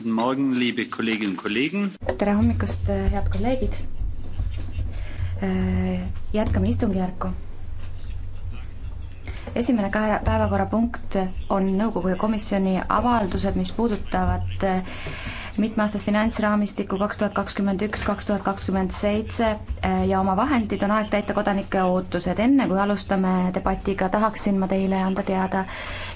Guten Morgen, liebe Kolleginnen und Kollegen. tere hommikust, head kolleegid. Äh, jätkame istungjärku. esimene päevakorrapunkt on nõukogu ja komisjoni avaldused, mis puudutavad äh, mitmeaastast finantsraamistikku kaks tuhat kakskümmend üks, kaks tuhat kakskümmend seitse äh, ja oma vahendid on aeg täita kodanike ootused. enne kui alustame debatiga, tahaksin ma teile anda teada,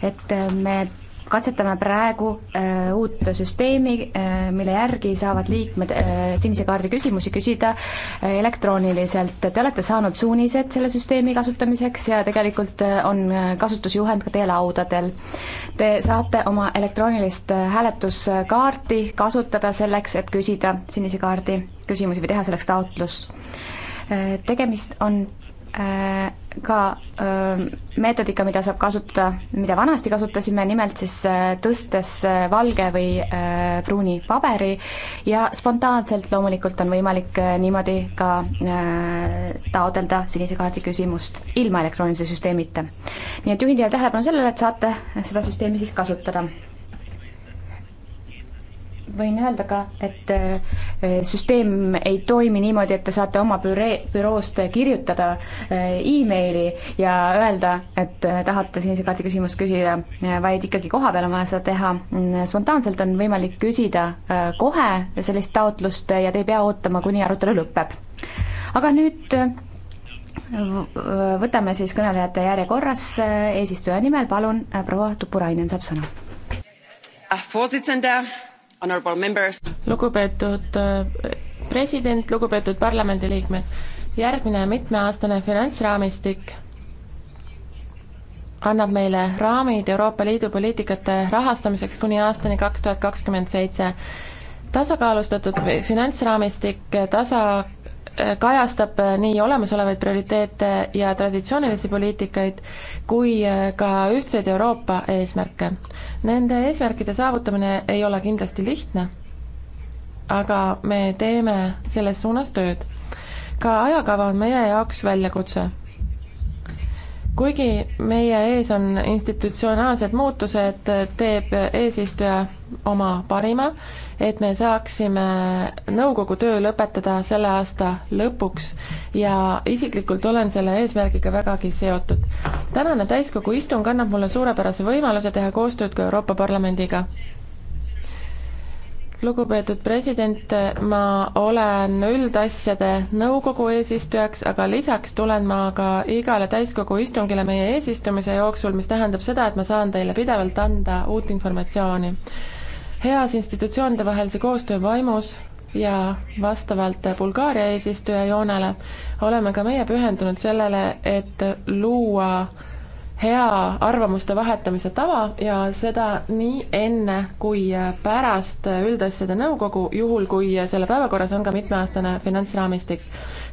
et me katsetame praegu äh, uut süsteemi äh,, mille järgi saavad liikmed äh, sinise kaardi küsimusi küsida äh, elektrooniliselt. Te olete saanud suunised selle süsteemi kasutamiseks ja tegelikult äh, on äh, kasutusjuhend ka teie laudadel. Te saate oma elektroonilist äh, hääletuskaarti äh, kasutada selleks, et küsida sinise kaardi küsimusi või teha selleks taotlus äh,. tegemist on Äh, ka äh, meetodika, mida saab kasutada, mida vanasti kasutasime, nimelt siis äh, tõstes valge või pruuni paberi ja spontaanselt loomulikult on võimalik niimoodi ka taotleda sinise kaardi küsimust ilma elektroonilise süsteemita. nii et juhin teie tähelepanu sellele, et saate seda süsteemi siis kasutada võin öelda ka, et äh, süsteem ei toimi niimoodi, et te saate oma büree, büroost kirjutada äh, emaili ja öelda, et äh, tahate sinise kaardi küsimust küsida, vaid ikkagi kohapeal on vaja seda teha. Mm, spontaanselt on võimalik küsida kohe sellist taotlust ja te ei pea ootama, kuni arutelu lõpeb. aga nüüd võtame siis kõnelejate järjekorras eesistuja nimel, palun, proua Tupurainen saab sõna lugupeetud äh, president, lugupeetud parlamendiliikmed, järgmine mitmeaastane finantsraamistik annab meile raamid Euroopa Liidu poliitikate rahastamiseks kuni aastani kaks tuhat kakskümmend seitse. tasakaalustatud finantsraamistik tasa kajastab äh, nii olemasolevaid prioriteete ja traditsioonilisi poliitikaid kui äh, ka ühtseid Euroopa eesmärke. Nende eesmärkide saavutamine ei ole kindlasti lihtne, aga me teeme selles suunas tööd. ka ajakava on meie jaoks väljakutse kuigi meie ees on institutsionaalsed muutused, teeb eesistuja oma parima, et me saaksime nõukogu töö lõpetada selle aasta lõpuks ja isiklikult olen selle eesmärgiga vägagi seotud. tänane täiskogu istung annab mulle suurepärase võimaluse teha koostööd ka Euroopa Parlamendiga lugupeetud president, ma olen üldasjade nõukogu eesistujaks, aga lisaks tulen ma ka igale täiskogu istungile meie eesistumise jooksul, mis tähendab seda, et ma saan teile pidevalt anda uut informatsiooni heas institutsioonide vahelise koostöö vaimus ja vastavalt Bulgaaria eesistuja joonele oleme ka meie pühendunud sellele, et luua hea arvamuste vahetamise tava ja seda nii enne kui pärast üldasjade nõukogu, juhul kui selle päevakorras on ka mitmeaastane finantsraamistik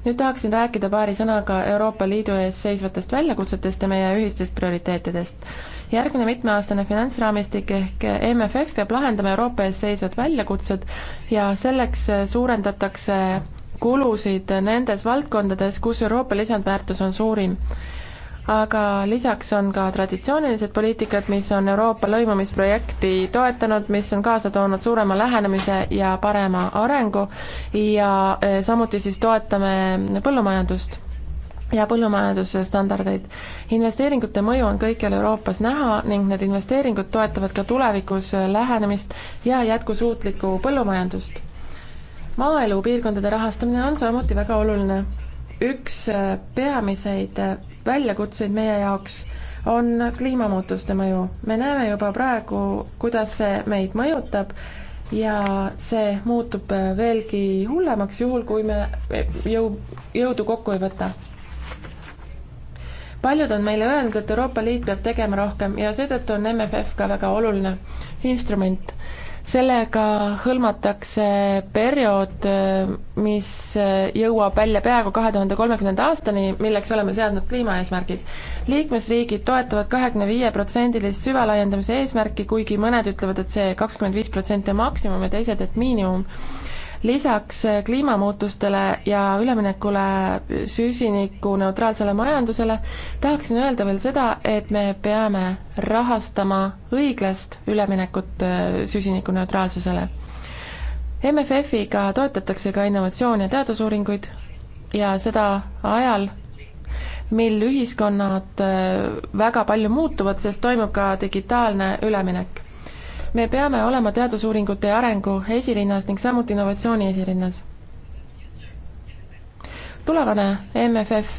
nüüd tahaksin rääkida paari sõnaga Euroopa Liidu ees seisvatest väljakutsetest ja meie ühistest prioriteetidest. järgmine mitmeaastane finantsraamistik ehk MFF peab lahendama Euroopa ees seisvad väljakutsed ja selleks suurendatakse kulusid nendes valdkondades, kus Euroopa lisandväärtus on suurim aga lisaks on ka traditsioonilised poliitikad, mis on Euroopa lõimumisprojekti toetanud, mis on kaasa toonud suurema lähenemise ja parema arengu ja eh, samuti siis toetame põllumajandust ja põllumajanduse standardeid. investeeringute mõju on kõikjal Euroopas näha ning need investeeringud toetavad ka tulevikus eh, lähenemist ja jätkusuutlikku põllumajandust. maaelupiirkondade rahastamine on samuti väga oluline. üks eh, peamiseid väljakutseid meie jaoks on kliimamuutuste mõju. me näeme juba praegu, kuidas see meid mõjutab ja see muutub veelgi hullemaks, juhul kui me jõu, jõudu kokku ei võta. paljud on meile öelnud, et Euroopa Liit peab tegema rohkem ja seetõttu on MFF ka väga oluline instrument sellega hõlmatakse periood, mis jõuab välja peaaegu kahe tuhande kolmekümnenda aastani, milleks oleme seadnud kliimaeesmärgid. liikmesriigid toetavad kahekümne viie protsendilist süvalaiendamise eesmärki, kuigi mõned ütlevad, et see kakskümmend viis protsenti on maksimum ja teised, et miinimum lisaks kliimamuutustele ja üleminekule süsinikuneutraalsele majandusele tahaksin öelda veel seda, et me peame rahastama õiglast üleminekut äh, süsinikuneutraalsusele. MFF-iga toetatakse ka innovatsioon- ja teadusuuringuid ja seda ajal, mil ühiskonnad äh, väga palju muutuvad, sest toimub ka digitaalne üleminek me peame olema teadusuuringute ja arengu esirinnas ning samuti innovatsiooni esirinnas. tulevane MFF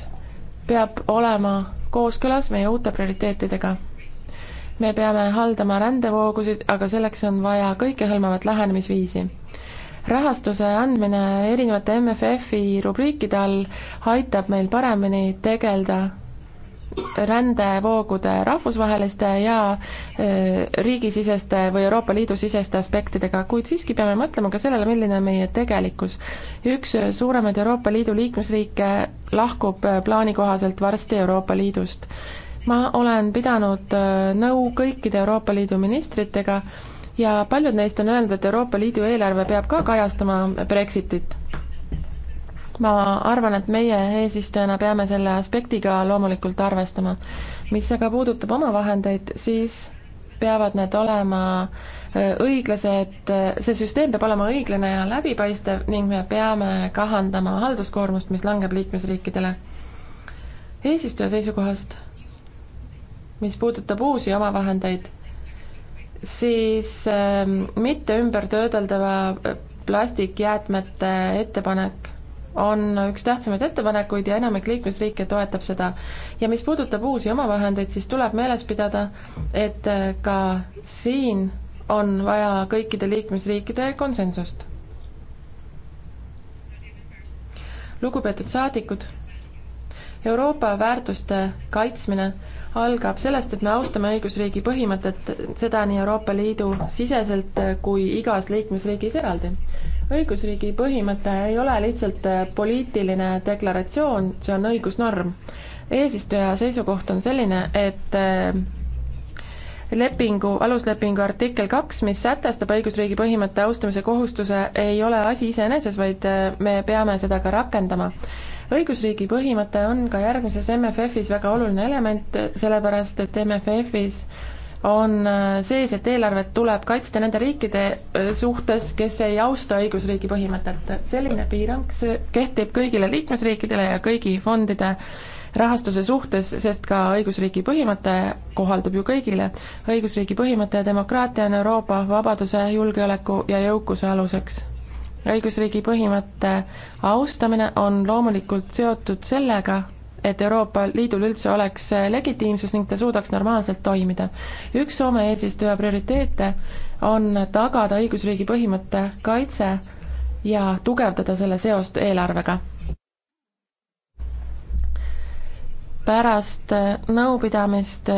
peab olema kooskõlas meie uute prioriteetidega. me peame haldama rändevoogusid, aga selleks on vaja kõikehõlmavat lähenemisviisi rahastuse andmine erinevate MFF-i rubriikide all aitab meil paremini tegeleda rändevoogude rahvusvaheliste ja äh, riigisiseste või Euroopa Liidu siseste aspektidega, kuid siiski peame mõtlema ka sellele, milline on meie tegelikkus. üks suuremaid Euroopa Liidu liikmesriike lahkub äh, plaani kohaselt varsti Euroopa Liidust. ma olen pidanud äh, nõu kõikide Euroopa Liidu ministritega ja paljud neist on öelnud, et Euroopa Liidu eelarve peab ka kajastama Brexitit ma arvan, et meie eesistujana peame selle aspektiga loomulikult arvestama. mis aga puudutab omavahendeid, siis peavad need olema äh, õiglased, äh, see süsteem peab olema õiglane ja läbipaistev ning me peame kahandama halduskoormust, mis langeb liikmesriikidele. eesistuja seisukohast, mis puudutab uusi omavahendeid, siis ähm, äh, mitte ümbertöödeldava plastikjäätmete ettepanek on üks tähtsamaid ettepanekuid ja enamik liikmesriike toetab seda. ja mis puudutab uusi omavahendeid, siis tuleb meeles pidada, et äh, ka siin on vaja kõikide liikmesriikide konsensust. lugupeetud saadikud, Euroopa väärtuste kaitsmine algab sellest, et me austame õigusriigi põhimõtet, seda nii Euroopa Liidu siseselt kui igas liikmesriigis eraldi. õigusriigi põhimõte ei ole lihtsalt poliitiline deklaratsioon, see on õigusnorm. eesistuja seisukoht on selline, et äh, lepingu, aluslepingu artikkel kaks, mis sätestab õigusriigi põhimõtte austamise kohustuse, ei ole asi iseeneses, vaid äh, me peame seda ka rakendama õigusriigi põhimõte on ka järgmises MFF-is väga oluline element, sellepärast et MFF-is on äh, sees, et eelarvet tuleb kaitsta nende riikide äh, suhtes, kes ei austa õigusriigi põhimõtet. selline piirang, see kehtib kõigile liikmesriikidele ja kõigi fondide rahastuse suhtes, sest ka õigusriigi põhimõte kohaldub ju kõigile. õigusriigi põhimõte ja demokraatia on Euroopa vabaduse, julgeoleku ja jõukuse aluseks õigusriigi põhimõtte austamine on loomulikult seotud sellega, et Euroopa Liidul üldse oleks legitiimsus ning ta suudaks normaalselt toimida. üks Soome eesistuja prioriteete on tagada õigusriigi põhimõtte kaitse ja tugevdada selle seost eelarvega. pärast nõupidamist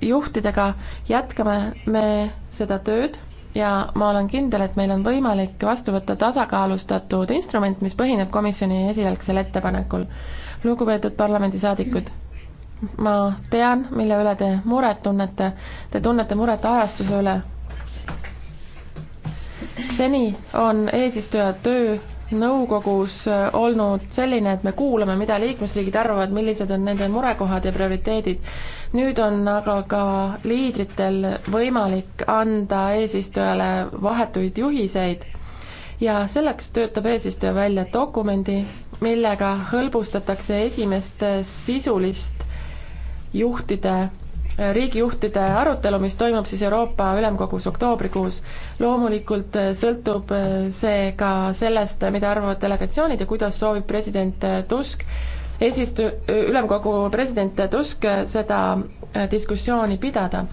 juhtidega jätkame me seda tööd ja ma olen kindel, et meil on võimalik vastu võtta tasakaalustatud instrument, mis põhineb komisjoni esialgsel ettepanekul. lugupeetud parlamendisaadikud, ma tean, mille üle te muret tunnete, te tunnete muret ajastuse üle. seni on eesistuja töö nõukogus äh, olnud selline, et me kuulame, mida liikmesriigid arvavad, millised on nende murekohad ja prioriteedid. nüüd on aga ka liidritel võimalik anda eesistujale vahetuid juhiseid ja selleks töötab eesistuja välja dokumendi, millega hõlbustatakse esimest sisulist juhtide riigijuhtide arutelu, mis toimub siis Euroopa Ülemkogus oktoobrikuus. loomulikult eh, sõltub eh, see ka sellest, mida arvavad delegatsioonid ja kuidas soovib president eh, Tusk eesistu-, ülemkogu president Tusk seda diskussiooni pidada.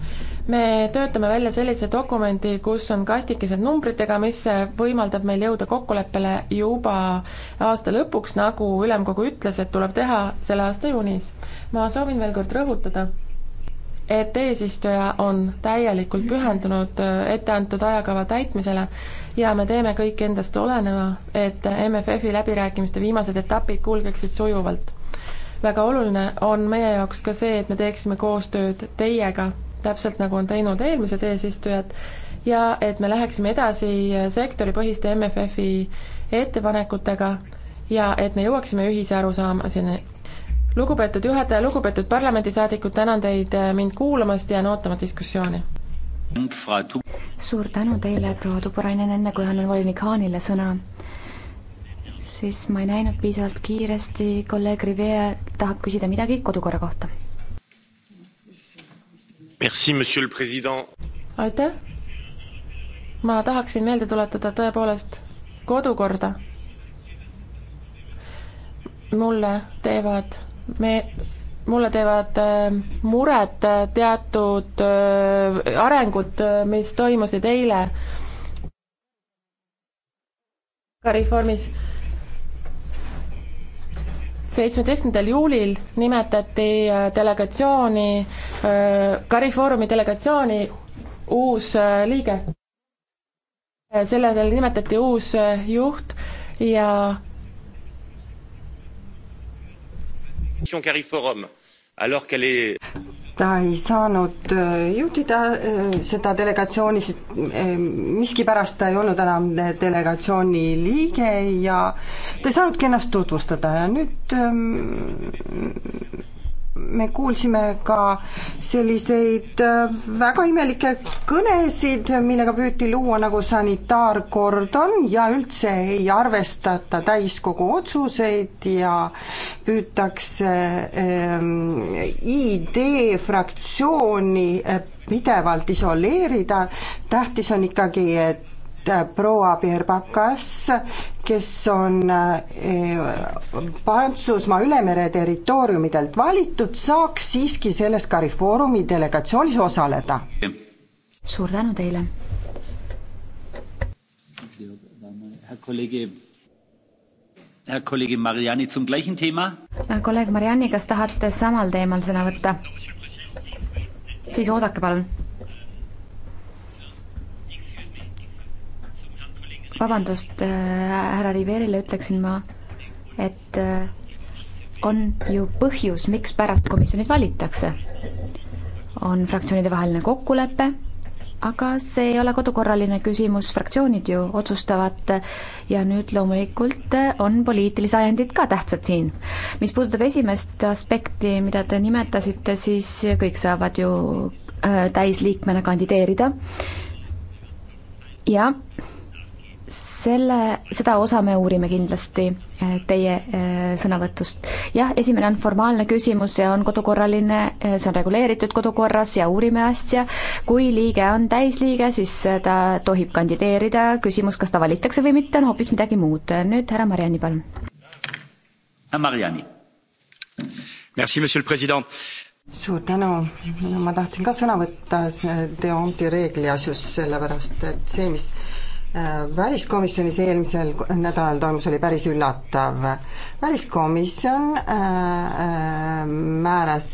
me töötame välja sellise dokumendi, kus on kastikesed numbritega, mis võimaldab meil jõuda kokkuleppele juba aasta lõpuks, nagu ülemkogu ütles, et tuleb teha selle aasta juunis. ma soovin veel kord rõhutada, et eesistuja on täielikult pühendunud äh, etteantud ajakava täitmisele ja me teeme kõik endast oleneva, et MFF-i läbirääkimiste viimased etapid kulgeksid sujuvalt. väga oluline on meie jaoks ka see, et me teeksime koostööd teiega, täpselt nagu on teinud eelmised eesistujad, ja et me läheksime edasi äh, sektoripõhiste MFF-i ettepanekutega ja et me jõuaksime ühise arusaamiseni lugupeetud juhataja, lugupeetud parlamendisaadikud, tänan teid äh, mind kuulamast, jään ootama diskussiooni. suur tänu teile, proua Tuburainen, enne kui annan volinik Haanile sõna, siis ma ei näinud piisavalt kiiresti, kolleeg Rivier tahab küsida midagi kodukorra kohta. aitäh, ma tahaksin meelde tuletada tõepoolest kodukorda mulle teevad me, mulle teevad äh, muret äh, teatud äh, arengud, mis toimusid eile ka reformis. seitsmeteistkümnendal juulil nimetati delegatsiooni, Karifoorumi delegatsiooni uus liige. sellele nimetati uus juht ja ta ei saanud äh, juhtida äh, seda delegatsiooni, sest äh, miskipärast ta ei olnud enam delegatsiooni liige ja ta ei saanudki ennast tutvustada ja nüüd ähm, me kuulsime ka selliseid äh, väga imelikke kõnesid, millega püüti luua nagu sanitaarkordon ja üldse ei arvestata täiskogu otsuseid ja püütakse ähm, ID fraktsiooni äh, pidevalt isoleerida, tähtis on ikkagi, et Äh, proua Pierre Bacas, kes on äh, Prantsusmaa ülemere territooriumidelt valitud, saaks siiski selles Cariforumi delegatsioonis osaleda. suur tänu teile. Äh, kolleeg Mariani, kas tahate samal teemal sõna võtta? siis oodake palun vabandust, äh, härra Riverile ütleksin ma, et äh, on ju põhjus, mikspärast komisjonid valitakse. on fraktsioonidevaheline kokkulepe, aga see ei ole kodukorraline küsimus, fraktsioonid ju otsustavad äh, ja nüüd loomulikult on poliitilised ajendid ka tähtsad siin. mis puudutab esimest aspekti, mida te nimetasite, siis kõik saavad ju täisliikmena kandideerida ja selle, seda osa me uurime kindlasti eh, teie eh, sõnavõtust. jah, esimene on formaalne küsimus, see on kodukorraline, eh, see on reguleeritud kodukorras ja uurime asja. kui liige on täisliige, siis ta tohib kandideerida, küsimus, kas ta valitakse või mitte, on hoopis midagi muud. nüüd härra Mariani, palun. Mariani. Merci, monsieur le president suur tänu, ma tahtsin ka sõna võtta Deonti reegli asjus, sellepärast et see, mis Äh, väliskomisjonis eelmisel nädalal toimus, oli päris üllatav. väliskomisjon äh, äh, määras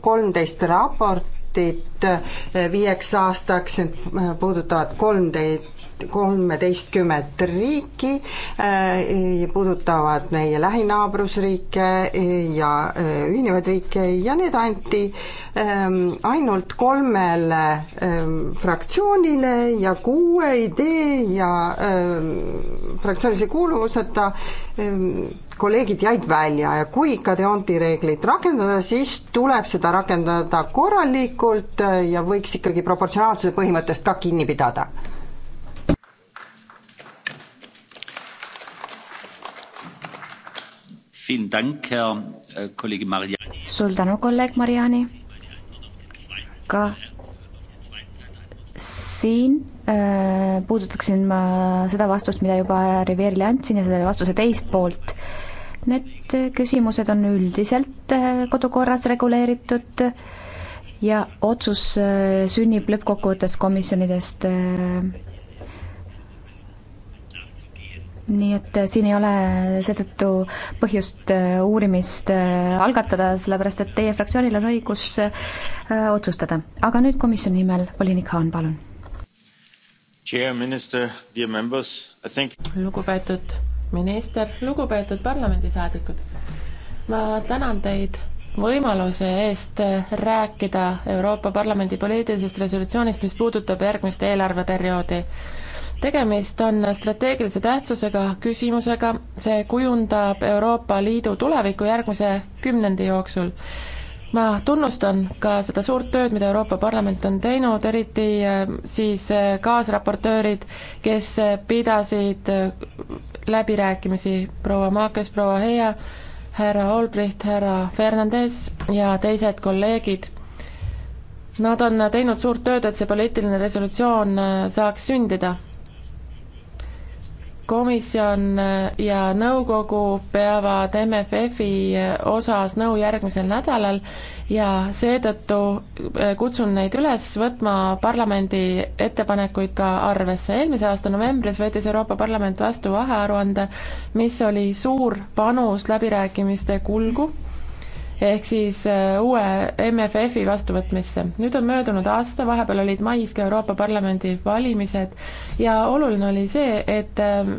kolmteist raportit viieks aastaks, need puudutavad kolmteist kolmeteistkümmet riiki, äh, puudutavad meie lähinaabrusriike äh, ja äh, ühinevaid riike ja need anti ähm, ainult kolmele ähm, fraktsioonile ja kuue idee ja ähm, fraktsioonilise kuuluvuseta kolleegid jäid välja ja kui ikka Deonti reeglit rakendada, siis tuleb seda rakendada korralikult ja võiks ikkagi proportsionaalsuse põhimõttest ka kinni pidada Äh, suur tänu, kolleeg Mariani. ka siin äh, puudutaksin ma seda vastust, mida juba Rivierile andsin ja selle vastuse teist poolt. Need küsimused on üldiselt äh, kodukorras reguleeritud ja otsus äh, sünnib lõppkokkuvõttes komisjonidest äh, nii et äh, siin ei ole seetõttu põhjust äh, uurimist äh, algatada, sellepärast et teie fraktsioonil on õigus otsustada. aga nüüd komisjoni nimel volinik Haan, palun. lugupeetud minister, lugupeetud parlamendisaadikud, ma tänan teid võimaluse eest rääkida Euroopa Parlamendi poliitilisest resolutsioonist, mis puudutab järgmist eelarveperioodi tegemist on strateegilise tähtsusega küsimusega, see kujundab Euroopa Liidu tulevikku järgmise kümnendi jooksul ma tunnustan ka seda suurt tööd, mida Euroopa Parlament on teinud, eriti äh, siis äh, kaasraportöörid, kes äh, pidasid läbirääkimisi proua Maakes, proua Heia, härra Olbricht, härra Fernandes ja teised kolleegid. Nad on teinud suurt tööd, et see poliitiline resolutsioon saaks sündida komisjon ja nõukogu peavad MFF-i osas nõu järgmisel nädalal ja seetõttu äh, kutsun neid üles võtma parlamendi ettepanekuid ka arvesse. eelmise aasta novembris võttis Euroopa Parlament vastu vahearuande, mis oli suur panus läbirääkimiste kulgu ehk siis äh, uue MFF-i vastuvõtmisse. nüüd on möödunud aasta, vahepeal olid mais ka Euroopa Parlamendi valimised ja oluline oli see, et äh,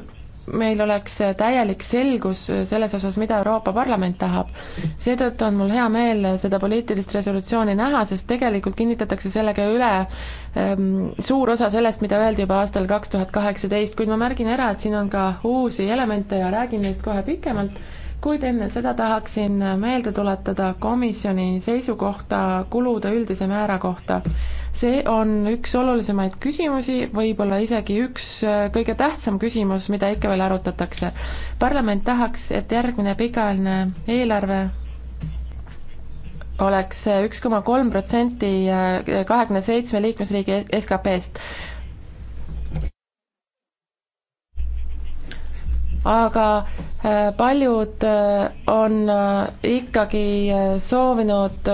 meil oleks täielik selgus äh, selles osas, mida Euroopa Parlament tahab. seetõttu on mul hea meel seda poliitilist resolutsiooni näha, sest tegelikult kinnitatakse sellega üle ähm, suur osa sellest, mida öeldi juba aastal kaks tuhat kaheksateist, kuid ma märgin ära, et siin on ka uusi elemente ja räägin neist kohe pikemalt kuid enne seda tahaksin meelde tuletada komisjoni seisukohta kulude üldise määra kohta. see on üks olulisemaid küsimusi, võib-olla isegi üks äh, kõige tähtsam küsimus, mida ikka veel arutatakse. parlament tahaks, et järgmine pikaajaline eelarve oleks äh, üks koma kolm protsenti äh, kahekümne seitsme liikmesriigi SKP-st. aga äh, paljud äh, on äh, ikkagi soovinud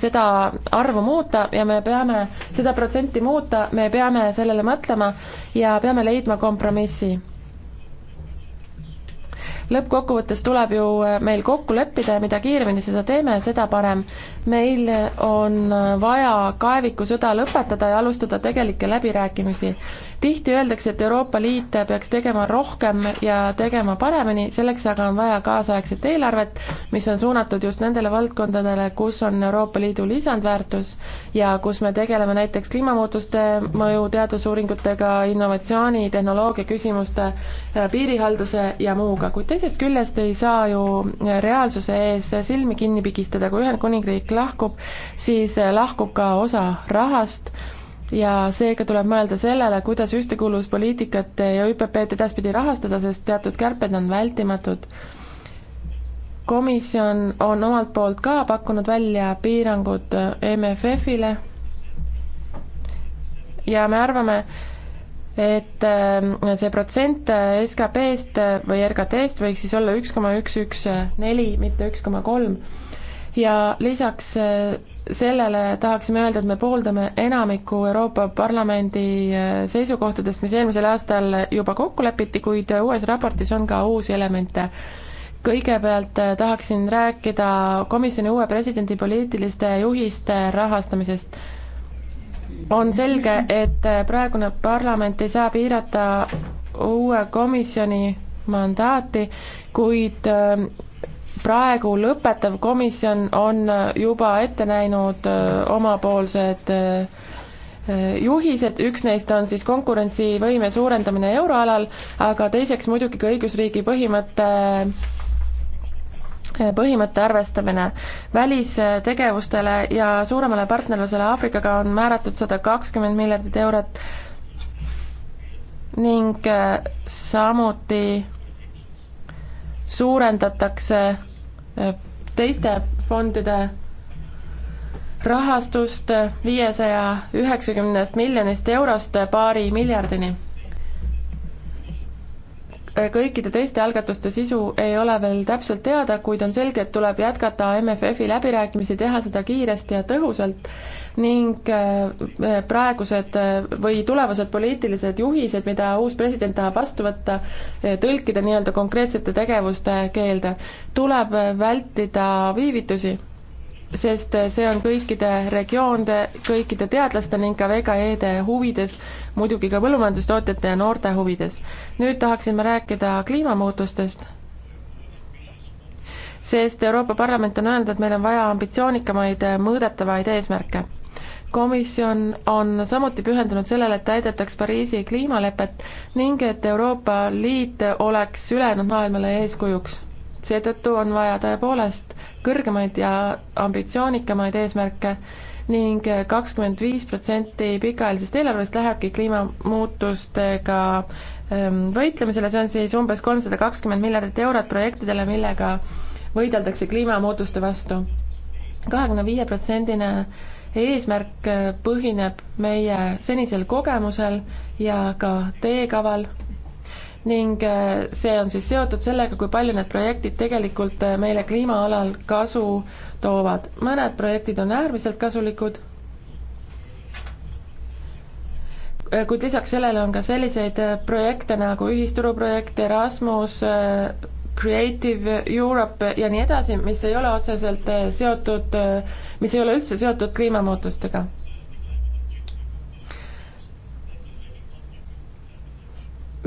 seda arvu muuta ja me peame seda protsenti muuta, me peame sellele mõtlema ja peame leidma kompromissi lõppkokkuvõttes tuleb ju meil kokku leppida ja mida kiiremini seda teeme, seda parem. meil on vaja kaevikusõda lõpetada ja alustada tegelikke läbirääkimisi tihti öeldakse, et Euroopa Liit peaks tegema rohkem ja tegema paremini, selleks aga on vaja kaasaegset eelarvet, mis on suunatud just nendele valdkondadele, kus on Euroopa Liidu lisandväärtus ja kus me tegeleme näiteks kliimamuutuste mõju teadusuuringutega, innovatsiooni, tehnoloogia küsimuste, äh, piirihalduse ja muuga, kuid teisest küljest ei saa ju reaalsuse ees silmi kinni pigistada, kui Ühendkuningriik lahkub, siis äh, lahkub ka osa rahast, ja seega tuleb mõelda sellele, kuidas ühtekuuluvuspoliitikat ja ÜPP-d edaspidi rahastada, sest teatud kärped on vältimatud. komisjon on omalt poolt ka pakkunud välja piirangud MFF-ile ja me arvame, et äh, see protsent äh, SKP-st äh, või RKT-st võiks siis olla üks koma üks üks neli, mitte üks koma kolm. ja lisaks sellele tahaksime öelda, et me pooldame enamikku Euroopa Parlamendi äh, seisukohtadest, mis eelmisel aastal juba kokku lepiti, kuid uues raportis on ka uusi elemente. kõigepealt äh, tahaksin rääkida komisjoni uue presidendi poliitiliste juhiste rahastamisest on selge, et äh, praegune parlament ei saa piirata uue komisjoni mandaati, kuid praegu lõpetav komisjon on juba ette näinud omapoolsed juhised, üks neist on siis konkurentsivõime suurendamine euroalal, aga teiseks muidugi ka õigusriigi põhimõte põhimõtte arvestamine. välistegevustele ja suuremale partnerlusele Aafrikaga on määratud sada kakskümmend miljardit eurot ning samuti suurendatakse teiste fondide rahastust viiesaja üheksakümnest miljonist eurost paari miljardini kõikide teiste algatuste sisu ei ole veel täpselt teada, kuid on selge, et tuleb jätkata MFF-i läbirääkimisi, teha seda kiiresti ja tõhusalt ning äh, praegused äh, või tulevased poliitilised juhised, mida uus president tahab vastu võtta, äh, tõlkida nii-öelda konkreetsete tegevuste keelde. tuleb vältida viivitusi sest see on kõikide regioonide, kõikide teadlaste ning ka VKE-de huvides, muidugi ka põllumajandustootjate ja noorte huvides. nüüd tahaksime rääkida kliimamuutustest, sest Euroopa Parlament on öelnud, et meil on vaja ambitsioonikamaid mõõdetavaid eesmärke komisjon on samuti pühendunud sellele, et täidetaks Pariisi kliimalepet ning et Euroopa Liit oleks ülejäänud maailmale eeskujuks seetõttu on vaja tõepoolest kõrgemaid ja ambitsioonikamaid eesmärke ning kakskümmend viis protsenti pikaajalisest eelarvest lähebki kliimamuutustega ähm, võitlemisele, see on siis umbes kolmsada kakskümmend miljardit eurot projektidele, millega võideldakse kliimamuutuste vastu. kahekümne viie protsendine eesmärk põhineb meie senisel kogemusel ja ka teekaval ning äh, see on siis seotud sellega, kui palju need projektid tegelikult äh, meile kliima alal kasu toovad. mõned projektid on äärmiselt kasulikud, äh, kuid lisaks sellele on ka selliseid projekte nagu ühisturuprojekt Erasmus, Creative Europe ja nii edasi, mis ei ole otseselt seotud, mis ei ole üldse seotud kliimamuutustega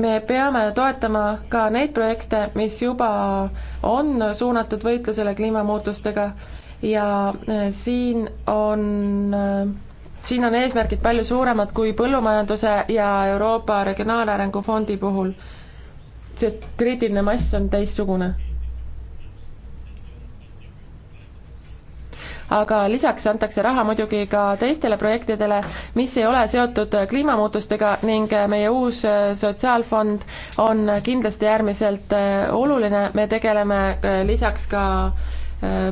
me peame toetama ka neid projekte, mis juba on suunatud võitlusele kliimamuutustega ja e, siin on e, siin on eesmärgid palju suuremad kui põllumajanduse ja Euroopa Regionaalarengu Fondi puhul, sest kriitiline mass on teistsugune aga lisaks antakse raha muidugi ka teistele projektidele, mis ei ole seotud kliimamuutustega ning meie uus äh, sotsiaalfond on kindlasti äärmiselt äh, oluline, me tegeleme äh, lisaks ka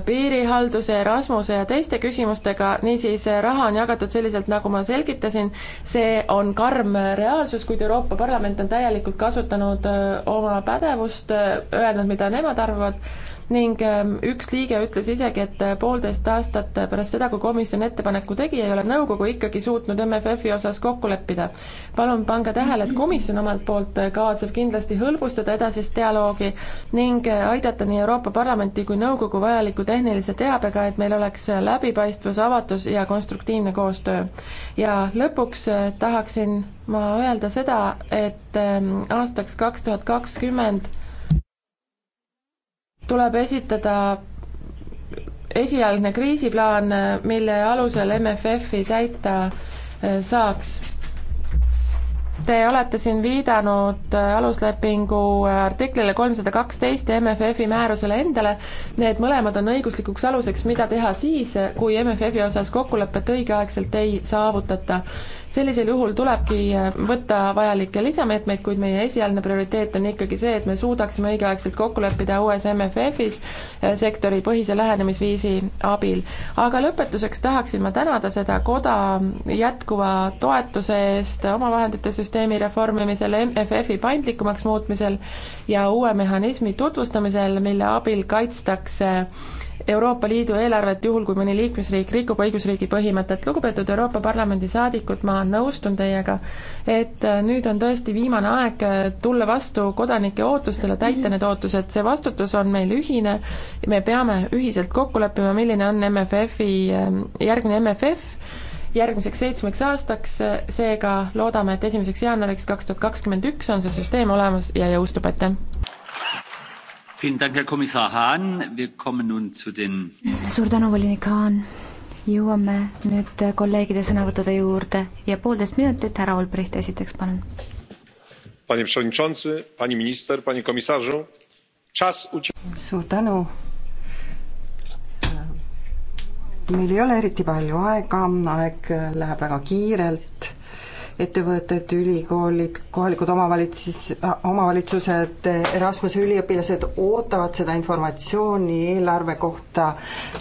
piirihalduse, Erasmuse ja teiste küsimustega, niisiis raha on jagatud selliselt, nagu ma selgitasin, see on karm reaalsus, kuid Euroopa Parlament on täielikult kasutanud oma pädevust, öelnud, mida nemad arvavad, ning ähm, üks liige ütles isegi, et äh, poolteist aastat pärast seda, kui komisjon ettepaneku tegi, ei ole nõukogu ikkagi suutnud MFF-i osas kokku leppida. palun pange tähele, et komisjon omalt poolt äh, kavatseb kindlasti hõlbustada edasist dialoogi ning äh, aidata nii Euroopa Parlamenti kui nõukogu vajaliku tehnilise teabega, et meil oleks läbipaistvus, avatus ja konstruktiivne koostöö. ja lõpuks tahaksin ma öelda seda, et ähm, aastaks kaks tuhat kakskümmend tuleb esitada esialgne kriisiplaan, mille alusel MFF-i täita eh, saaks. Te olete siin viidanud eh, aluslepingu eh, artiklile kolmsada kaksteist ja MFF-i määrusele endale. Need mõlemad on õiguslikuks aluseks, mida teha siis, kui MFF-i osas kokkulepet õigeaegselt ei saavutata sellisel juhul tulebki äh, võtta vajalikke lisameetmeid, kuid meie esialgne prioriteet on ikkagi see, et me suudaksime õigeaegselt kokku leppida uues MFF-is äh, sektoripõhise lähenemisviisi abil. aga lõpetuseks tahaksin ma tänada seda koda jätkuva toetuse eest omavahendite süsteemi reformimisel, MFF-i paindlikumaks muutmisel ja uue mehhanismi tutvustamisel, mille abil kaitstakse Euroopa Liidu eelarvet, juhul kui mõni liikmesriik rikub õigusriigi põhimõtet. lugupeetud Euroopa Parlamendi saadikud, ma nõustun teiega, et äh, nüüd on tõesti viimane aeg äh, tulla vastu kodanike ootustele, täita need ootused, see vastutus on meil ühine, me peame ühiselt kokku leppima, milline on MFF-i, ähm, järgmine MFF, järgmiseks seitsmeks aastaks, seega loodame, et esimeseks jaanuariks kaks tuhat kakskümmend üks on see süsteem olemas ja jõustub, aitäh! suur tänu, volinik Haan. jõuame nüüd äh, kolleegide sõnavõttude juurde ja poolteist minutit, härra Olbricht esiteks, palun. suur tänu meil ei ole eriti palju aega, aeg läheb väga kiirelt ettevõtted, ülikoolid, kohalikud omavalitsus, omavalitsused, Erasmuse üliõpilased ootavad seda informatsiooni eelarve kohta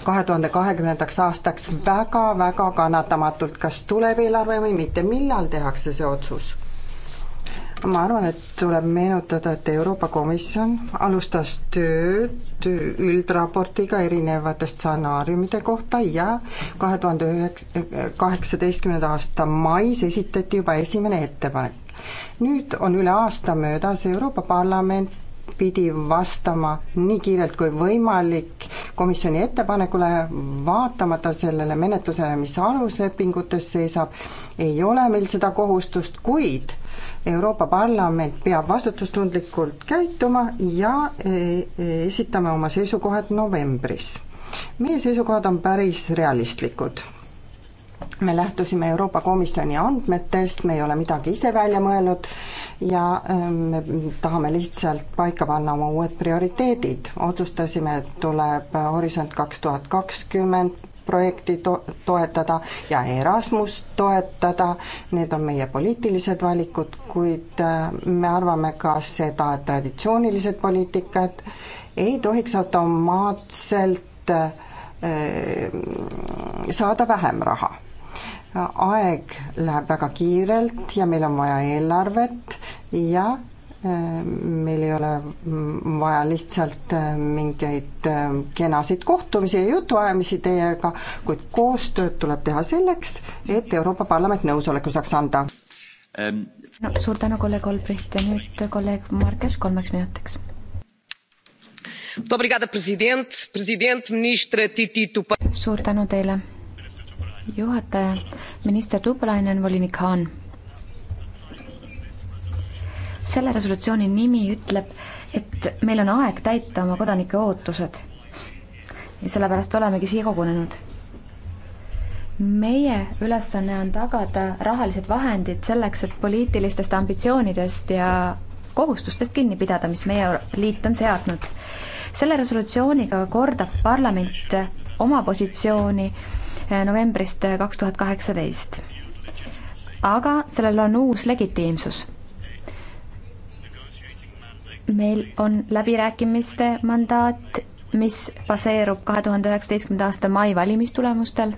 kahe tuhande kahekümnendaks aastaks väga-väga kannatamatult, kas tuleb eelarve või mitte, millal tehakse see otsus? ma arvan, et tuleb meenutada, et Euroopa Komisjon alustas tööd üldraportiga erinevate stsenaariumide kohta ja kahe tuhande üheksa, kaheksateistkümnenda aasta mais esitati juba esimene ettepanek. nüüd on üle aasta möödas, Euroopa Parlament pidi vastama nii kiirelt kui võimalik komisjoni ettepanekule, vaatamata sellele menetlusele, mis aluslepingutes seisab, ei ole meil seda kohustust, kuid Euroopa Parlament peab vastutustundlikult käituma ja e, e, esitame oma seisukohad novembris. meie seisukohad on päris realistlikud me lähtusime Euroopa Komisjoni andmetest, me ei ole midagi ise välja mõelnud ja e, me tahame lihtsalt paika panna oma uued prioriteedid. otsustasime, et tuleb Horisont kaks tuhat kakskümmend, projekti to-, toetada ja Erasmust toetada, need on meie poliitilised valikud, kuid äh, me arvame ka seda, et traditsioonilised poliitikad ei tohiks automaatselt äh, saada vähem raha aeg läheb väga kiirelt ja meil on vaja eelarvet ja meil ei ole vaja lihtsalt äh, mingeid äh, kenasid kohtumisi ja jutuajamisi teiega, kuid koostööd tuleb teha selleks, et Euroopa Parlament nõusoleku saaks anda ähm.. no suur tänu, kolleeg Olbricht ja nüüd äh, kolleeg Markes kolmeks minutiks. suur tänu teile, juhataja, minister Dublainen, volinik Haan selle resolutsiooni nimi ütleb, et meil on aeg täita oma kodanike ootused. ja sellepärast olemegi siia kogunenud. meie ülesanne on tagada rahalised vahendid selleks, et poliitilistest ambitsioonidest ja kohustustest kinni pidada, mis meie liit on seadnud. selle resolutsiooniga kordab parlament oma positsiooni eh, novembrist eh, kaks tuhat kaheksateist. aga sellel on uus legitiimsus meil on läbirääkimiste mandaat, mis baseerub kahe tuhande üheksateistkümnenda aasta mai valimistulemustel.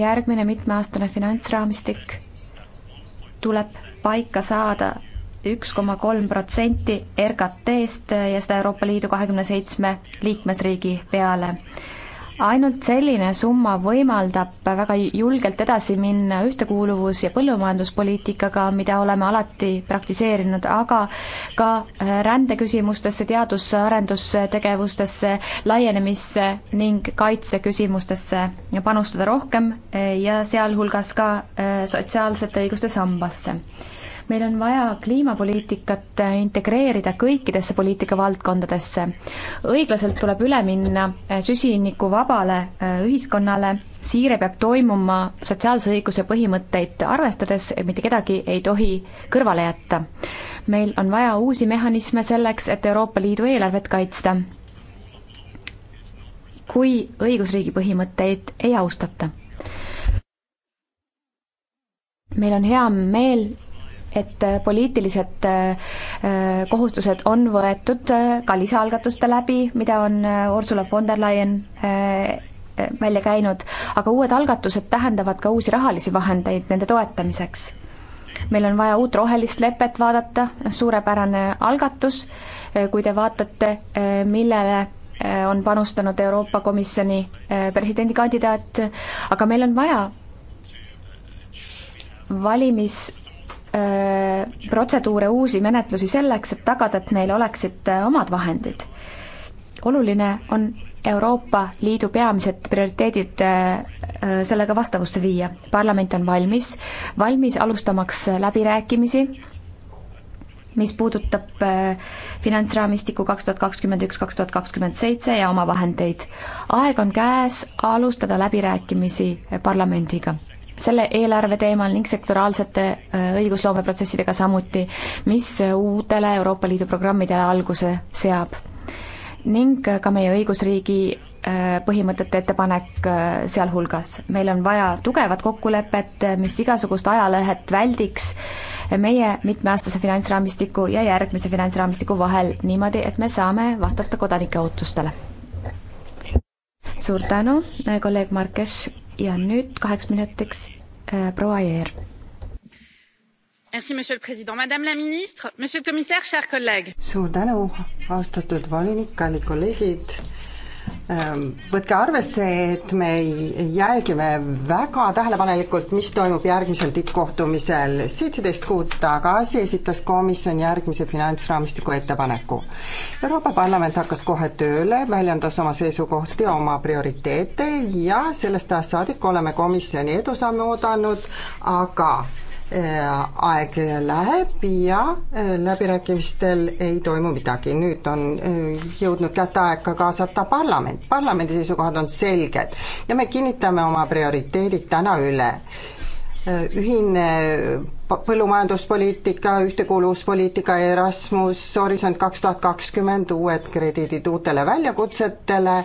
järgmine mitmeaastane finantsraamistik tuleb paika saada üks koma kolm protsenti RKT-st ja seda Euroopa Liidu kahekümne seitsme liikmesriigi peale ainult selline summa võimaldab väga julgelt edasi minna ühtekuuluvus- ja põllumajanduspoliitikaga, mida oleme alati praktiseerinud, aga ka äh, rändeküsimustesse, teadus- ja arendustegevustesse, laienemisse ning kaitseküsimustesse panustada rohkem äh, ja sealhulgas ka äh, sotsiaalsete õiguste sambasse meil on vaja kliimapoliitikat integreerida kõikidesse poliitikavaldkondadesse. õiglaselt tuleb üle minna süsinikuvabale äh, ühiskonnale, siire peab toimuma sotsiaalse õiguse põhimõtteid arvestades, mitte kedagi ei tohi kõrvale jätta. meil on vaja uusi mehhanisme selleks, et Euroopa Liidu eelarvet kaitsta kui õigusriigi põhimõtteid ei austata. meil on hea meel, et äh, poliitilised äh, äh, kohustused on võetud ka lisaalgatuste läbi, mida on Ursula von der Leyen välja käinud, aga uued algatused tähendavad ka uusi rahalisi vahendeid nende toetamiseks. meil on vaja uut rohelist lepet vaadata, suurepärane algatus, kui te vaatate, millele on panustanud Euroopa Komisjoni presidendikandidaat, aga meil on vaja valimis Äh, protseduure, uusi menetlusi selleks, et tagada, et meil oleksid äh, omad vahendid. oluline on Euroopa Liidu peamised prioriteedid äh, sellega vastavusse viia. parlament on valmis, valmis alustamaks läbirääkimisi, mis puudutab finantsraamistikku kaks tuhat kakskümmend üks, kaks tuhat kakskümmend seitse ja omavahendeid. aeg on käes alustada läbirääkimisi parlamendiga selle eelarve teemal ning sektoraalsete äh, õigusloomeprotsessidega samuti, mis uutele Euroopa Liidu programmidele alguse seab. ning äh, ka meie õigusriigi äh, põhimõtete ettepanek sealhulgas. meil on vaja tugevat kokkulepet, mis igasugust ajalõhet väldiks meie mitmeaastase finantsraamistiku ja järgmise finantsraamistiku vahel niimoodi, et me saame vastata kodanike ootustele. suur tänu, kolleeg Markes ja nüüd kaheks minutiks äh, proua Jeer. Merci, monsieur le président, madame la ministre, monsieur le commissaire, chers collègues. suur tänu, austatud volinik, kallid kolleegid Ehm, võtke arvesse, et me jälgime väga tähelepanelikult, mis toimub järgmisel tippkohtumisel. seitseteist kuud tagasi esitas komisjon järgmise finantsraamistiku ettepaneku. Euroopa Parlament hakkas kohe tööle, väljendas oma seisukohti, oma prioriteete ja sellest ajast saadik oleme komisjoni edusamme oodanud, aga Eh, aeg läheb ja eh, läbirääkimistel ei toimu midagi. nüüd on eh, jõudnud kätte aeg ka kaasata parlament. parlamendi seisukohad on selged ja me kinnitame oma prioriteedid täna üle. ühine põllumajanduspoliitika, ühtekuuluvuspoliitika, Erasmus, Horisont kaks tuhat kakskümmend, uued krediidid uutele väljakutsetele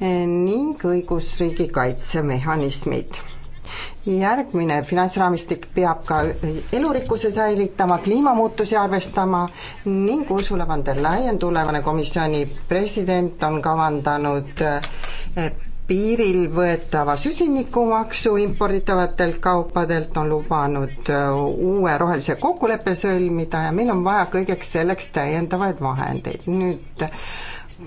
ning õigusriigi kaitsemehhanismid järgmine finantsraamistik peab ka elurikkuse säilitama, kliimamuutusi arvestama ning Ursula von der Leyen, tulevane komisjoni president, on kavandanud eh, piiril võetava süsinikumaksu imporditavatelt kaupadelt, on lubanud eh, uue rohelise kokkuleppe sõlmida ja meil on vaja kõigeks selleks täiendavaid vahendeid. nüüd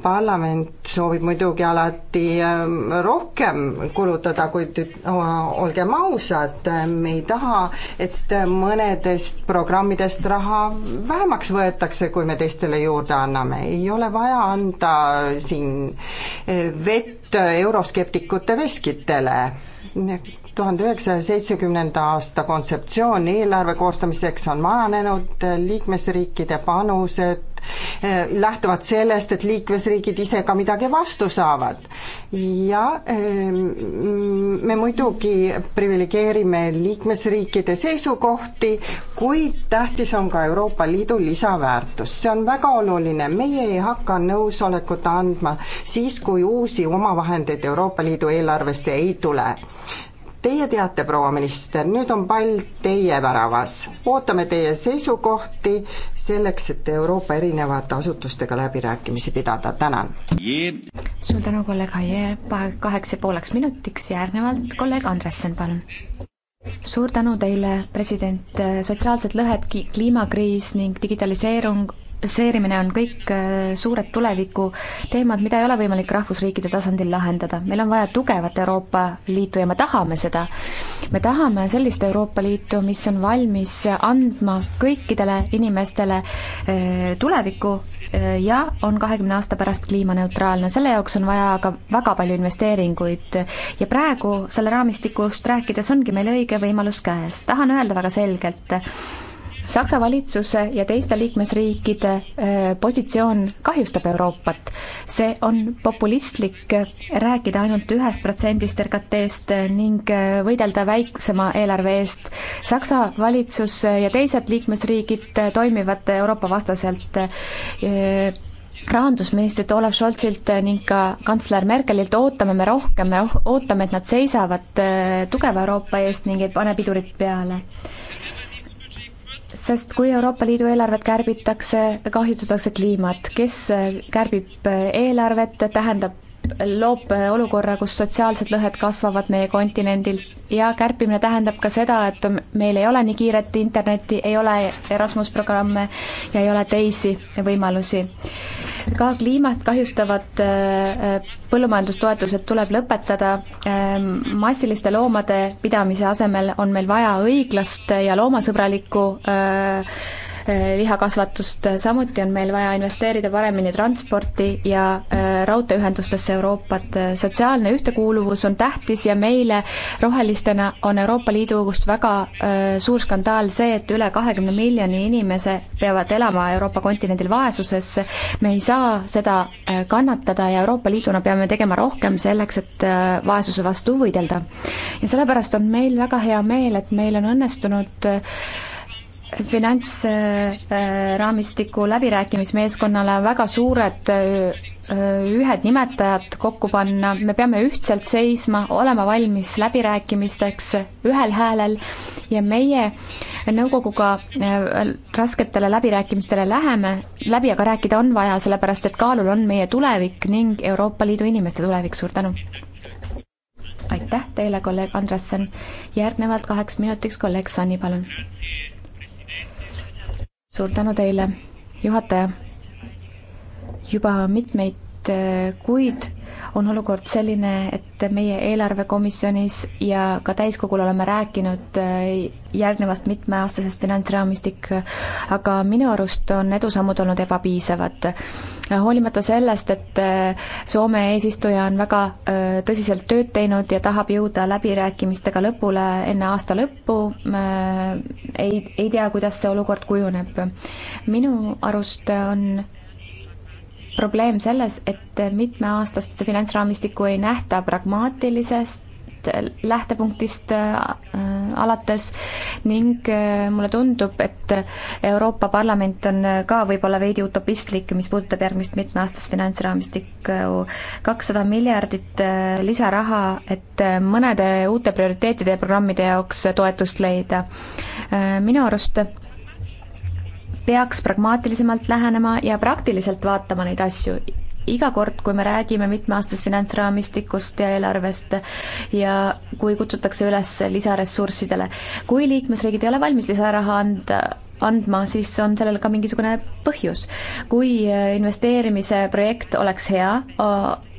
parlament soovib muidugi alati ähm, rohkem kulutada, kuid olgem ausad, ähm, me ei taha, et mõnedest programmidest raha vähemaks võetakse, kui me teistele juurde anname, ei ole vaja anda siin äh, vett euroskeptikute veskitele tuhande üheksasaja seitsmekümnenda aasta kontseptsioon eelarve koostamiseks on vananenud, liikmesriikide panused Eh, lähtuvalt sellest, et liikmesriigid ise ka midagi vastu saavad. ja ehm, me muidugi priviligeerime liikmesriikide seisukohti, kuid tähtis on ka Euroopa Liidu lisaväärtus, see on väga oluline, meie ei hakka nõusolekut andma siis, kui uusi omavahendeid Euroopa Liidu eelarvesse ei tule Teie teate, proua minister, nüüd on pall teie väravas. ootame teie seisukohti selleks, et Euroopa erinevate asutustega läbirääkimisi pidada, tänan. suur tänu, kolleeg Haier, kaheks ja pooleks minutiks, järgnevalt kolleeg Andressen, palun suur tänu teile, president, sotsiaalsed lõhed, kliimakriis ning digitaliseerung globaliseerimine on kõik äh, suured tulevikuteemad, mida ei ole võimalik rahvusriikide tasandil lahendada. meil on vaja tugevat Euroopa Liitu ja me tahame seda. me tahame sellist Euroopa Liitu, mis on valmis andma kõikidele inimestele äh, tulevikku äh, ja on kahekümne aasta pärast kliimaneutraalne. selle jaoks on vaja aga väga palju investeeringuid ja praegu selle raamistikust rääkides ongi meil õige võimalus käes. tahan öelda väga selgelt, Saksa valitsuse ja teiste liikmesriikide äh, positsioon kahjustab Euroopat. see on populistlik äh, rääkida ainult ühest protsendist RKT-st äh, ning võidelda väiksema eelarve eest. Saksa valitsus ja teised liikmesriigid toimivad Euroopa vastaselt rahandusministrilt Olav Scholzilt ning ka kantsler Merkelilt ootame me rohkem, me ootame, et nad seisavad tugeva Euroopa eest ning ei pane pidurit peale sest kui Euroopa Liidu eelarvet kärbitakse, kahjustatakse kliimat. kes kärbib eelarvet, tähendab loob olukorra, kus sotsiaalsed lõhed kasvavad meie kontinendil ja kärpimine tähendab ka seda, et meil ei ole nii kiiret internetti, ei ole Erasmus programme ja ei ole teisi võimalusi. ka kliimat kahjustavad äh, põllumajandustoetused tuleb lõpetada. Ähm, massiliste loomade pidamise asemel on meil vaja õiglast ja loomasõbralikku äh, Eh, lihakasvatust, samuti on meil vaja investeerida paremini transporti ja eh, raudteeühendustesse Euroopat. sotsiaalne ühtekuuluvus on tähtis ja meile rohelistena on Euroopa Liidust väga eh, suur skandaal see, et üle kahekümne miljoni inimese peavad elama Euroopa kontinendil vaesuses. me ei saa seda kannatada ja Euroopa Liiduna peame tegema rohkem selleks, et vaesuse vastu võidelda. ja sellepärast on meil väga hea meel, et meil on õnnestunud finantsraamistiku läbirääkimismeeskonnale väga suured ühed nimetajad kokku panna, me peame ühtselt seisma, olema valmis läbirääkimisteks ühel häälel ja meie nõukoguga rasketele läbirääkimistele läheme, läbi aga rääkida on vaja, sellepärast et kaalul on meie tulevik ning Euroopa Liidu inimeste tulevik, suur tänu! aitäh teile, kolleeg Andresson, järgnevalt kaheks minutiks kolleeg Sanni, palun! suur tänu teile, juhataja. juba mitmeid eh, kuid on olukord selline, et meie eelarvekomisjonis ja ka täiskogul oleme rääkinud äh, järgnevast mitmeaastasest finantsraamistik, aga minu arust on edusammud olnud ebapiisavad. hoolimata sellest, et äh, Soome eesistuja on väga äh, tõsiselt tööd teinud ja tahab jõuda läbirääkimistega lõpule enne aasta lõppu, ei, ei tea, kuidas see olukord kujuneb. minu arust on probleem selles, et mitmeaastast finantsraamistikku ei nähta pragmaatilisest lähtepunktist äh, alates ning äh, mulle tundub, et Euroopa Parlament on ka võib-olla veidi utopistlik, mis puudutab järgmist mitmeaastast finantsraamistikku. kakssada miljardit äh, lisaraha, et mõnede uute prioriteetide ja programmide jaoks toetust leida. minu arust peaks pragmaatilisemalt lähenema ja praktiliselt vaatama neid asju. iga kord, kui me räägime mitmeaastasest finantsraamistikust ja eelarvest ja kui kutsutakse üles lisaressurssidele, kui liikmesriigid ei ole valmis lisaraha anda, andma, siis on sellel ka mingisugune põhjus. kui äh, investeerimise projekt oleks hea,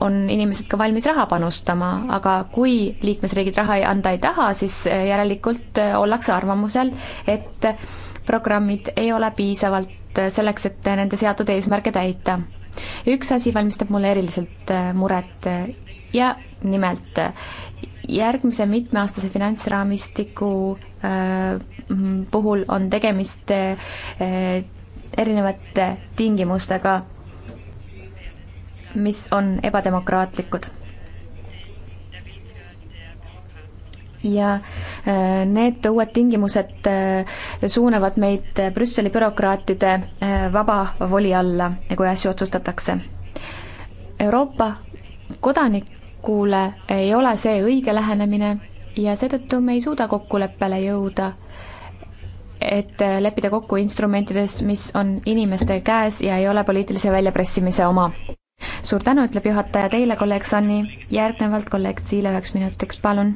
on inimesed ka valmis raha panustama, aga kui liikmesriigid raha anda ei taha, siis äh, järelikult äh, ollakse arvamusel, et programmid ei ole piisavalt selleks, et nende seatud eesmärke täita. üks asi valmistab mulle eriliselt äh, muret äh, ja nimelt äh, järgmise mitmeaastase finantsraamistiku puhul on tegemist erinevate tingimustega, mis on ebademokraatlikud ja äh, need uued tingimused äh, suunavad meid äh, Brüsseli bürokraatide vaba voli alla, kui asju otsustatakse. Euroopa kodanikule ei ole see õige lähenemine ja seetõttu me ei suuda kokkuleppele jõuda, et leppida kokku instrumentides, mis on inimeste käes ja ei ole poliitilise väljapressimise oma. suur tänu, ütleb juhataja teile, kolleeg Sanni, järgnevalt kolleeg Siile üheks minutiks, palun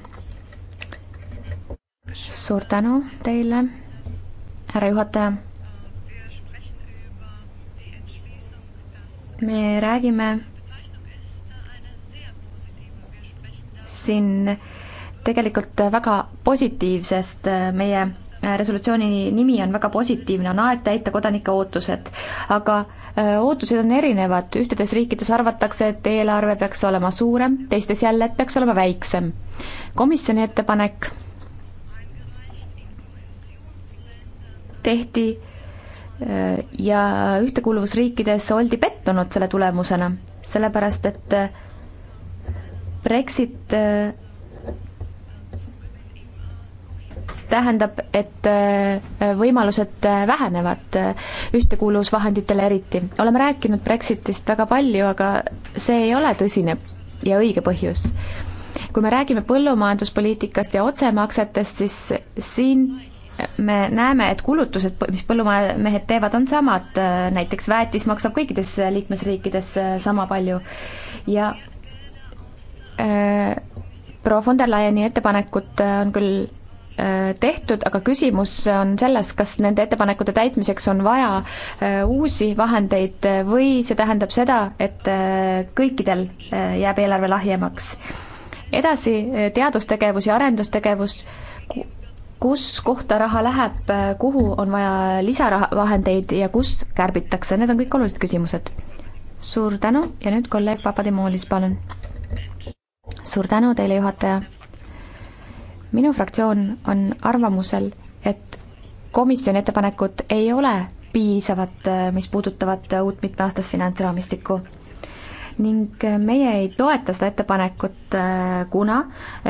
suur tänu teile, härra juhataja. me räägime siin tegelikult väga positiivsest äh, meie resolutsiooni nimi on väga positiivne, on aeg täita kodanike ootused, aga äh, ootused on erinevad, ühtedes riikides arvatakse, et eelarve peaks olema suurem, teistes jälle, et peaks olema väiksem. komisjoni ettepanek tehti äh, ja ühtekuuluvusriikides oldi pettunud selle tulemusena, sellepärast et äh, Brexit äh, tähendab, et võimalused vähenevad ühtekuuluvusvahenditele eriti. oleme rääkinud Brexitist väga palju, aga see ei ole tõsine ja õige põhjus. kui me räägime põllumajanduspoliitikast ja otsemaksetest, siis siin me näeme, et kulutused, mis põllumehed teevad, on samad, näiteks väetis maksab kõikides liikmesriikides äh, sama palju ja äh, proua von der Leyeni ettepanekud äh, on küll äh, tehtud, aga küsimus on selles, kas nende ettepanekute täitmiseks on vaja uusi vahendeid või see tähendab seda, et kõikidel jääb eelarve lahjemaks. edasi teadustegevus ja arendustegevus, kus kohta raha läheb, kuhu on vaja lisavahendeid ja kus kärbitakse, need on kõik olulised küsimused. suur tänu ja nüüd kolleeg Papademoolis, palun. suur tänu teile, juhataja. minu fraktsioon on arvamusel, et komisjoni ettepanekud ei ole piisavad, mis puudutavad uut mitmeaastast finantsraamistikku ning meie ei toeta seda ettepanekut, kuna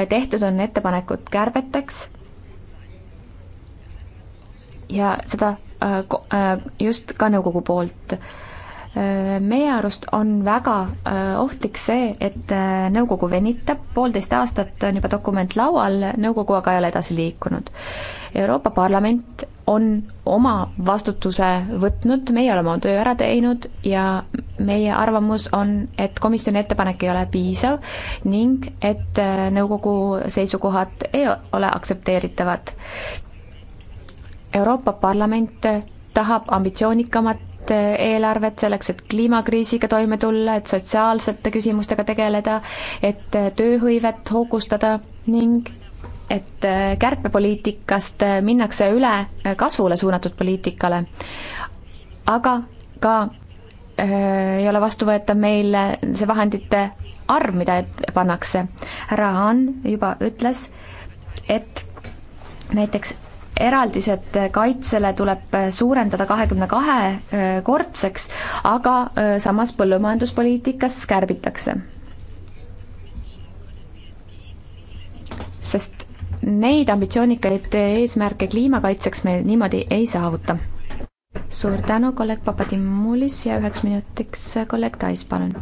tehtud on ettepanekud kärbeteks ja seda äh, äh, just ka nõukogu poolt. Äh, meie arust on väga ohtlik see, et nõukogu venitab, poolteist aastat on juba dokument laual, nõukogu aga ei ole edasi liikunud. Euroopa Parlament on oma vastutuse võtnud, meie oleme oma töö ära teinud ja meie arvamus on, et komisjoni ettepanek ei ole piisav ning et nõukogu seisukohad ei ole aktsepteeritavad. Euroopa Parlament tahab ambitsioonikamat eh, eelarvet selleks, et kliimakriisiga toime tulla, et sotsiaalsete küsimustega tegeleda, et eh, tööhõivet hookustada ning et eh, kärpepoliitikast minnakse üle kasvule suunatud poliitikale. aga ka äh, ei ole vastuvõetav meil see vahendite arv, mida ette pannakse. härra Haan juba ütles, et näiteks eraldised kaitsele tuleb suurendada kahekümne kahe kordseks, aga samas põllumajanduspoliitikas kärbitakse. sest neid ambitsioonikaid eesmärke kliimakaitseks me niimoodi ei saavuta. suur tänu, kolleeg Papadimulis ja üheks minutiks äh, kolleeg Tais, palun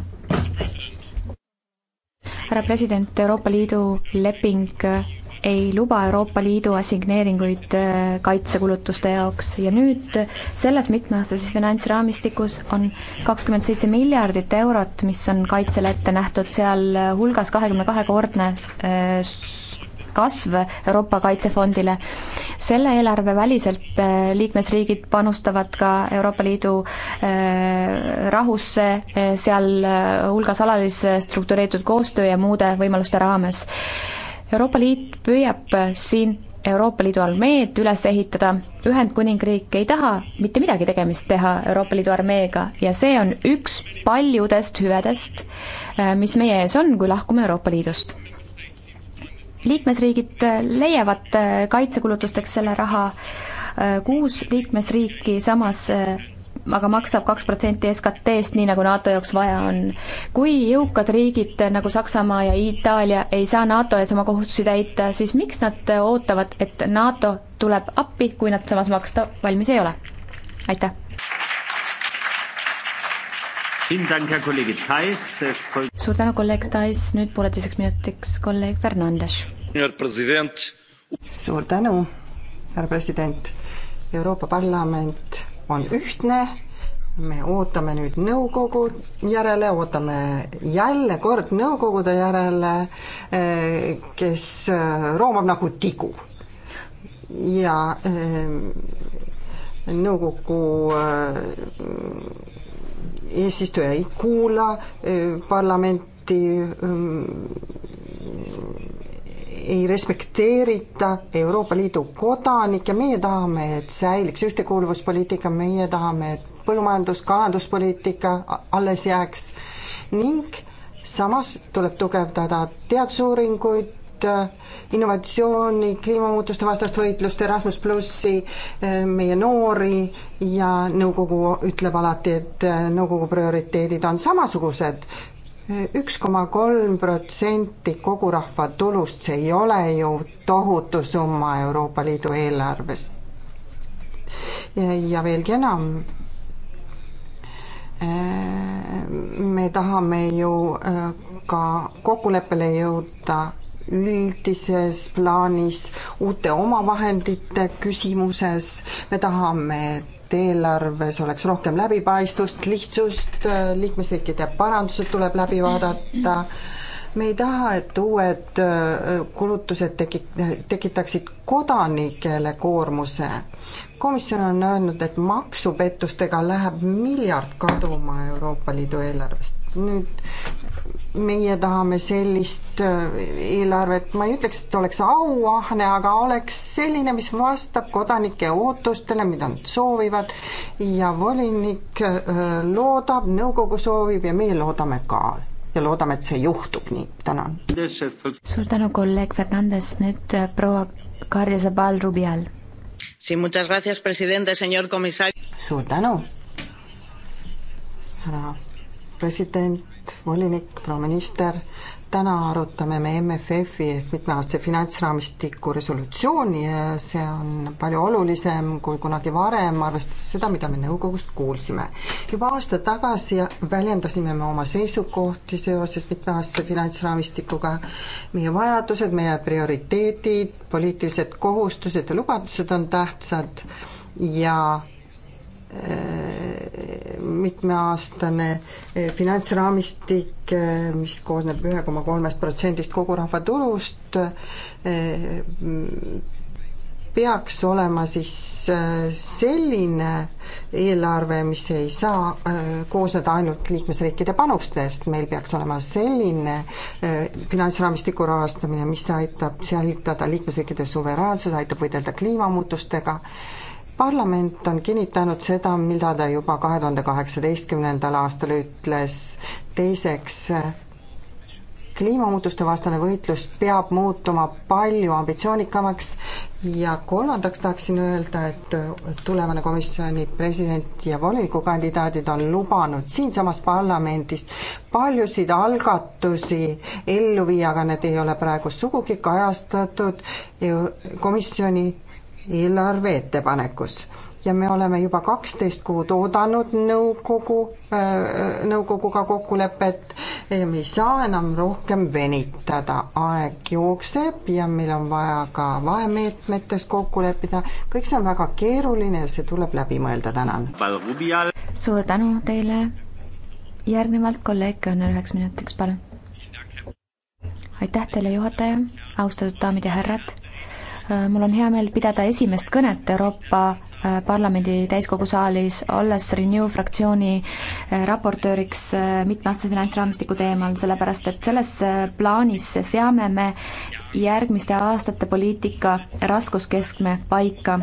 härra president, Euroopa Liidu leping äh, ei luba Euroopa Liidu assigneeringuid äh, kaitsekulutuste jaoks ja nüüd selles mitmeaastases finantsraamistikus on kakskümmend seitse miljardit eurot, mis on kaitsele ette nähtud, sealhulgas kahekümne kahekordne äh, kasv Euroopa Kaitsefondile. selle eelarve väliselt äh, liikmesriigid panustavad ka Euroopa Liidu rahusse, sealhulgas alalise struktureeritud koostöö ja muude võimaluste raames Euroopa Liit püüab siin Euroopa Liidu armeed üles ehitada, Ühendkuningriik ei taha mitte midagi tegemist teha Euroopa Liidu armeega ja see on üks paljudest hüvedest, äh, mis meie ees on, kui lahkume Euroopa Liidust. liikmesriigid leiavad äh, kaitsekulutusteks selle raha, äh, kuus liikmesriiki samas aga maksab kaks protsenti SKT-st, nii nagu NATO jaoks vaja on. kui jõukad riigid nagu Saksamaa ja Itaalia ei saa NATO ees oma kohustusi täita, siis miks nad ootavad, et NATO tuleb appi, kui nad samas maksta valmis ei ole? aitäh. suur tänu, kolleeg Tais, nüüd pooleteiseks minutiks kolleeg Fernandes. suur tänu, härra president. Euroopa Parlament on ühtne, me ootame nüüd nõukogu järele, ootame jälle kord nõukogude järele, eh, kes eh, roomab nagu tigu. ja eh, nõukogu eesistuja ei kuula parlamenti ei respekteerita Euroopa Liidu kodanikke, meie tahame, et säiliks ühtekuuluvuspoliitika, meie tahame, et põllumajandus, kalanduspoliitika alles jääks ning samas tuleb tugevdada teadusuuringuid, innovatsiooni, kliimamuutuste vastast võitlust, Erasmus plussi, eh, meie noori ja nõukogu ütleb alati, et nõukogu prioriteedid on samasugused üks koma kolm protsenti kogu rahvatulust, see ei ole ju tohutu summa Euroopa Liidu eelarves. ja veelgi enam, me tahame ju äh, ka kokkuleppele jõuda üldises plaanis, uute omavahendite küsimuses, me tahame, et et eelarves oleks rohkem läbipaistvust, lihtsust, liikmesriikide parandused tuleb läbi vaadata, me ei taha, et uued kulutused teki-, tekitaksid kodanikele koormuse. komisjon on öelnud, et maksupettustega läheb miljard kaduma Euroopa Liidu eelarvest. nüüd meie tahame sellist äh, eelarvet, ma ei ütleks, et oleks auahne, aga oleks selline, mis vastab kodanike ootustele, mida nad soovivad ja volinik äh, loodab, nõukogu soovib ja meie loodame ka ja loodame, et see juhtub nii, tänan. suur tänu, kolleeg Fernandes, nüüd äh, proua Karja Zabal-Rubial. suur tänu, härra president, volinik, proua minister, täna arutame me MFF-i ehk mitmeaastase finantsraamistiku resolutsiooni ja see on palju olulisem kui kunagi varem, arvestades seda, mida me nõukogust kuulsime. juba aasta tagasi väljendasime me oma seisukohti seoses mitmeaastase finantsraamistikuga, meie vajadused, meie prioriteedid, poliitilised kohustused ja lubadused on tähtsad ja mitmeaastane eh, finantsraamistik, eh, mis koosneb ühe koma kolmest protsendist kogu rahvatulust, eh, peaks olema siis selline eelarve, mis ei saa koosneda ainult liikmesriikide panustest, meil peaks olema selline finantsraamistiku rahastamine, mis aitab säilitada liikmesriikide suveräänsuse, aitab võidelda kliimamuutustega parlament on kinnitanud seda, mida ta juba kahe tuhande kaheksateistkümnendal aastal ütles, teiseks kliimamuutuste vastane võitlus peab muutuma palju ambitsioonikamaks ja kolmandaks tahaksin öelda, et tulevane komisjoni president ja volinikukandidaadid on lubanud siinsamas parlamendis paljusid algatusi ellu viia, aga need ei ole praegu sugugi kajastatud komisjoni eelarve ettepanekus ja me oleme juba kaksteist kuud oodanud nõukogu, äh, äh, nõukoguga kokkulepet ja me ei saa enam rohkem venitada, aeg jookseb ja meil on vaja ka vahemeetmetes kokku leppida, kõik see on väga keeruline ja see tuleb läbi mõelda, tänan. suur tänu teile, järgnevalt kolleeg Kõnner üheks minutiks, palun. aitäh teile, juhataja, austatud daamid ja härrad Äh, mul on hea meel pidada esimest kõnet Euroopa äh, Parlamendi täiskogu saalis, olles Renew fraktsiooni äh, raportööriks mitmeaastase finantsraamistiku teemal, sellepärast et selles plaanis seame me järgmiste aastate poliitika raskuskeskme paika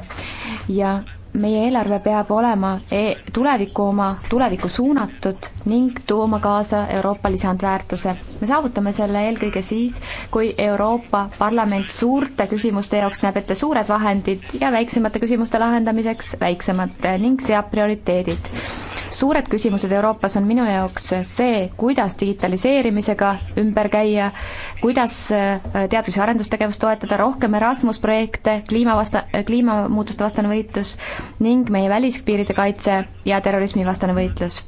ja meie eelarve peab olema e tuleviku oma, tulevikku suunatud ning tooma kaasa Euroopa lisandväärtuse. me saavutame selle eelkõige siis, kui Euroopa Parlament suurte küsimuste jaoks näeb ette suured vahendid ja väiksemate küsimuste lahendamiseks väiksemad ning seab prioriteedid suured küsimused Euroopas on minu jaoks see, kuidas digitaliseerimisega ümber käia, kuidas äh, teadus- ja arendustegevust toetada, rohkem Erasmus projekte, kliimavasta-, kliimamuutuste vastane võitlus ning meie välispiiride kaitse ja terrorismivastane võitlus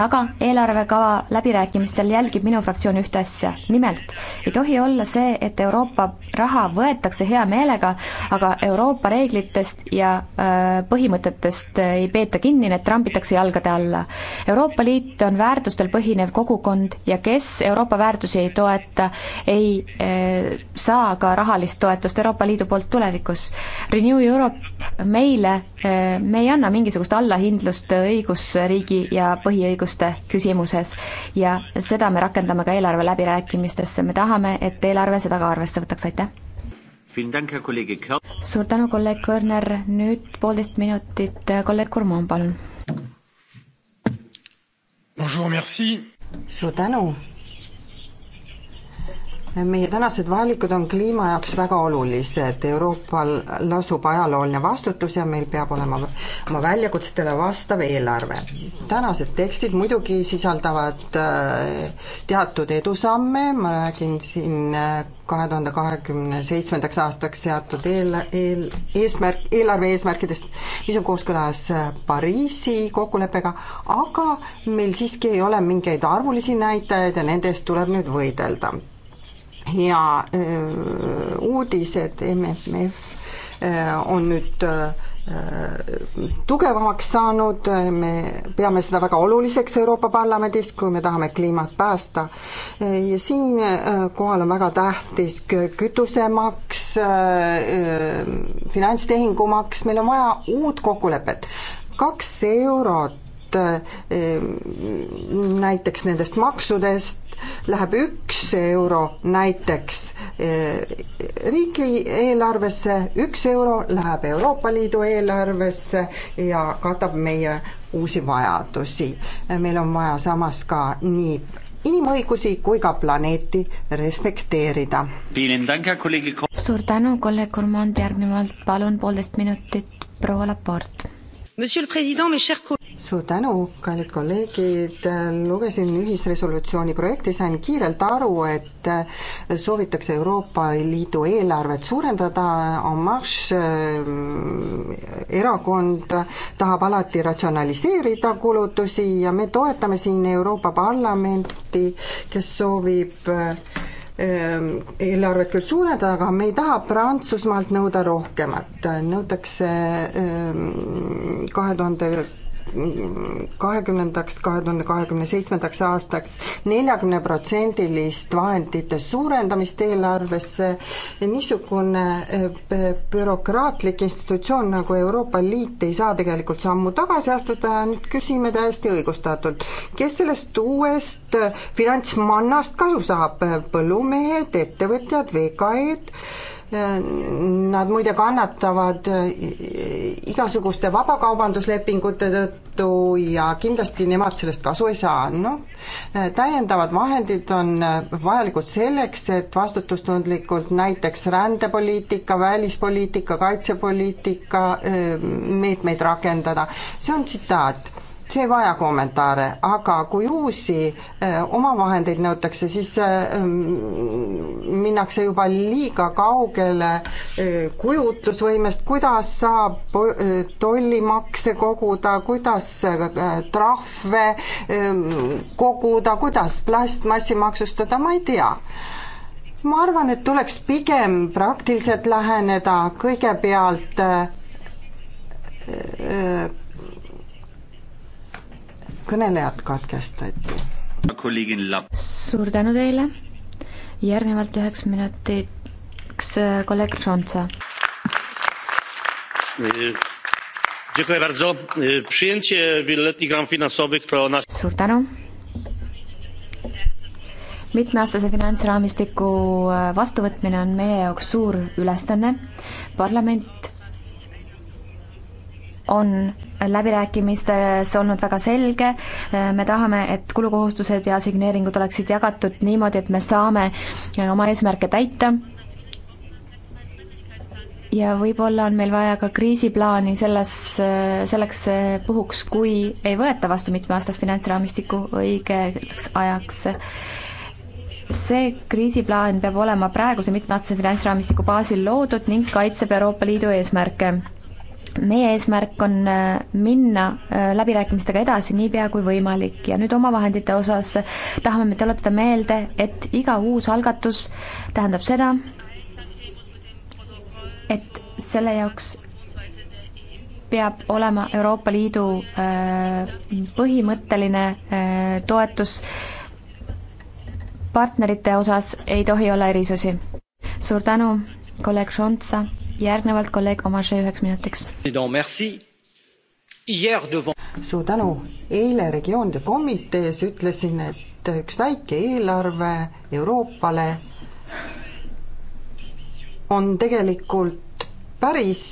aga eelarvekava läbirääkimistel jälgib minu fraktsioon ühte asja, nimelt ei tohi olla see, et Euroopa raha võetakse hea meelega, aga Euroopa reeglitest ja äh, põhimõtetest ei peeta kinni, need trambitakse jalgade alla. Euroopa Liit on väärtustel põhinev kogukond ja kes Euroopa väärtusi ei toeta, ei äh, saa ka rahalist toetust Euroopa Liidu poolt tulevikus. Renew Europe meile, äh, me ei anna mingisugust allahindlust õigusriigi ja põhiõiguste küsimuses ja seda me rakendame ka eelarve läbirääkimistesse, me tahame, et eelarve seda ka arvesse võtaks, aitäh! suur tänu, kolleeg Kõrner, nüüd poolteist minutit, kolleeg Kurmon, palun! suur tänu! meie tänased valikud on kliima jaoks väga olulised, Euroopal lasub ajalooline vastutus ja meil peab olema oma väljakutsetele vastav eelarve. tänased tekstid muidugi sisaldavad äh, teatud edusamme, ma räägin siin äh, kahe tuhande kahekümne seitsmendaks aastaks seatud eel, eel, eesmärk, eelarve eesmärkidest, mis on kooskõlas äh, Pariisi kokkuleppega, aga meil siiski ei ole mingeid arvulisi näitajaid ja nende eest tuleb nüüd võidelda hea uudis, et MFF on nüüd tugevamaks saanud, me peame seda väga oluliseks Euroopa Parlamendis, kui me tahame kliimat päästa. ja siinkohal on väga tähtis kütusemaks, finantstehingumaks, meil on vaja uut kokkulepet. kaks eurot näiteks nendest maksudest läheb üks euro näiteks eh, riigieelarvesse, üks euro läheb Euroopa Liidu eelarvesse ja katab meie uusi vajadusi. meil on vaja samas ka nii inimõigusi kui ka planeeti respekteerida. suur tänu, kolleeg Urmand, järgnevalt palun poolteist minutit, proua Laport suur tänu, kallid kolleegid, lugesin ühisresolutsiooni projekti, sain kiirelt aru, et soovitakse Euroopa Liidu eelarvet suurendada, En Marche ähm, erakond tahab alati ratsionaliseerida kulutusi ja me toetame siin Euroopa Parlamenti, kes soovib äh, Ehm, eelarvet küll suurendada, aga me ei taha Prantsusmaalt nõuda rohkemat, nõutakse ehm, kahe tuhande kahekümnendaks, kahe tuhande kahekümne seitsmendaks aastaks neljakümneprotsendilist vahendite suurendamist eelarvesse. niisugune eh, bürokraatlik institutsioon nagu Euroopa Liit ei saa tegelikult sammu tagasi astuda ja nüüd küsime täiesti õigustatult, kes sellest uuest eh, finantsmannast kasu saab, põllumehed, ettevõtjad, VKE-d Nad muide kannatavad igasuguste vabakaubanduslepingute tõttu ja kindlasti nemad sellest kasu ei saa, noh. täiendavad vahendid on vajalikud selleks, et vastutustundlikult näiteks rändepoliitika, välispoliitika, kaitsepoliitika ehm, meetmeid rakendada. see on tsitaat see ei vaja kommentaare, aga kui uusi äh, omavahendeid nõutakse, siis äh, mm, minnakse juba liiga kaugele äh, kujutlusvõimest, kuidas saab tollimakse koguda, kuidas trahve ähm, koguda, kuidas plastmassi maksustada, ma ei tea ma arvan, et tuleks pigem praktiliselt läheneda, kõigepealt kõnelejad katkestati. suur tänu teile, järgnevalt üheks minutiks äh, kolleeg Šonsa. Äh, suur tänu mitmeaastase finantsraamistiku äh, vastuvõtmine on meie jaoks suur ülesanne. parlament on läbirääkimistes olnud väga selge, me tahame, et kulukohustused ja signeeringud oleksid jagatud niimoodi, et me saame oma eesmärke täita ja võib-olla on meil vaja ka kriisiplaani selles, selleks puhuks, kui ei võeta vastu mitmeaastast finantsraamistikku õigeks ajaks. see kriisiplaan peab olema praeguse mitmeaastase finantsraamistiku baasil loodud ning kaitseb Euroopa Liidu eesmärke meie eesmärk on äh, minna äh, läbirääkimistega edasi niipea kui võimalik ja nüüd omavahendite osas tahame me tuletada meelde, et iga uus algatus tähendab seda, et selle jaoks peab olema Euroopa Liidu äh, põhimõtteline toetus. partnerite osas ei tohi olla erisusi. suur tänu, kolleeg Šontsa järgnevalt kolleeg Omaše üheks minutiks. suur tänu, eile regioonide komitees ütlesin, et üks väike eelarve Euroopale on tegelikult päris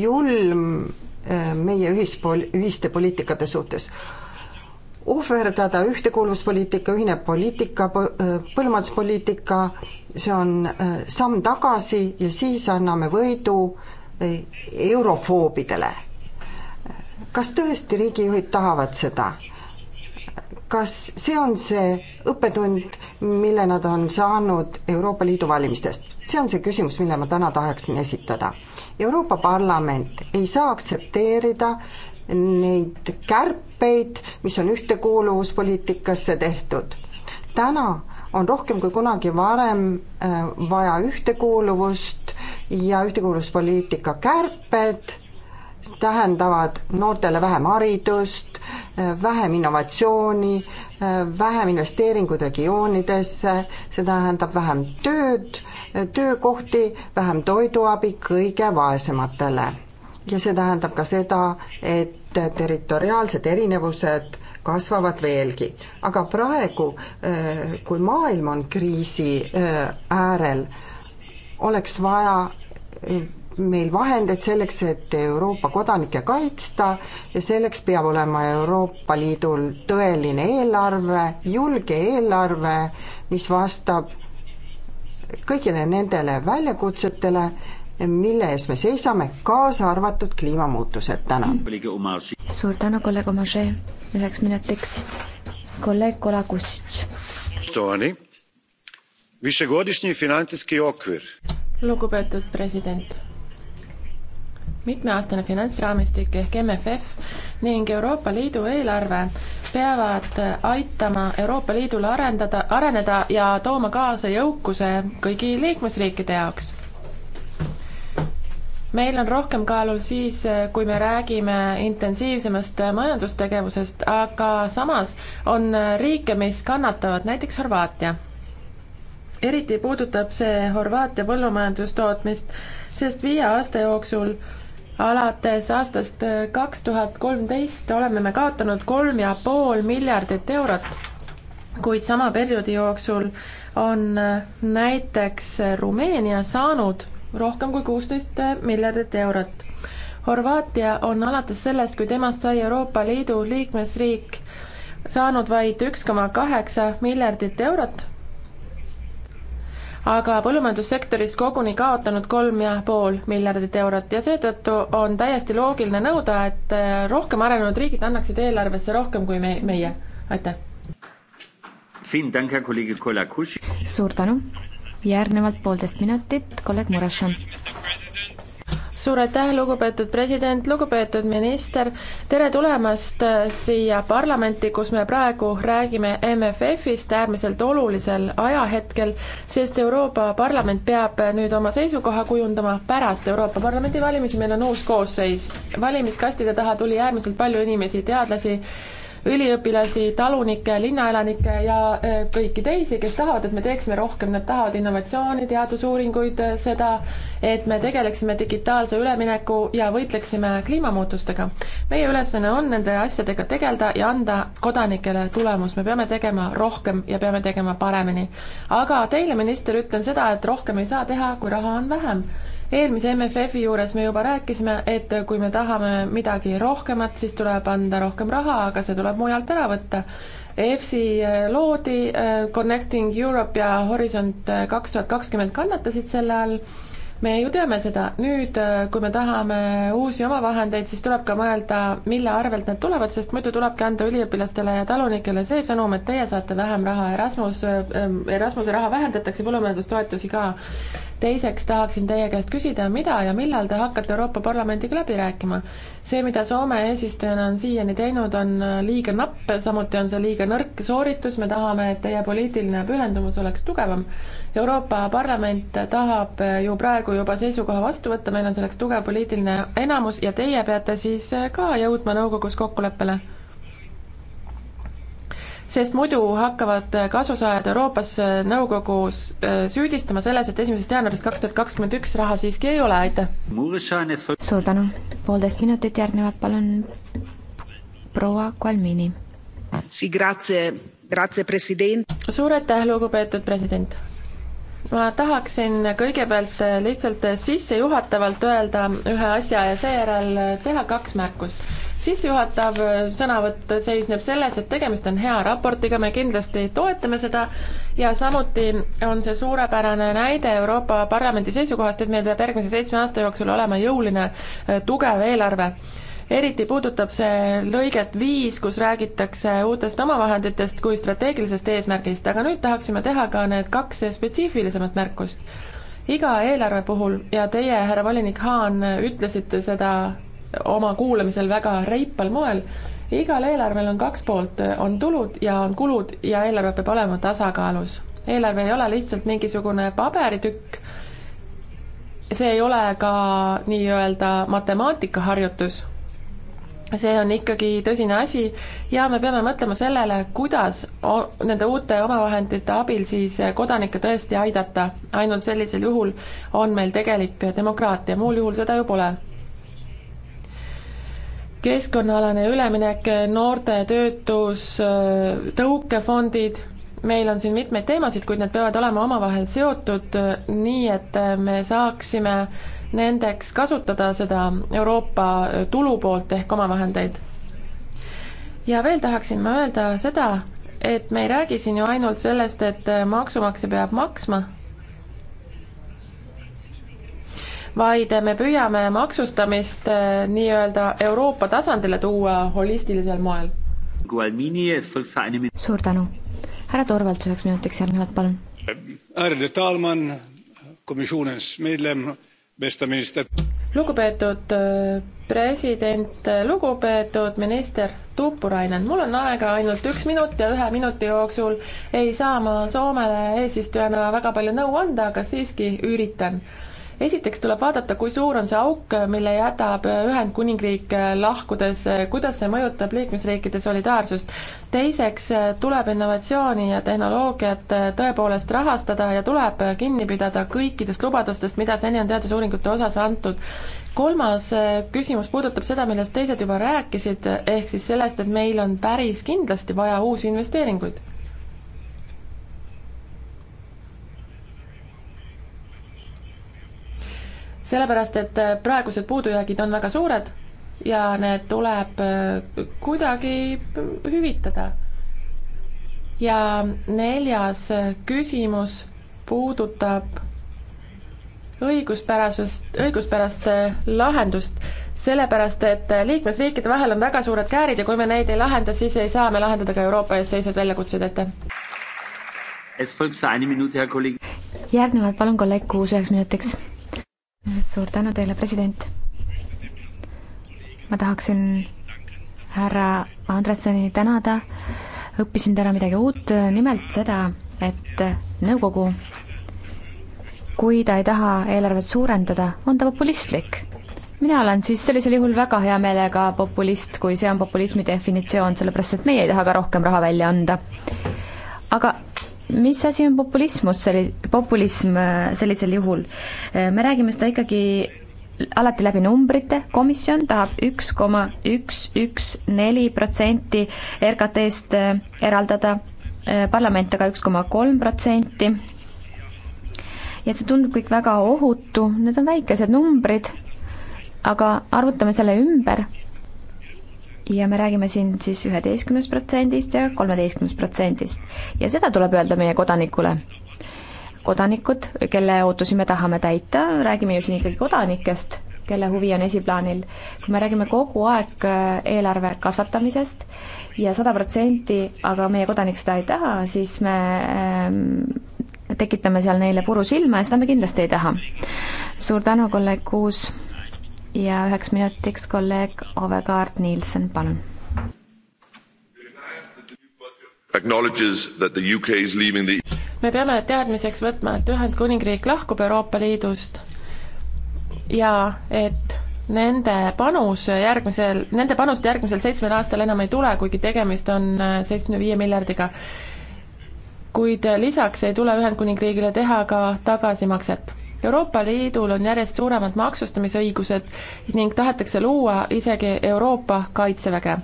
julm eh, meie ühispol-, ühiste poliitikate suhtes ohverdada ühtekuuluvuspoliitika, ühine poliitika, äh, põllumajanduspoliitika, see on äh, samm tagasi ja siis anname võidu äh, eurofoobidele. kas tõesti riigijuhid tahavad seda? kas see on see õppetund, mille nad on saanud Euroopa Liidu valimistest? see on see küsimus, mille ma täna tahaksin esitada. Euroopa Parlament ei saa aktsepteerida neid kärp-, kärpeid, mis on ühtekuuluvuspoliitikasse tehtud. täna on rohkem kui kunagi varem äh, vaja ühtekuuluvust ja ühtekuuluvuspoliitika kärped tähendavad noortele vähem haridust, äh, vähem innovatsiooni, äh, vähem investeeringuid regioonidesse, see tähendab vähem tööd, töökohti, vähem toiduabi kõige vaesematele ja see tähendab ka seda, et territoriaalsed erinevused kasvavad veelgi. aga praegu, eh, kui maailm on kriisi eh, äärel, oleks vaja eh, meil vahendeid selleks, et Euroopa kodanikke kaitsta ja selleks peab olema Euroopa Liidul tõeline eelarve, julge eelarve, mis vastab kõigile nendele väljakutsetele, mille eest me seisame, kaasa arvatud kliimamuutused, tänan. suur tänu, kolleeg Omaže, üheks minutiks. kolleeg Kolakusitš. lugupeetud president mitmeaastane finantsraamistik ehk MFF ning Euroopa Liidu eelarve peavad aitama Euroopa Liidul arendada, areneda ja tooma kaasa jõukuse kõigi liikmesriikide jaoks meil on rohkem kaalul siis, kui me räägime intensiivsemast majandustegevusest, aga samas on riike, mis kannatavad, näiteks Horvaatia. eriti puudutab see Horvaatia põllumajandustootmist, sest viie aasta jooksul alates aastast kaks tuhat kolmteist oleme me kaotanud kolm ja pool miljardit eurot, kuid sama perioodi jooksul on näiteks Rumeenia saanud rohkem kui kuusteist miljardit eurot. Horvaatia on alates sellest, kui temast sai Euroopa Liidu liikmesriik, saanud vaid üks koma kaheksa miljardit eurot, aga põllumajandussektoris koguni kaotanud kolm ja pool miljardit eurot ja seetõttu on täiesti loogiline nõuda, et äh, rohkem arenenud riigid annaksid eelarvesse rohkem kui me, meie, aitäh. suur tänu järgnevalt poolteist minutit, kolleeg Murashan suur aitäh, lugupeetud president, lugupeetud minister, tere tulemast äh, siia parlamenti, kus me praegu räägime MFF-ist äärmiselt olulisel ajahetkel, sest Euroopa Parlament peab äh, nüüd oma seisukoha kujundama pärast Euroopa Parlamendi valimisi, meil on uus koosseis. valimiskastide taha tuli äärmiselt palju inimesi, teadlasi, üliõpilasi, talunikke, linnaelanikke ja äh, kõiki teisi, kes tahavad, et me teeksime rohkem, nad tahavad innovatsiooni, teadusuuringuid, äh, seda, et me tegeleksime digitaalse ülemineku ja võitleksime kliimamuutustega. meie ülesanne on nende asjadega tegeleda ja anda kodanikele tulemus, me peame tegema rohkem ja peame tegema paremini. aga teile, minister, ütlen seda, et rohkem ei saa teha, kui raha on vähem eelmise MFF-i juures me juba rääkisime, et kui me tahame midagi rohkemat, siis tuleb anda rohkem raha, aga see tuleb mujalt ära võtta. EFSI äh, loodi, äh, Connecting Europe ja Horisont äh, kaks tuhat kakskümmend kannatasid selle all, me ju teame seda, nüüd kui me tahame uusi omavahendeid, siis tuleb ka mõelda, mille arvelt need tulevad, sest muidu tulebki anda üliõpilastele ja talunikele see sõnum, et teie saate vähem raha, Erasmus, Erasmuse raha vähendatakse, põllumajandustoetusi ka teiseks tahaksin teie käest küsida, mida ja millal te hakkate Euroopa Parlamendiga läbi rääkima. see, mida Soome eesistujana on siiani teinud, on liiga napp, samuti on see liiga nõrk sooritus, me tahame, et teie poliitiline pühendumus oleks tugevam. Euroopa Parlament tahab ju praegu juba seisukoha vastu võtta, meil on selleks tugev poliitiline enamus ja teie peate siis ka jõudma nõukogus kokkuleppele sest muidu hakkavad kasusaajad Euroopas äh, nõukogus äh, süüdistama selles, et esimesest jaanuarist kaks tuhat kakskümmend üks raha siiski ei ole, aitäh! suur tänu, poolteist minutit järgnevad, palun proua Kalmini. suur aitäh, lugupeetud president! ma tahaksin kõigepealt lihtsalt sissejuhatavalt öelda ühe asja ja seejärel teha kaks märkust sissejuhatav sõnavõtt seisneb selles, et tegemist on hea raportiga, me kindlasti toetame seda ja samuti on see suurepärane näide Euroopa Parlamendi seisukohast, et meil peab järgmise seitsme aasta jooksul olema jõuline äh, tugev eelarve eriti puudutab see lõiget viis, kus räägitakse uutest omavahenditest kui strateegilisest eesmärgist, aga nüüd tahaksime teha ka need kaks spetsiifilisemat märkust. iga eelarve puhul ja teie, härra volinik Haan, ütlesite seda oma kuulamisel väga reipal moel. igal eelarvel on kaks poolt, on tulud ja on kulud ja eelarve peab olema tasakaalus. eelarve ei ole lihtsalt mingisugune paberitükk, see ei ole ka nii-öelda matemaatikaharjutus see on ikkagi tõsine asi ja me peame mõtlema sellele, kuidas nende uute omavahendite abil siis kodanikke tõesti aidata. ainult sellisel juhul on meil tegelik demokraatia, muul juhul seda ju pole keskkonnaalane üleminek, noorte töötus, tõukefondid, meil on siin mitmeid teemasid, kuid need peavad olema omavahel seotud, nii et me saaksime nendeks kasutada seda Euroopa tulupoolt ehk omavahendeid. ja veel tahaksin ma öelda seda, et me ei räägi siin ju ainult sellest, et maksumaksja peab maksma vaid me püüame maksustamist äh, nii-öelda Euroopa tasandile tuua holistilisel moel. suur tänu. härra Torvalds üheks minutiks järgnevalt, palun. Ärde Talman, komisjones meile, vestaminister. lugupeetud äh, president, äh, lugupeetud minister Tuupurainen, mul on aega ainult üks minut ja ühe minuti jooksul ei saa ma Soomele eesistujana väga palju nõu anda, aga siiski üritan esiteks tuleb vaadata, kui suur on see auk, mille jätab Ühendkuningriik äh, lahkudes, äh, kuidas see mõjutab liikmesriikide solidaarsust. teiseks äh, tuleb innovatsiooni ja tehnoloogiat tõepoolest rahastada ja tuleb kinni pidada kõikidest lubadustest, mida seni on teadusuuringute osas antud kolmas küsimus puudutab seda, millest teised juba rääkisid, ehk siis sellest, et meil on päris kindlasti vaja uusi investeeringuid sellepärast, et praegused puudujäägid on väga suured ja need tuleb äh, kuidagi hüvitada. ja neljas äh, küsimus puudutab õiguspärasust, õiguspärast äh, lahendust, sellepärast et liikmesriikide vahel on väga suured käärid ja kui me neid ei lahenda, siis ei saa me lahendada ka Euroopa ees seisvaid väljakutseid ette. järgnevalt palun kolleeg Kuus üheks minutiks suur tänu teile, president. ma tahaksin härra Andressoni tänada. õppisin täna midagi uut, nimelt seda, et nõukogu, kui ta ei taha eelarvet suurendada, on ta populistlik. mina olen siis sellisel juhul väga hea meelega populist, kui see on populismi definitsioon, sellepärast et meie ei taha ka rohkem raha välja anda mis asi on populismus, selli-, populism äh, sellisel juhul? Äh, me räägime seda ikkagi alati läbi numbrite, komisjon tahab üks koma üks üks neli protsenti RKT-st äh, eraldada, parlament aga üks koma kolm protsenti. ja see tundub kõik väga ohutu, need on väikesed numbrid, aga arvutame selle ümber ja me räägime siin siis üheteistkümnest protsendist ja kolmeteistkümnest protsendist. ja seda tuleb öelda meie kodanikule. kodanikud, kelle ootusi me tahame täita, räägime ju siin ikkagi kodanikest, kelle huvi on esiplaanil. kui me räägime kogu aeg äh, eelarve kasvatamisest ja sada protsenti, aga meie kodanik seda ei taha, siis me ähm, tekitame seal neile puru silma ja seda me kindlasti ei taha. suur tänu, kolleeg Kuus ja üheks minutiks kolleeg Ovekaart Nielsen, palun. me peame teadmiseks võtma, et Ühendkuningriik lahkub Euroopa Liidust ja et nende panus järgmisel, nende panust järgmisel seitsmel aastal enam ei tule, kuigi tegemist on äh, seitsmekümne viie miljardiga. kuid lisaks ei tule Ühendkuningriigile teha ka tagasimakset Euroopa Liidul on järjest suuremad maksustamisõigused ning tahetakse luua isegi Euroopa kaitseväge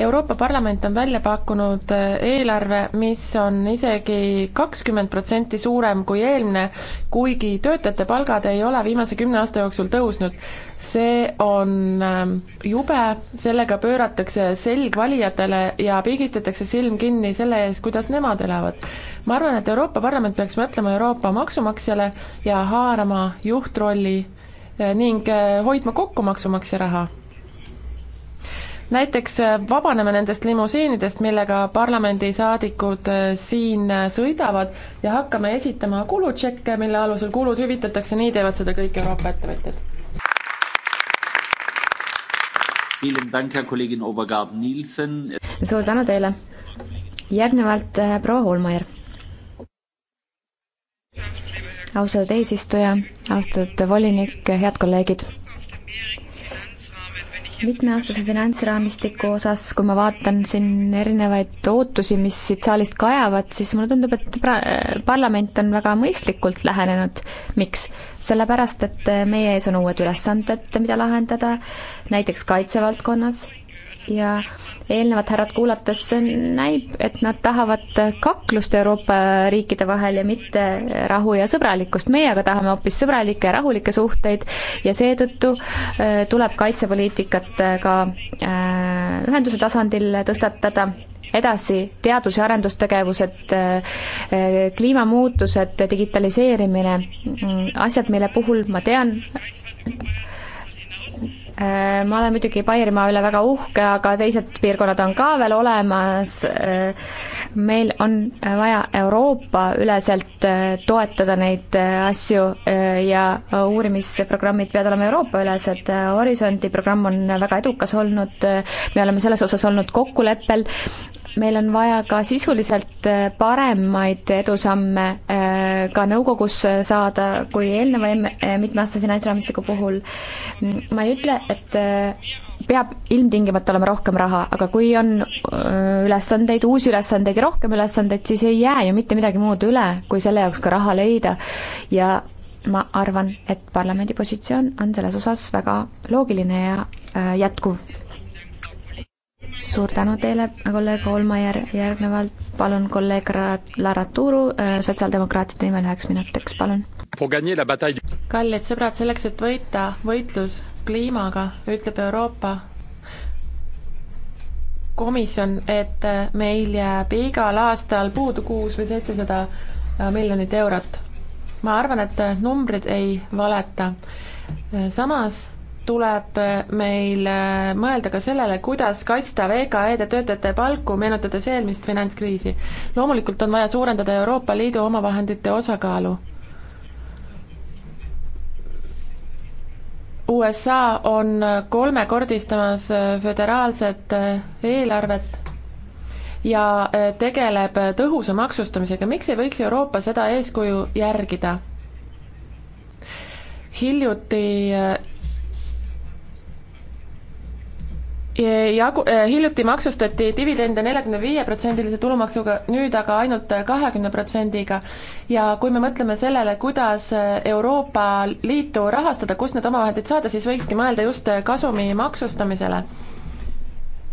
Euroopa Parlament on välja pakkunud äh, eelarve, mis on isegi kakskümmend protsenti suurem kui eelmine, kuigi töötajate palgad ei ole viimase kümne aasta jooksul tõusnud. see on ähm, jube, sellega pööratakse selg valijatele ja pigistatakse silm kinni selle ees, kuidas nemad elavad. ma arvan, et Euroopa Parlament peaks mõtlema Euroopa maksumaksjale ja haarama juhtrolli äh, ning äh, hoidma kokku maksumaksja raha näiteks äh, vabaneme nendest limusiinidest, millega parlamendisaadikud äh, siin äh, sõidavad ja hakkame esitama kulutšekke, mille alusel kulud hüvitatakse, nii teevad seda kõik Euroopa ettevõtjad. suur tänu teile. järgnevalt proua Holmajärv. austatud eesistuja, austatud volinik, head kolleegid mitmeaastase finantsraamistiku osas, kui ma vaatan siin erinevaid ootusi, mis siit saalist kajavad, siis mulle tundub, et pra-, parlament on väga mõistlikult lähenenud. miks? sellepärast, et meie ees on uued ülesanded, mida lahendada, näiteks kaitsevaldkonnas ja eelnevat härrat kuulates näib, et nad tahavad kaklust Euroopa riikide vahel ja mitte rahu ja sõbralikkust. meie aga tahame hoopis sõbralikke ja rahulikke suhteid ja seetõttu äh, tuleb kaitsepoliitikat äh, ka äh, ühenduse tasandil tõstatada edasi teadus- ja arendustegevused, kliimamuutused, digitaliseerimine, mm, asjad, mille puhul ma tean, Äh, ma olen muidugi Baierimaa üle väga uhke, aga teised piirkonnad on ka veel olemas. Äh, meil on vaja Euroopa-üleselt äh, toetada neid asju ja uurimisprogrammid peavad olema Euroopa-ülesed. Horisondi programm on väga edukas olnud, me oleme selles osas olnud kokkuleppel, meil on vaja ka sisuliselt paremaid edusamme ka nõukogus saada kui eelneva mitmeaastase finantsraamistiku puhul. Mm, ma ei ütle, et äh, peab ilmtingimata olema rohkem raha, aga kui on äh, ülesandeid, uusi ülesandeid ja rohkem ülesandeid, siis ei jää ju mitte midagi muud üle, kui selle jaoks ka raha leida. ja ma arvan, et parlamendi positsioon on selles osas väga loogiline ja äh, jätkuv. suur tänu teile, kolleeg Olmajär, järgnevalt palun kolleeg Lara Tuuru sotsiaaldemokraatide nimel üheks minutiks, palun. kallid sõbrad, selleks, et võita võitlus kliimaga, ütleb Euroopa Komisjon, et meil jääb igal aastal puudu kuus või seitsesada miljonit eurot. ma arvan, et numbrid ei valeta. samas tuleb meil mõelda ka sellele, kuidas kaitsta VKE-de töötajate palku, meenutades eelmist finantskriisi. loomulikult on vaja suurendada Euroopa Liidu omavahendite osakaalu USA on kolmekordistamas föderaalset eh, eelarvet ja eh, tegeleb tõhusa maksustamisega, miks ei võiks Euroopa seda eeskuju järgida? hiljuti eh, jagu- eh,, hiljuti maksustati dividende neljakümne viie protsendilise tulumaksuga, nüüd aga ainult kahekümne protsendiga. ja kui me mõtleme sellele, kuidas Euroopa Liitu rahastada, kust need omavahendid saada, siis võikski mõelda just kasumi maksustamisele.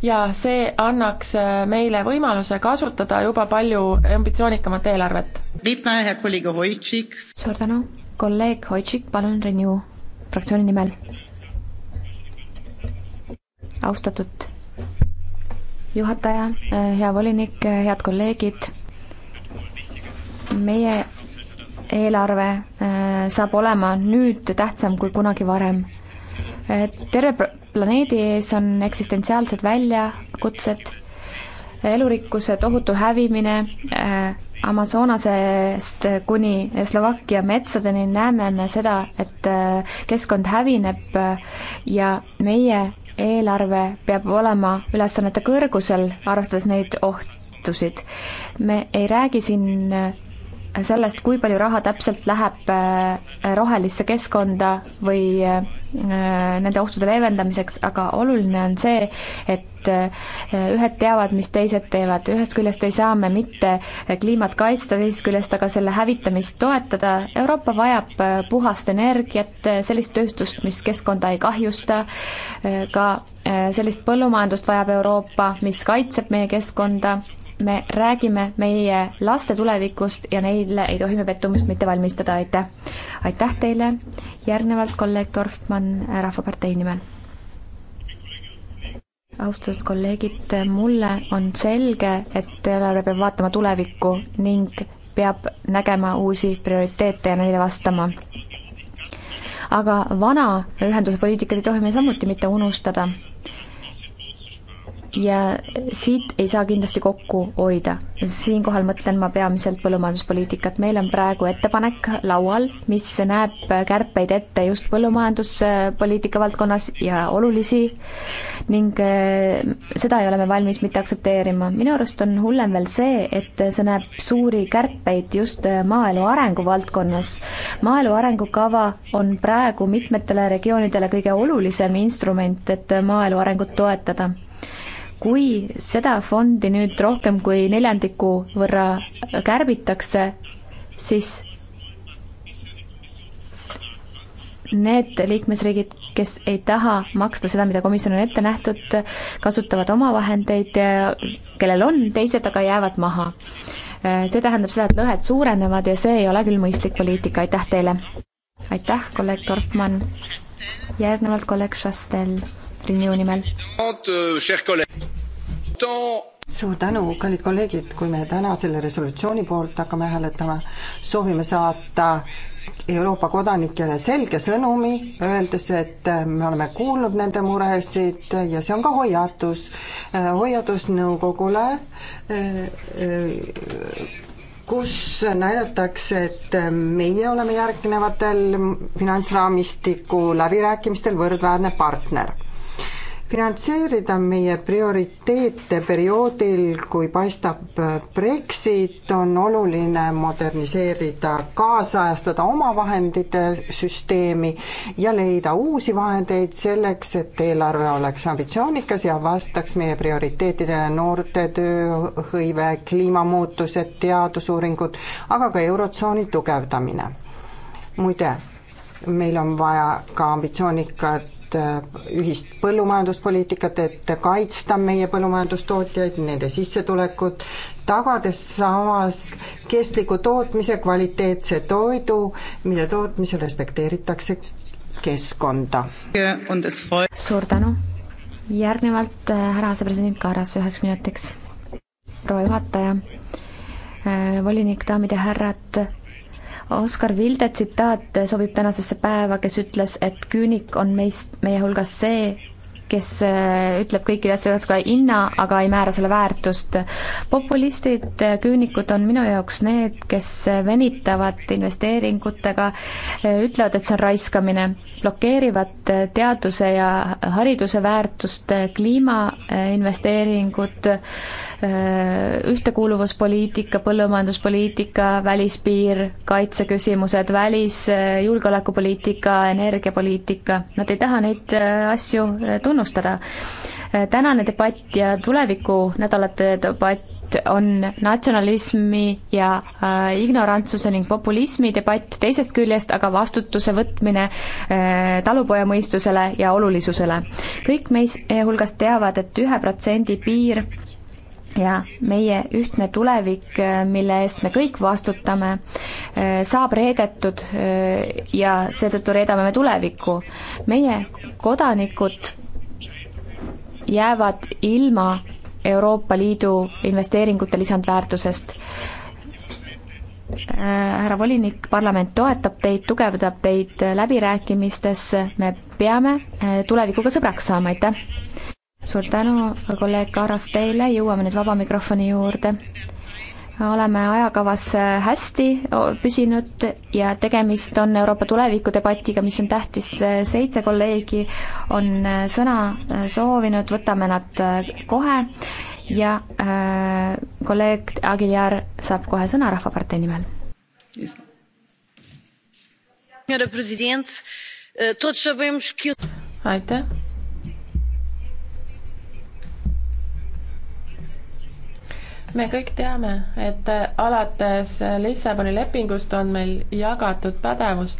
ja see annaks meile võimaluse kasutada juba palju ambitsioonikamat eelarvet. suur tänu, kolleeg Hoitšik, palun Renew fraktsiooni nimel austatud juhataja, eh, hea volinik, eh, head kolleegid. meie eelarve eh, saab olema nüüd tähtsam kui kunagi varem. terve planeedi ees on eksistentsiaalsed väljakutsed, elurikkuse tohutu hävimine, Amazonasest kuni Slovakkia metsadeni näeme me seda, et keskkond hävineb ja meie eelarve peab olema ülesannete kõrgusel, arvestades neid ohtusid. me ei räägi siin sellest, kui palju raha täpselt läheb äh, rohelisse keskkonda või äh, nende ohtude leevendamiseks, aga oluline on see, et äh, ühed teavad, mis teised teevad, ühest küljest ei saa me mitte kliimat kaitsta, teisest küljest aga selle hävitamist toetada, Euroopa vajab puhast energiat, sellist tööstust, mis keskkonda ei kahjusta, ka sellist põllumajandust vajab Euroopa, mis kaitseb meie keskkonda me räägime meie laste tulevikust ja neile ei tohi me pettumust mitte valmistada, aitäh. aitäh teile, järgnevalt kolleeg Dorfmann äh, Rahvapartei nimel. austatud kolleegid, mulle on selge, et eelarve peab vaatama tulevikku ning peab nägema uusi prioriteete ja neile vastama. aga vana ühenduse poliitikat ei tohi me samuti mitte unustada ja siit ei saa kindlasti kokku hoida. siinkohal mõtlen ma peamiselt põllumajanduspoliitikat. meil on praegu ettepanek laual, mis näeb kärpeid ette just põllumajanduspoliitika valdkonnas ja olulisi ning eh, seda ei ole me valmis mitte aktsepteerima. minu arust on hullem veel see, et see näeb suuri kärpeid just eh, maaelu arengu valdkonnas. maaelu arengukava on praegu mitmetele regioonidele kõige olulisem instrument, et maaelu arengut toetada kui seda fondi nüüd rohkem kui neljandiku võrra kärbitakse, siis need liikmesriigid, kes ei taha maksta seda, mida komisjon on ette nähtud, kasutavad oma vahendeid, kellel on, teised aga jäävad maha. see tähendab seda, et lõhed suurenevad ja see ei ole küll mõistlik poliitika, aitäh teile! aitäh, kolleeg Dorfmann! järgnevalt kolleeg Chastel Renew nimel. suur tänu, kallid kolleegid, kui me täna selle resolutsiooni poolt hakkame hääletama, soovime saata Euroopa kodanikele selge sõnumi, öeldes, et äh, me oleme kuulnud nende muresid ja see on ka hoiatus, äh, hoiatus nõukogule äh, kus näidatakse, et meie oleme järgnevatel finantsraamistiku läbirääkimistel võrdväärne partner finantseerida meie prioriteete perioodil, kui paistab Brexit, on oluline moderniseerida, kaasajastada omavahendite süsteemi ja leida uusi vahendeid selleks, et eelarve oleks ambitsioonikas ja vastaks meie prioriteetidele noorte tööhõive, kliimamuutused, teadusuuringud, aga ka Eurotsooni tugevdamine. muide, meil on vaja ka ambitsioonikat Äh, ühist põllumajanduspoliitikat, et kaitsta meie põllumajandustootjaid, nende sissetulekut, tagades samas kestliku tootmise, kvaliteetse toidu, mille tootmisel respekteeritakse keskkonda. suur tänu. järgnevalt äh, härra asepresident Kaaras üheks minutiks. proua juhataja, äh, volinik, daamid ja härrad Oscar Wilde tsitaat sobib tänasesse päeva, kes ütles, et küünik on meist, meie hulgas see, kes äh, ütleb kõikide asjade ka hinna, aga ei määra selle väärtust. populistid, äh, küünikud on minu jaoks need, kes äh, venitavad investeeringutega, ütlevad, et see on raiskamine, blokeerivad teaduse ja hariduse väärtust, kliimainvesteeringud, Äh, ühtekuuluvuspoliitika, põllumajanduspoliitika, välispiir, kaitseküsimused, välis, äh, julgeolekupoliitika, energiapoliitika, nad ei taha neid äh, asju tunnustada tänane debatt ja tulevikunädalate debatt on natsionalismi ja äh, ignorantsuse ning populismi debatt teisest küljest, aga vastutuse võtmine äh, talupojamõistusele ja olulisusele. kõik meis- hulgast teavad et, et ühe protsendi piir ja meie ühtne tulevik, äh, mille eest me kõik vastutame, äh, saab reedetud äh, ja seetõttu reedame me tulevikku. meie kodanikud jäävad ilma Euroopa Liidu investeeringute lisandväärtusest. härra volinik, parlament toetab teid, tugevdab teid läbirääkimistes, me peame tulevikuga sõbraks saama, aitäh! suur tänu, kolleeg Karas, teile, jõuame nüüd vaba mikrofoni juurde. oleme ajakavas äh, hästi püsinud ja tegemist on Euroopa tulevikudebatiga, mis on tähtis, äh, seitse kolleegi on äh, sõna soovinud, võtame nad kohe ja äh, kolleeg Aguiar saab kohe sõna Rahvapartei nimel yes.. Eh, aitäh me kõik teame, et alates Lissaboni lepingust on meil jagatud pädevus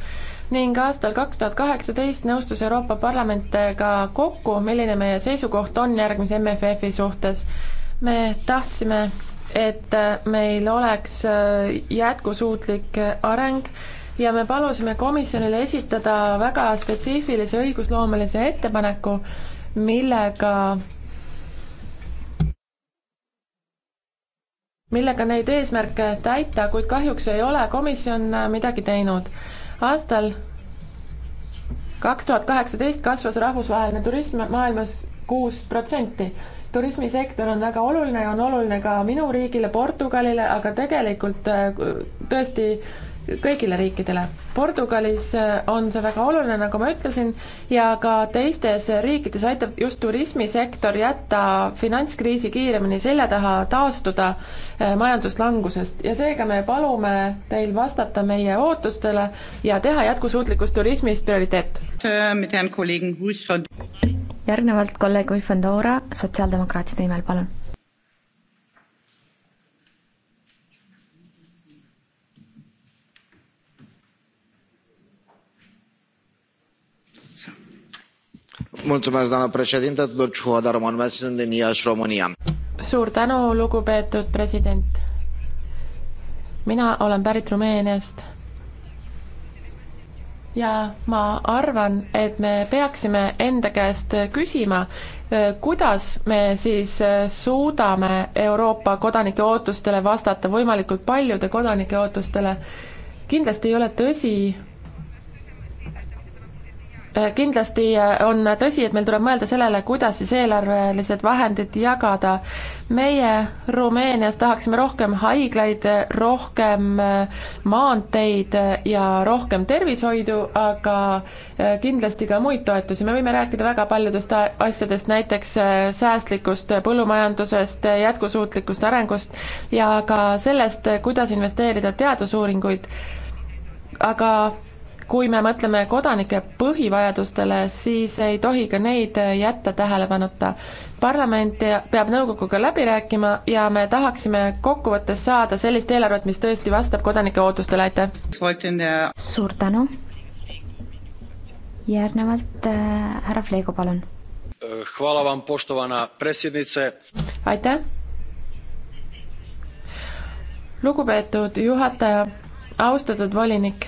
ning aastal kaks tuhat kaheksateist nõustus Euroopa Parlament ka kokku, milline meie seisukoht on järgmise MFF-i suhtes. me tahtsime, et meil oleks jätkusuutlik areng ja me palusime komisjonile esitada väga spetsiifilise õigusloomelise ettepaneku, millega millega neid eesmärke täita, kuid kahjuks ei ole komisjon äh, midagi teinud. aastal kaks tuhat kaheksateist kasvas rahvusvaheline turism maailmas kuus protsenti. turismisektor on väga oluline ja on oluline ka minu riigile, Portugalile, aga tegelikult äh, tõesti kõigile riikidele. Portugalis äh, on see väga oluline, nagu ma ütlesin, ja ka teistes riikides aitab just turismisektor jätta finantskriisi kiiremini selja taha, taastuda äh, majanduslangusest ja seega me palume teil vastata meie ootustele ja teha jätkusuutlikust turismist prioriteet. järgnevalt kolleeg Uifandora sotsiaaldemokraatide nimel, palun doamnă președintă tudor ciuhodaru mă numesc sunt din iași românia. suur tänu lugupeetud president mina olen pärit rumeeniast ja ma arvan et me peaksime enda käest küsima kuidas me siis suudame euroopa kodanike ootustele vastata võimalikult paljude kodanike ootustele kindlasti ei ole tõsi kindlasti on tõsi, et meil tuleb mõelda sellele, kuidas siis eelarvelised vahendid jagada. meie Rumeenias tahaksime rohkem haiglaid, rohkem äh, maanteid ja rohkem tervishoidu, aga äh, kindlasti ka muid toetusi, me võime rääkida väga paljudest asjadest, näiteks äh, säästlikust põllumajandusest, jätkusuutlikust arengust ja ka sellest, kuidas investeerida teadusuuringuid, aga kui me mõtleme kodanike põhivajadustele, siis ei tohi ka neid jätta tähelepanuta. parlament peab nõukoguga läbi rääkima ja me tahaksime kokkuvõttes saada sellist eelarvet, mis tõesti vastab kodanike ootustele, aitäh! suur tänu! järgnevalt äh, härra Flego, palun! aitäh! lugupeetud juhataja, austatud volinik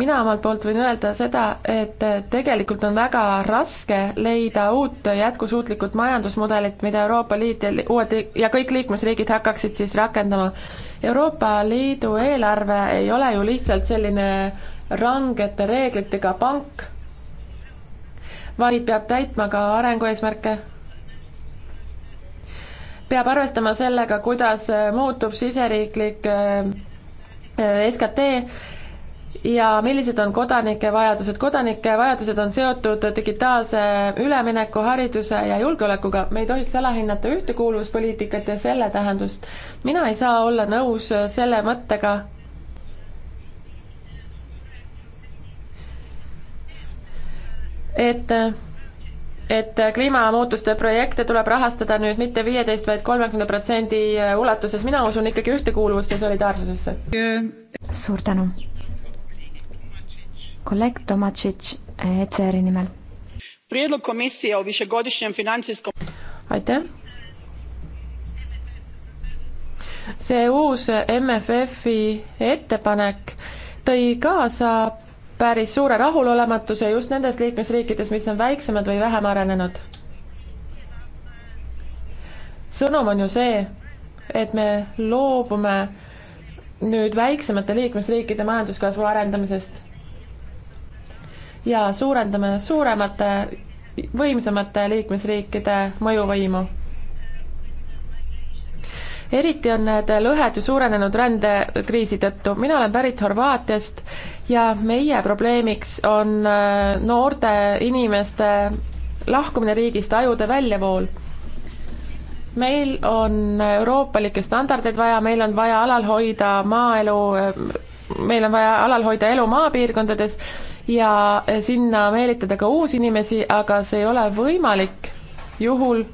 mina omalt poolt võin öelda seda, et tegelikult on väga raske leida uut jätkusuutlikut majandusmudelit, mida Euroopa Liit ja uued ja kõik liikmesriigid hakkaksid siis rakendama. Euroopa Liidu eelarve ei ole ju lihtsalt selline rangete reeglitega pank, vaid peab täitma ka arengueesmärke peab arvestama sellega, kuidas muutub siseriiklik äh, SKT ja millised on kodanike vajadused. kodanike vajadused on seotud digitaalse ülemineku, hariduse ja julgeolekuga. me ei tohiks alahinnata ühtekuuluvuspoliitikat ja selle tähendust. mina ei saa olla nõus selle mõttega, et et kliimamuutuste projekte tuleb rahastada nüüd mitte viieteist, vaid kolmekümne protsendi ulatuses, mina usun ikkagi ühtekuuluvusse ja solidaarsusesse. suur tänu! kolleeg Tomatšitš eh, ECR-i nimel. aitäh see uus MFF-i ettepanek tõi kaasa päris suure rahulolematuse just nendes liikmesriikides, mis on väiksemad või vähem arenenud. sõnum on ju see, et me loobume nüüd väiksemate liikmesriikide majanduskasvu arendamisest ja suurendame suuremate, võimsamate liikmesriikide mõjuvõimu. eriti on need lõhed ju suurenenud rändekriisi tõttu, mina olen pärit Horvaatiast ja meie probleemiks on äh, noorte inimeste lahkumine riigist, ajude väljavool meil on euroopalikke standardeid vaja, meil on vaja alal hoida maaelu, äh, meil on vaja alal hoida elu maapiirkondades ja sinna meelitada ka uusi inimesi, aga see ei ole võimalik juhul,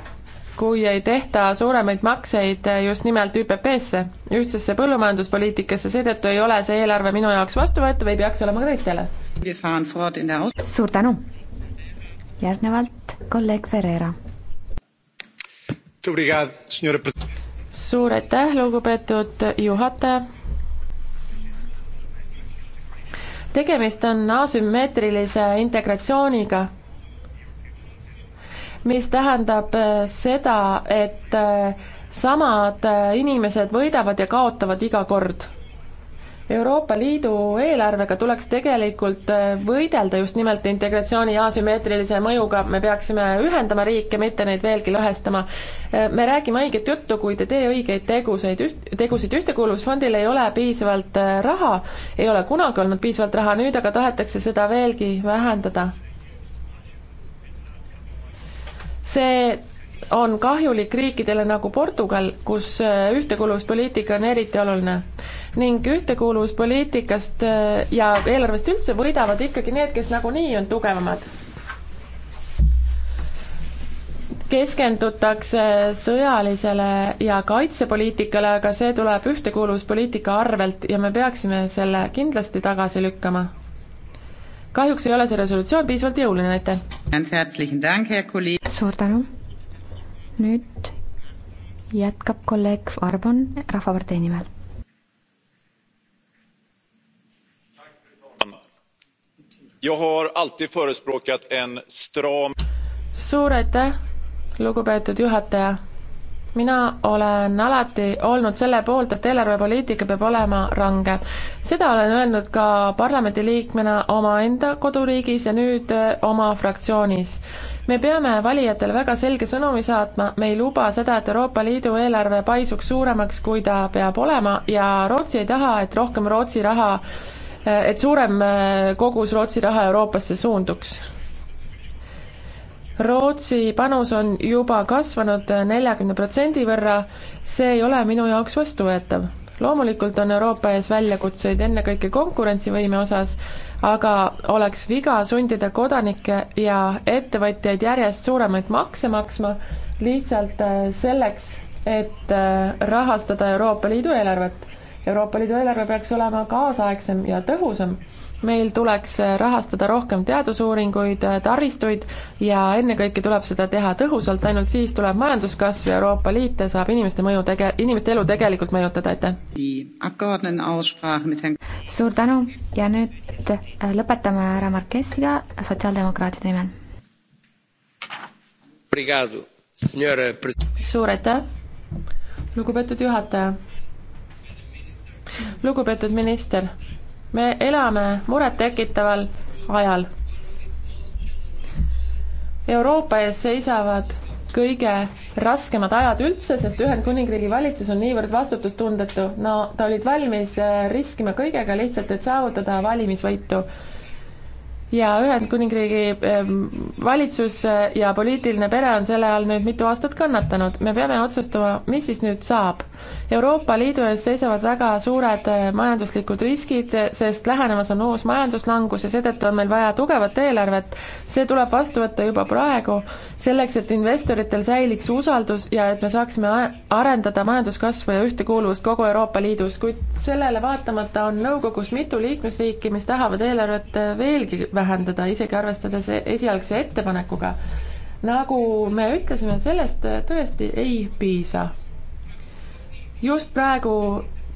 kui ei tehta suuremaid makseid just nimelt ÜPP-sse, ühtsesse põllumajanduspoliitikasse, seetõttu ei ole see eelarve minu jaoks vastuvõetav, ei peaks olema ka teistele. suur tänu! järgnevalt kolleeg Ferreira. suur aitäh, lugupeetud juhataja tegemist on asümmeetrilise integratsiooniga, mis tähendab äh, seda, et äh, samad äh, inimesed võidavad ja kaotavad iga kord Euroopa Liidu eelarvega tuleks tegelikult äh, võidelda just nimelt integratsiooni asümmeetrilise mõjuga, me peaksime ühendama riike, mitte neid veelgi lõhestama. Äh, me räägime õiget juttu, kuid ei tee õigeid teguseid, tegusid Ühtekuuluvusfondil ei ole piisavalt äh, raha, ei ole kunagi olnud piisavalt raha, nüüd aga tahetakse seda veelgi vähendada see on kahjulik riikidele nagu Portugal, kus äh, ühtekuuluvuspoliitika on eriti oluline. ning ühtekuuluvuspoliitikast äh, ja eelarvest üldse võidavad ikkagi need, kes nagunii on tugevamad. keskendutakse sõjalisele ja kaitsepoliitikale, aga see tuleb ühtekuuluvuspoliitika arvelt ja me peaksime selle kindlasti tagasi lükkama kahjuks ei ole see resolutsioon piisavalt jõuline, aitäh! suur tänu! nüüd jätkab kolleeg Arbon Rahvapartei nimel. suur aitäh, lugupeetud juhataja mina olen alati olnud selle poolt, et eelarvepoliitika peab olema range. seda olen öelnud ka parlamendiliikmena omaenda koduriigis ja nüüd oma fraktsioonis me peame valijatele väga selge sõnumi saatma, me ei luba seda, et Euroopa Liidu eelarve paisuks suuremaks, kui ta peab olema ja Rootsi ei taha, et rohkem Rootsi raha, et suurem äh, kogus Rootsi raha Euroopasse suunduks Rootsi panus on juba kasvanud äh, neljakümne protsendi võrra, see ei ole minu jaoks vastuvõetav. loomulikult on Euroopa ees väljakutseid ennekõike konkurentsivõime osas, aga oleks viga sundida kodanikke ja ettevõtjaid järjest suuremaid makse maksma lihtsalt äh, selleks, et äh, rahastada Euroopa Liidu eelarvet. Euroopa Liidu eelarve peaks olema kaasaegsem ja tõhusam meil tuleks rahastada rohkem teadusuuringuid, taristuid ja ennekõike tuleb seda teha tõhusalt, ainult siis tuleb majanduskasv ja Euroopa Liit saab inimeste mõju tege-, inimeste elu tegelikult mõjutada, aitäh! suur tänu ja nüüd äh, lõpetame härra Marquesiga sotsiaaldemokraatide nimel. suur aitäh, lugupeetud juhataja! lugupeetud minister! me elame murettekitaval ajal. Euroopa ees seisavad kõige raskemad ajad üldse, sest Ühendkuningriigi valitsus on niivõrd vastutustundetu. no ta olid valmis äh, riskima kõigega lihtsalt, et saavutada valimisvõitu ja Ühendkuningriigi ehm, valitsus ja poliitiline pere on selle all nüüd mitu aastat kannatanud. me peame otsustama, mis siis nüüd saab. Euroopa Liidu ees seisavad väga suured eh, majanduslikud riskid, sest lähenemas on uus majanduslangus ja seetõttu on meil vaja tugevat eelarvet. see tuleb vastu võtta juba praegu, selleks et investoritel säiliks usaldus ja et me saaksime arendada majanduskasvu ja ühtekuuluvust kogu Euroopa Liidus, kuid sellele vaatamata on nõukogus mitu liikmesriiki, mis tahavad eelarvet eh, veelgi vähendada vähendada, isegi arvestades e-, esialgse ettepanekuga. nagu me ütlesime, sellest tõesti ei piisa. just praegu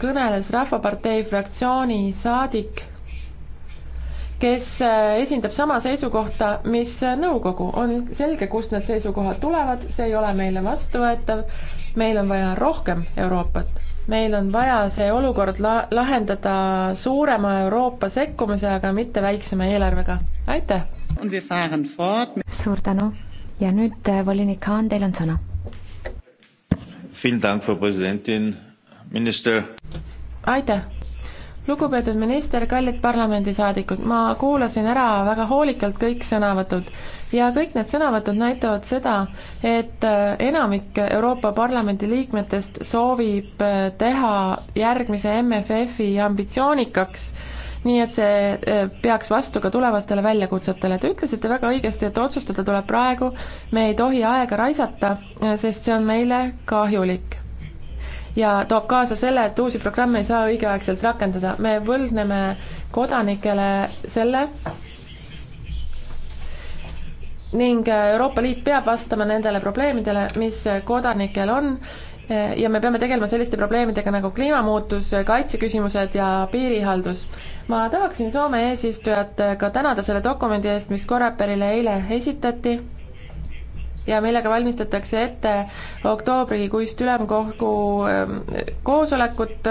kõneles Rahvapartei fraktsiooni saadik, kes esindab sama seisukohta, mis nõukogu. on selge, kust need seisukohad tulevad, see ei ole meile vastuvõetav. meil on vaja rohkem Euroopat meil on vaja see olukord la-, lahendada suurema Euroopa sekkumise, aga mitte väiksema eelarvega. aitäh! suur tänu ja nüüd äh, volinik Haan, teil on sõna. aitäh! lugupeetud minister, kallid parlamendisaadikud, ma kuulasin ära väga hoolikalt kõik sõnavõtud ja kõik need sõnavõtud näitavad seda, et äh, enamik Euroopa Parlamendi liikmetest soovib äh, teha järgmise MFF-i ambitsioonikaks, nii et see äh, peaks vastu ka tulevastele väljakutsetele. Te ütlesite väga õigesti, et otsustada tuleb praegu, me ei tohi aega raisata, sest see on meile kahjulik ja toob kaasa selle, et uusi programme ei saa õigeaegselt rakendada. me võlgneme kodanikele selle ning Euroopa Liit peab vastama nendele probleemidele, mis kodanikel on ja me peame tegelema selliste probleemidega nagu kliimamuutus, kaitseküsimused ja piirihaldus. ma tahaksin Soome eesistujat ka tänada selle dokumendi eest, mis Koreperile eile esitati ja millega valmistatakse ette oktoobrikuist ülemkogu ähm, koosolekut,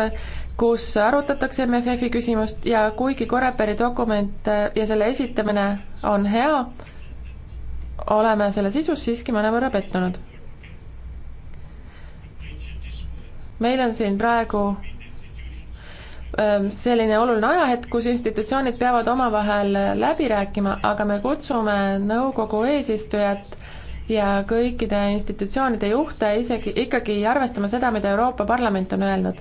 kus arutatakse MFF-i küsimust ja kuigi Coreperi dokument äh, ja selle esitamine on hea, oleme selle sisus siiski mõnevõrra pettunud. meil on siin praegu ähm, selline oluline ajahetk, kus institutsioonid peavad omavahel läbi rääkima, aga me kutsume nõukogu eesistujat ja kõikide institutsioonide juhte isegi ikkagi arvestama seda, mida Euroopa Parlament on öelnud.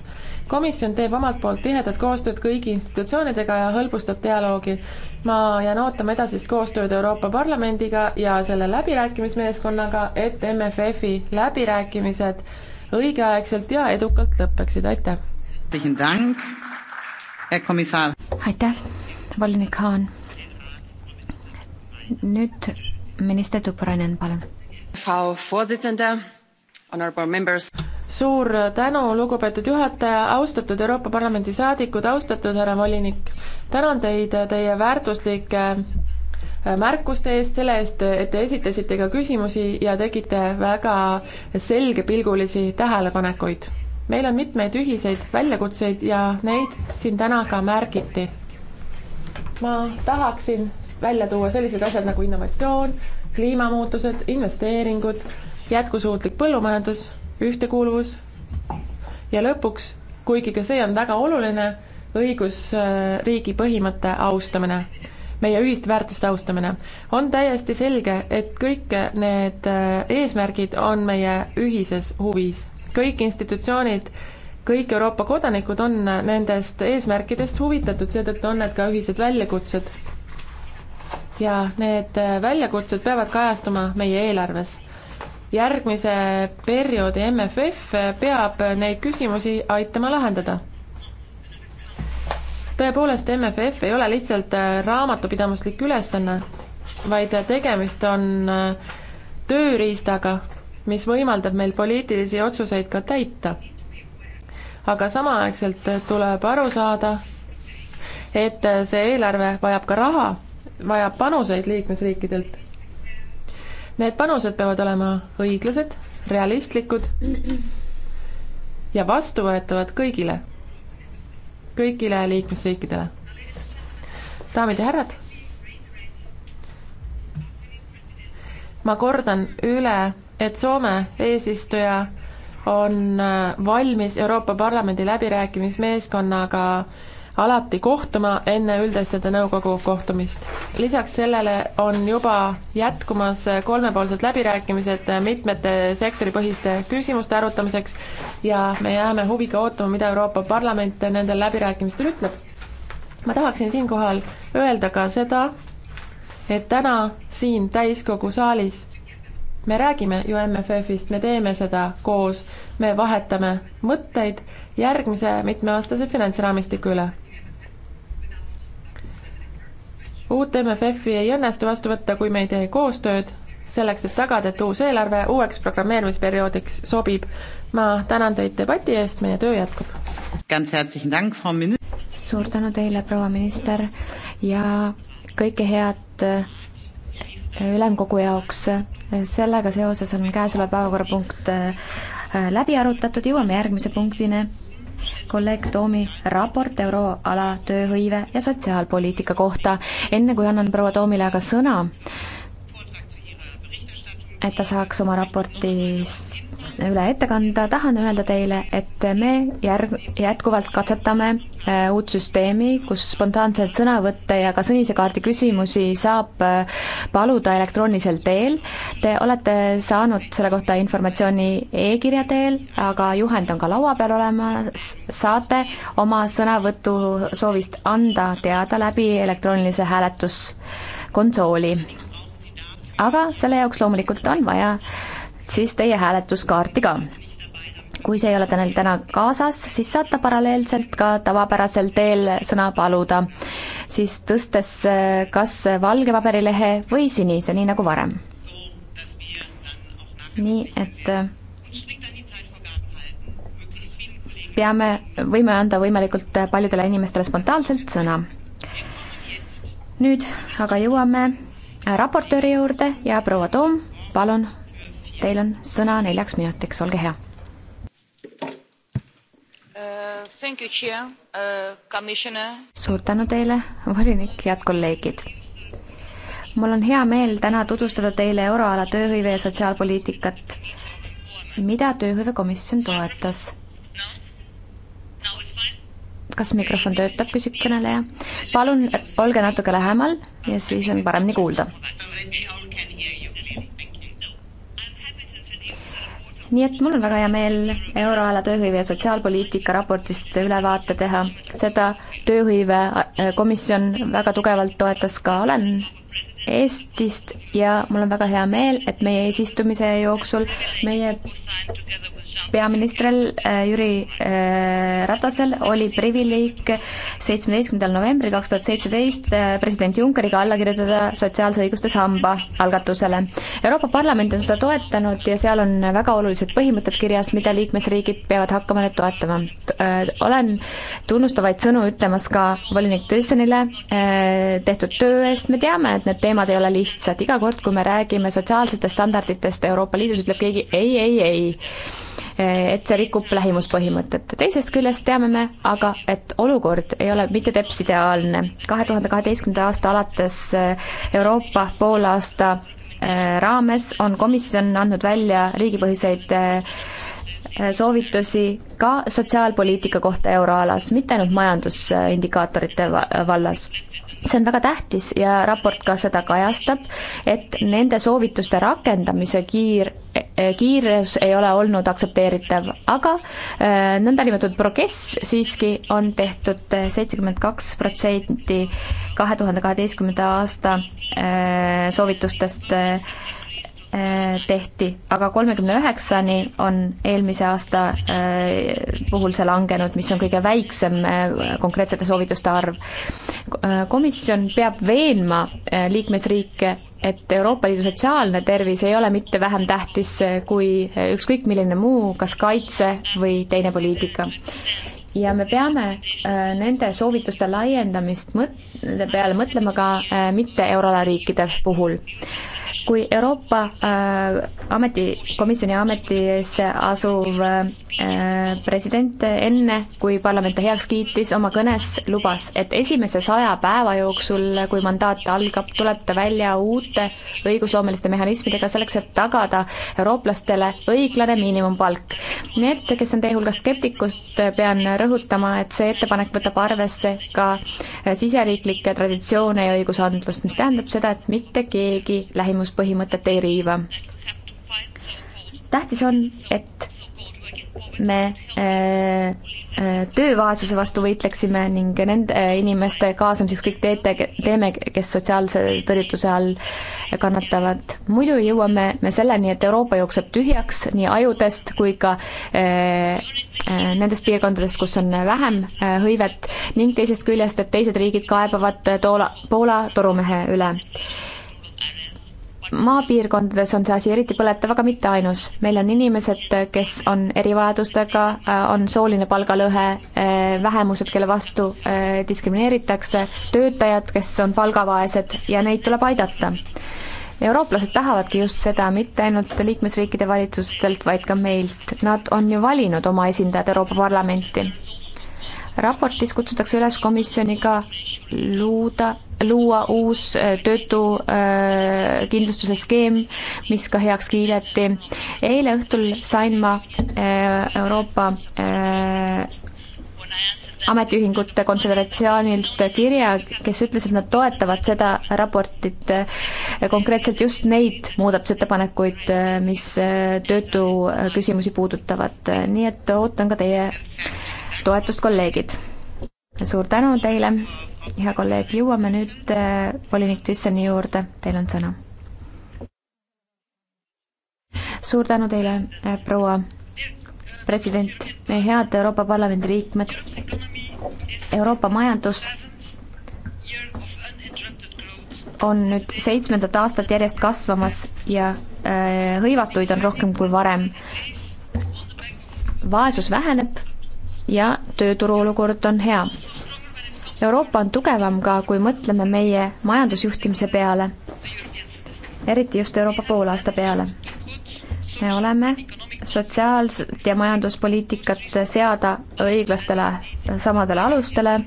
komisjon teeb omalt poolt tihedat koostööd kõigi institutsioonidega ja hõlbustab dialoogi. ma jään ootama edasist koostööd Euroopa Parlamendiga ja selle läbirääkimismeeskonnaga, et MFF-i läbirääkimised õigeaegselt ja edukalt lõpeksid, aitäh! aitäh, volinik Haan! nüüd minister Tuppurainen, palun. suur tänu, lugupeetud juhataja, austatud Euroopa Parlamendi saadikud, austatud härra volinik. tänan teid teie väärtuslike äh, märkuste eest, selle eest, et te esitasite ka küsimusi ja tegite väga selgepilgulisi tähelepanekuid. meil on mitmeid ühiseid väljakutseid ja neid siin täna ka märgiti. ma tahaksin välja tuua sellised asjad nagu innovatsioon, kliimamuutused, investeeringud, jätkusuutlik põllumajandus, ühtekuuluvus ja lõpuks, kuigi ka see on väga oluline, õigusriigi põhimõtte austamine, meie ühist väärtust austamine. on täiesti selge, et kõik need äh, eesmärgid on meie ühises huvis. kõik institutsioonid kõik Euroopa kodanikud on nendest eesmärkidest huvitatud, seetõttu on need ka ühised väljakutsed ja need äh, väljakutsed peavad kajastuma meie eelarves. järgmise perioodi MFF peab neid küsimusi aitama lahendada. tõepoolest, MFF ei ole lihtsalt äh, raamatupidamislik ülesanne, vaid tegemist on äh, tööriistaga, mis võimaldab meil poliitilisi otsuseid ka täita. aga samaaegselt tuleb aru saada, et see eelarve vajab ka raha vajab panuseid liikmesriikidelt. Need panused peavad olema õiglased, realistlikud ja vastuvõetavad kõigile, kõigile liikmesriikidele. daamid ja härrad, ma kordan üle, et Soome eesistuja on valmis Euroopa Parlamendi läbirääkimismeeskonnaga äh, alati kohtuma enne üldasjade nõukogu kohtumist. lisaks sellele on juba jätkumas kolmepoolsed läbirääkimised mitmete sektoripõhiste küsimuste arutamiseks ja me jääme huviga ootama, mida Euroopa Parlament nendel läbirääkimistel ütleb. ma tahaksin siinkohal öelda ka seda, et täna siin täiskogu saalis me räägime ju MFF-ist, me teeme seda koos, me vahetame mõtteid järgmise mitmeaastase finantsraamistiku üle. uut MFF-i ei õnnestu vastu võtta, kui me ei tee koostööd, selleks, et tagada, et uus eelarve uueks programmeerimisperioodiks sobib. ma tänan teid debati eest, meie töö jätkub. suur tänu teile, proua minister ja kõike head äh, ülemkogu jaoks. sellega seoses on käesolev päevakorrapunkt äh, läbi arutatud, jõuame järgmise punktini kolleeg Toomi raport euroala tööhõive ja sotsiaalpoliitika kohta. enne kui annan proua Toomile aga sõna, et ta saaks oma raportist üle ette kanda, tahan öelda teile, et me järg-, jätkuvalt katsetame äh, uut süsteemi, kus spontaanseid sõnavõtte ja ka sinise kaardi küsimusi saab äh, paluda elektroonilisel teel. Te olete saanud selle kohta informatsiooni e-kirja teel, aga juhend on ka laua peal olemas, saate oma sõnavõtu soovist anda teada läbi elektroonilise hääletuskonsooli aga selle jaoks loomulikult on vaja siis teie hääletuskaarti ka. kui see ei ole teil täna kaasas, siis saate paralleelselt ka tavapärasel teel sõna paluda, siis tõstes eh, kas valge paberilehe või sinise, nii nagu varem. nii et eh, peame, võime anda võimalikult paljudele inimestele spontaanselt sõna. nüüd aga jõuame raportööri juurde ja proua Toom, palun, teil on sõna neljaks minutiks, olge hea. Uh, uh, suur tänu teile, volinik, head kolleegid mul on hea meel täna tutvustada teile euroala tööhõive ja sotsiaalpoliitikat, mida tööhõivekomisjon toetas kas mikrofon töötab, küsib kõneleja. palun olge natuke lähemal ja siis on paremini kuulda. nii et mul on väga hea meel euroala tööhõive ja sotsiaalpoliitika raportist ülevaate teha. seda tööhõive äh, komisjon väga tugevalt toetas ka, olen Eestist ja mul on väga hea meel, et meie eesistumise jooksul meie peaministril äh, Jüri äh, Ratasel oli privileeg seitsmeteistkümnendal novembril kaks tuhat seitseteist äh, president Junckeriga alla kirjutada sotsiaalse õiguste samba algatusele. Euroopa Parlament on seda toetanud ja seal on väga olulised põhimõtted kirjas, mida liikmesriigid peavad hakkama nüüd toetama. olen tunnustavaid sõnu ütlemas ka volinik Tõssenile tehtud töö eest, me teame, et need teemad ei ole lihtsad, iga kord, kui me räägime sotsiaalsetest standarditest Euroopa Liidus, ütleb keegi ei, ei, ei et see rikub lähimuspõhimõtet. teisest küljest teame me aga, et olukord ei ole mitte teps ideaalne. kahe tuhande kaheteistkümnenda aasta alates eh, Euroopa poolaasta eh, raames on komisjon andnud välja riigipõhiseid eh, soovitusi ka sotsiaalpoliitika kohta euroalas, mitte ainult majandusindikaatorite vallas. see on väga tähtis ja raport ka seda kajastab, et nende soovituste rakendamise kiir Eh, kiirus ei ole olnud aktsepteeritav, aga eh, nõndanimetatud progress siiski on tehtud eh, seitsekümmend kaks protsenti kahe tuhande kaheteistkümnenda aasta soovitustest Äh, tehti, aga kolmekümne üheksani on eelmise aasta äh, puhul see langenud, mis on kõige väiksem äh, konkreetsete soovituste arv. komisjon peab veenma liikmesriike, et Euroopa Liidu sotsiaalne tervis ei ole mitte vähem tähtis kui ükskõik milline muu, kas kaitse või teine poliitika ja me peame nende soovituste laiendamist mõt-, peale mõtlema ka mitte euroala riikide puhul kui Euroopa äh, ameti, komisjoni ametisse asuv äh, president enne, kui parlament ta heaks kiitis, oma kõnes lubas, et esimese saja päeva jooksul, kui mandaat algab, tuleb ta välja uute õigusloomeliste mehhanismidega selleks, et tagada eurooplastele õiglane miinimumpalk. Need, kes on teie hulgas skeptikust, pean rõhutama, et see ettepanek võtab arvesse ka äh, siseriiklikke traditsioone ja õigusandlust, mis tähendab seda, et mitte keegi lähimus lähimuspõhimõtet ei riiva. tähtis on, et me äh, äh, töövaesuse vastu võitleksime ning nende inimeste kaasamiseks kõik teete, teeme, kes sotsiaalse tõrjutuse all kannatavad. muidu jõuame me selleni, et Euroopa jookseb tühjaks nii ajudest kui ka äh, nendest piirkondadest, kus on vähem hõivet ning teisest küljest, et teised riigid kaebavad Toola, Poola torumehe üle maapiirkondades on see asi eriti põletav, aga mitte ainus. meil on inimesed, kes on erivajadustega, äh, on sooline palgalõhe, äh, vähemused, kelle vastu äh, diskrimineeritakse, töötajad, kes on palgavaesed ja neid tuleb aidata. eurooplased tahavadki just seda, mitte ainult liikmesriikide valitsustelt, vaid ka meilt. Nad on ju valinud oma esindajad Euroopa Parlamenti raportis kutsutakse üles komisjoni ka luuda, luua uus äh, töötukindlustuse äh, skeem, mis ka heaks kiideti. eile õhtul sain ma äh, Euroopa ametiühingute konföderatsioonilt kirja, kes ütles, et nad toetavad seda raportit, konkreetselt just neid muudatusettepanekuid, mis töötu küsimusi puudutavad, nii et ootan ka teie toetust, kolleegid. suur tänu teile, hea kolleeg, jõuame nüüd äh, volinik Tissoni juurde, teil on sõna. suur tänu teile, äh, proua president, head Euroopa Parlamendi liikmed. Euroopa majandus on nüüd seitsmendat aastat järjest kasvamas ja äh, hõivatuid on rohkem kui varem. vaesus väheneb ja tööturu olukord on hea. Euroopa on tugevam ka, kui mõtleme meie majandusjuhtimise peale, eriti just Euroopa poolaasta peale. me oleme sotsiaalset ja majanduspoliitikat seada õiglastele samadele alustele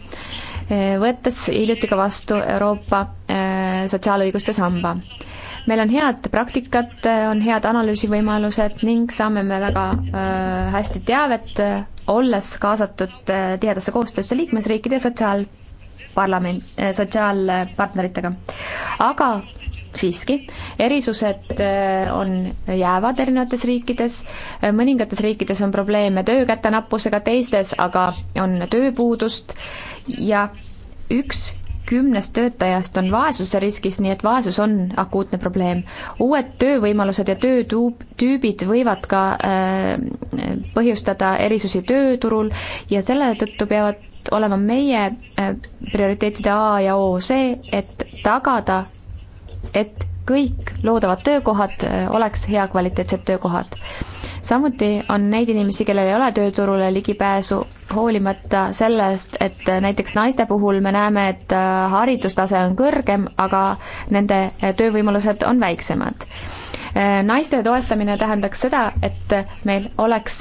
võttes hiljuti ka vastu Euroopa äh, sotsiaalõiguste samba. meil on head praktikat, on head analüüsivõimalused ning saame me väga äh, hästi teavet, äh, olles kaasatud tihedasse koostöösse liikmesriikide sotsiaalparlament, sotsiaalpartneritega. aga siiski, erisused on, jäävad erinevates riikides, mõningates riikides on probleeme töökäte nappusega, teistes aga on tööpuudust ja üks kümnest töötajast on vaesuse riskis, nii et vaesus on akuutne probleem. uued töövõimalused ja töötüübid võivad ka äh, põhjustada erisusi tööturul ja selle tõttu peavad olema meie äh, prioriteetide A ja O see, et tagada, et kõik loodavad töökohad äh, oleks hea kvaliteetsed töökohad samuti on neid inimesi, kellel ei ole tööturule ligipääsu, hoolimata sellest, et näiteks naiste puhul me näeme, et äh, haridustase on kõrgem, aga nende äh, töövõimalused on väiksemad. Äh, naiste toestamine tähendaks seda, et meil oleks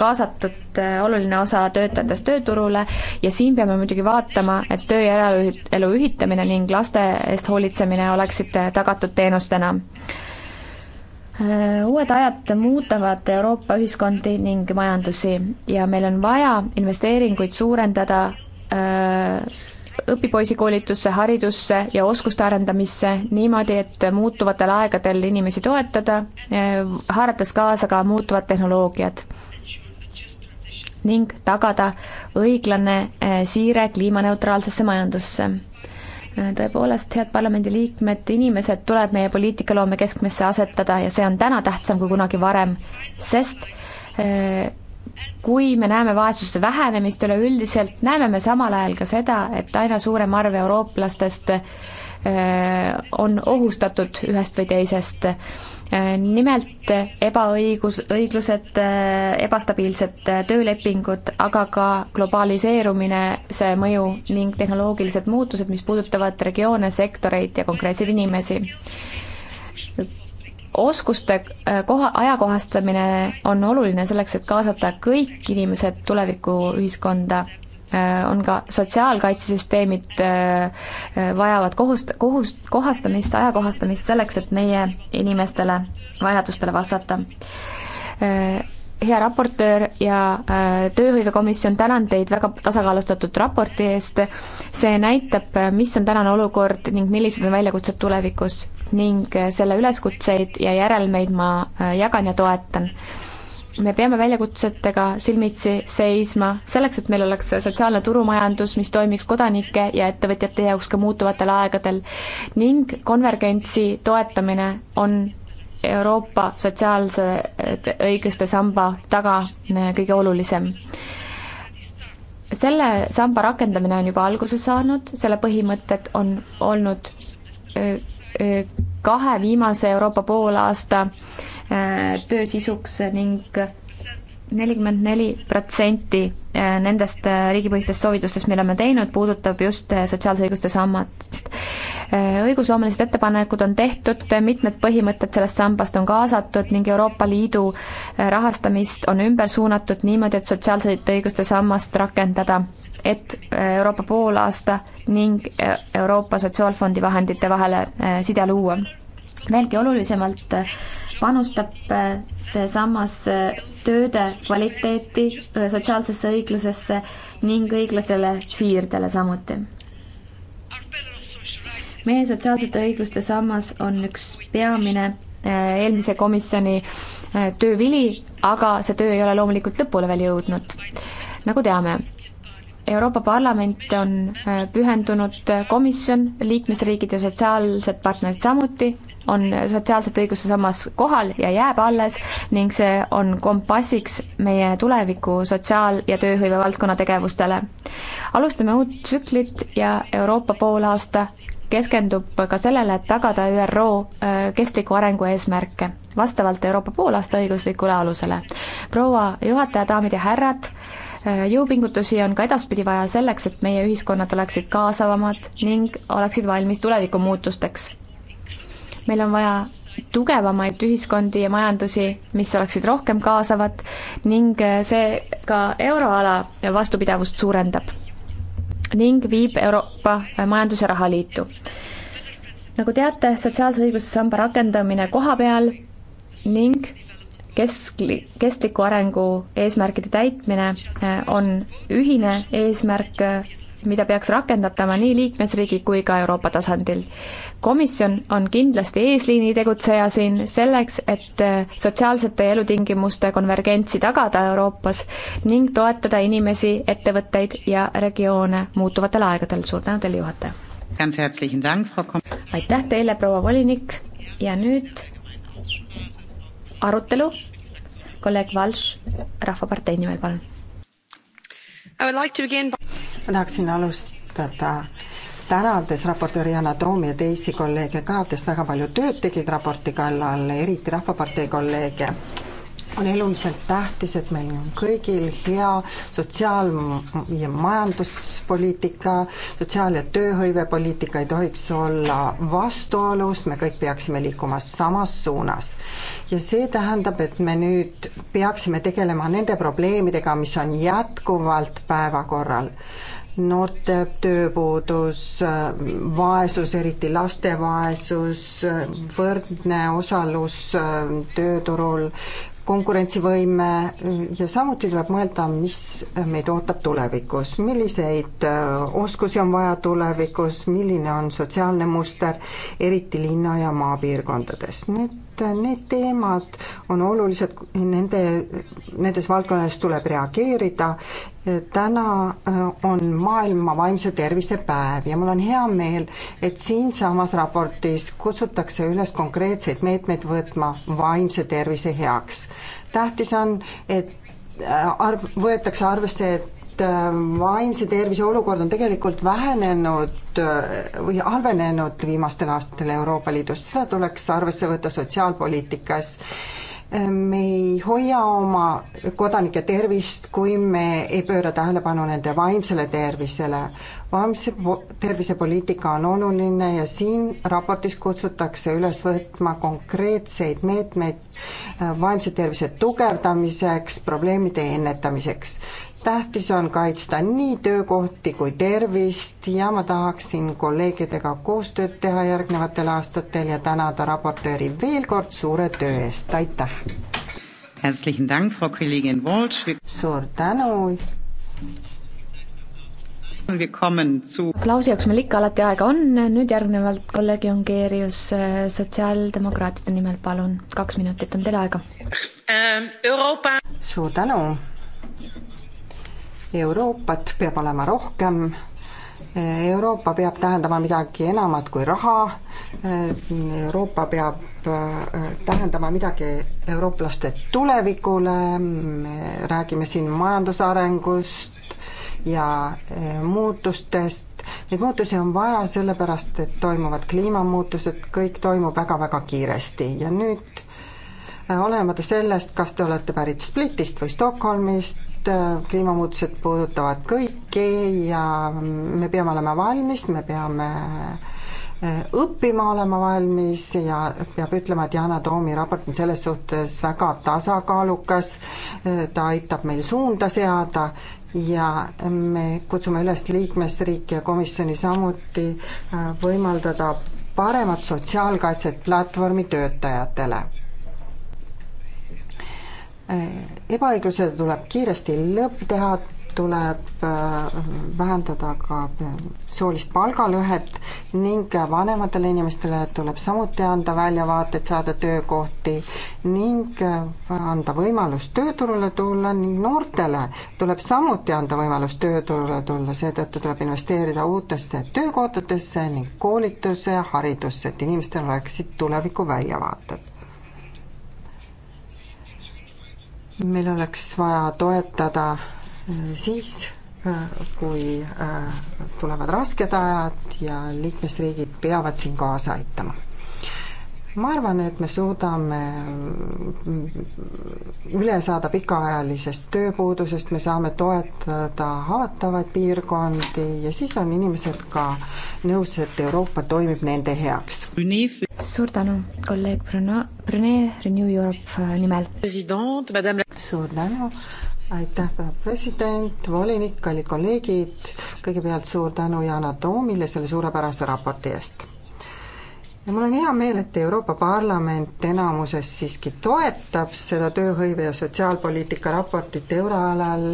kaasatud oluline osa töötajatest tööturule ja siin peame muidugi vaatama, et töö ja eraelu ühitamine ning laste eest hoolitsemine oleksid tagatud teenustena Äh, uued ajad muutavad Euroopa ühiskondi ning majandusi ja meil on vaja investeeringuid suurendada äh, õpipoisikoolitusse, haridusse ja oskuste arendamisse niimoodi, et muutuvatel aegadel inimesi toetada, äh, haarates kaasa ka muutuvad tehnoloogiad ning tagada õiglane siire kliimaneutraalsesse majandusse tõepoolest, head parlamendiliikmed, inimesed tuleb meie poliitikaloome keskmesse asetada ja see on täna tähtsam kui kunagi varem, sest äh, kui me näeme vaesuse vähenemist üleüldiselt, näeme me samal ajal ka seda, et aina suurem arv eurooplastest äh, on ohustatud ühest või teisest Äh, nimelt ebaõigus, õiglused, äh, ebastabiilsed äh, töölepingud, aga ka globaliseerumine, see mõju ning tehnoloogilised muutused, mis puudutavad regioone, sektoreid ja konkreetseid inimesi. oskuste koha, ajakohastamine on oluline selleks, et kaasata kõik inimesed tulevikuühiskonda Äh, on ka sotsiaalkaitsesüsteemid äh, äh, vajavad kohust-, kohust-, kohastamist, ajakohastamist selleks, et meie inimestele vajadustele vastata. hea raportöör ja Tööhõivekomisjon, tänan teid väga tasakaalustatud raporti eest, see näitab, mis on tänane olukord ning millised on väljakutsed tulevikus ning selle üleskutseid ja järelmeid ma jagan ja toetan me peame väljakutsetega silmitsi seisma selleks, et meil oleks sotsiaalne turumajandus, mis toimiks kodanike ja ettevõtjate jaoks ka muutuvatel aegadel ning konvergentsi toetamine on Euroopa sotsiaalse õiguste samba taga äh, kõige olulisem. selle samba rakendamine on juba alguse saanud, selle põhimõtted on olnud äh, äh, kahe viimase Euroopa poolaasta Äh, töö sisuks ning nelikümmend neli protsenti äh, nendest äh, riigipõhistest soovitustest, mille me teinud, puudutab just sotsiaalse õiguste sammast. õigusloomelised ettepanekud on tehtud, mitmed põhimõtted sellest sambast on kaasatud ning Euroopa Liidu rahastamist on ümber suunatud niimoodi, et sotsiaalsete õiguste sammast rakendada, et Euroopa poolaasta ning Euroopa Sotsiaalfondi vahendite vahele side luua. veelgi olulisemalt panustab äh, see sammas äh, tööde kvaliteeti, äh, sotsiaalsesse õiglusesse ning õiglasele siirdele samuti. meie sotsiaalsete õiguste sammas on üks peamine eelmise komisjoni töövili, aga see töö ei ole loomulikult lõpule veel jõudnud. nagu teame, Euroopa Parlament on pühendunud komisjon, liikmesriigid ja sotsiaalsed partnerid samuti on sotsiaalsete õiguste sammas kohal ja jääb alles ning see on kompassiks meie tuleviku sotsiaal- ja tööhõive valdkonna tegevustele. alustame uut tsüklit ja Euroopa poolaasta keskendub ka sellele, et tagada ÜRO äh, kestliku arengu eesmärke vastavalt Euroopa poolaasta õiguslikule alusele. proua juhataja, daamid ja härrad, äh, jõupingutusi on ka edaspidi vaja selleks, et meie ühiskonnad oleksid kaasavamad ning oleksid valmis tulevikumuutusteks meil on vaja tugevamaid ühiskondi ja majandusi, mis oleksid rohkem kaasavad ning eh, see ka euroala vastupidavust suurendab ning viib Euroopa eh, Majandus- ja Rahaliitu. nagu teate, sotsiaalse õiguse samba rakendamine koha peal ning kesk, kestliku arengu eesmärkide täitmine eh, on ühine eesmärk mida peaks rakendatama nii liikmesriigi kui ka Euroopa tasandil. komisjon on kindlasti eesliini tegutseja siin selleks, et äh, sotsiaalsete elutingimuste konvergentsi tagada Euroopas ning toetada inimesi, ettevõtteid ja regioone muutuvatel aegadel. suur tänu teile, juhataja! aitäh teile, proua volinik ja nüüd arutelu kolleeg Valš Rahvapartei nimel, palun. Like begin... ma tahaksin alustada tänades raportööri Yana Toomi ja teisi kolleege ka, kes väga palju tööd tegid raporti kallal, eriti Rahvapartei kolleege on eluliselt tähtis, et meil on kõigil hea sotsiaal- ja majanduspoliitika, sotsiaal- ja tööhõivepoliitika ei tohiks olla vastuolus, me kõik peaksime liikuma samas suunas. ja see tähendab, et me nüüd peaksime tegelema nende probleemidega, mis on jätkuvalt päevakorral noorte tööpuudus, vaesus, eriti laste vaesus, võrdne osalus tööturul, konkurentsivõime ja samuti tuleb mõelda, mis meid ootab tulevikus, milliseid äh, oskusi on vaja tulevikus, milline on sotsiaalne muster, eriti linna- ja maapiirkondades. nüüd äh, need teemad on olulised, nende, nendes valdkondades tuleb reageerida täna äh, on maailma vaimse tervise päev ja mul on hea meel, et siinsamas raportis kutsutakse üles konkreetseid meetmeid võtma vaimse tervise heaks. tähtis on, et äh, arv, võetakse arvesse, et äh, vaimse tervise olukord on tegelikult vähenenud või halvenenud viimastel aastatel Euroopa Liidus, seda tuleks arvesse võtta sotsiaalpoliitikas me ei hoia oma kodanike tervist, kui me ei pööra tähelepanu nende vaimsele tervisele. vaimse tervisepoliitika on oluline ja siin raportis kutsutakse üles võtma konkreetseid meetmeid äh, vaimse tervise tugevdamiseks, probleemide ennetamiseks tähtis on kaitsta nii töökohti kui tervist ja ma tahaksin kolleegidega koostööd teha järgnevatel aastatel ja tänada raportööri veel kord suure töö eest, aitäh! suur tänu! aplausi jaoks meil ikka alati aega on, nüüd järgnevalt kolleeg Jongeerius äh, sotsiaaldemokraatide nimel, palun, kaks minutit on teil aega. Ähm, suur tänu! Euroopat peab olema rohkem, Euroopa peab tähendama midagi enamat kui raha, Euroopa peab äh, tähendama midagi eurooplaste tulevikule, me räägime siin majanduse arengust ja äh, muutustest, neid muutusi on vaja sellepärast, et toimuvad kliimamuutused, kõik toimub väga-väga kiiresti ja nüüd äh, olenemata sellest, kas te olete pärit Splitist või Stockholmist, et äh, kliimamuutused puudutavad kõiki ja me peame olema valmis, me peame äh, õppima olema valmis ja peab ütlema, et Yana Toomi raport on selles suhtes väga tasakaalukas, äh, ta aitab meil suunda seada ja me kutsume üles liikmesriiki ja komisjoni samuti võimaldada paremat sotsiaalkaitset platvormi töötajatele Äh, ebaõiglusele tuleb kiiresti lõpp teha, tuleb äh, vähendada ka äh, soolist palgalõhet ning vanematele inimestele tuleb samuti anda väljavaateid saada töökohti ning anda võimalus tööturule tulla ning noortele tuleb samuti anda võimalus tööturule tulla, seetõttu tuleb investeerida uutesse töökohtadesse ning koolituse ja haridusse, et inimestel oleksid tuleviku väljavaated. meil oleks vaja toetada äh, siis, äh, kui äh, tulevad rasked ajad ja liikmesriigid peavad siin kaasa aitama ma arvan, et me suudame üle saada pikaajalisest tööpuudusest, me saame toetada haavatavaid piirkondi ja siis on inimesed ka nõus, et Euroopa toimib nende heaks. suur tänu, kolleeg Bruno, Brune Renew Europe äh, nimel. Madame... suur tänu aitäh, president, volinik, kallid kolleegid, kõigepealt suur tänu Yana Toomile selle suurepärase raporti eest ja mul on hea meel, et Euroopa Parlament enamuses siiski toetab seda tööhõive ja sotsiaalpoliitika raportit euroalal,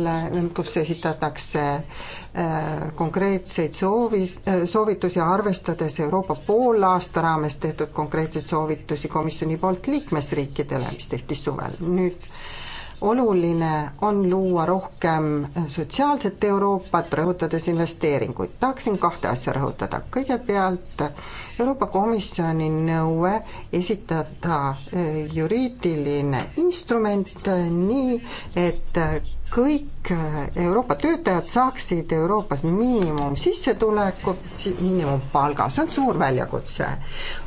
kus esitatakse äh, konkreetseid soovis, äh, soovitusi, arvestades Euroopa poolaasta raames tehtud konkreetseid soovitusi komisjoni poolt liikmesriikidele, mis tehti suvel. nüüd oluline on luua rohkem sotsiaalset Euroopat, rõhutades investeeringuid. tahaksin kahte asja rõhutada, kõigepealt Euroopa Komisjoni nõue esitada juriidiline instrument nii, et kõik äh, Euroopa töötajad saaksid Euroopas miinimumsissetuleku, miinimumpalga, see on suur väljakutse.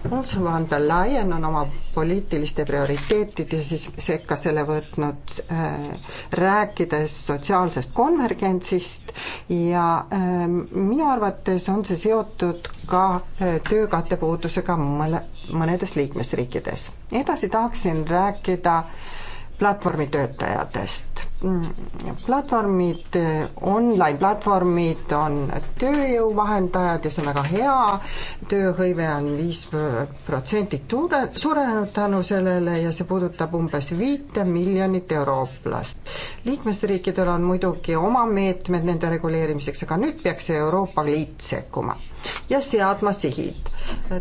Ursula von der Leyen on oma poliitiliste prioriteetide siis sekka selle võtnud äh,, rääkides sotsiaalsest konvergentsist ja äh, minu arvates on see seotud ka äh, töökattepuudusega mõne, mõnedes liikmesriikides. edasi tahaksin rääkida äh, platvormitöötajatest. platvormid, online platvormid on tööjõu vahendajad ja see on väga hea, tööhõive on viis protsenti suure, suurenenud tänu sellele ja see puudutab umbes viite miljonit eurooplast. liikmesriikidel on muidugi oma meetmed nende reguleerimiseks, aga nüüd peaks Euroopa Liit sekkuma ja seadma sihid.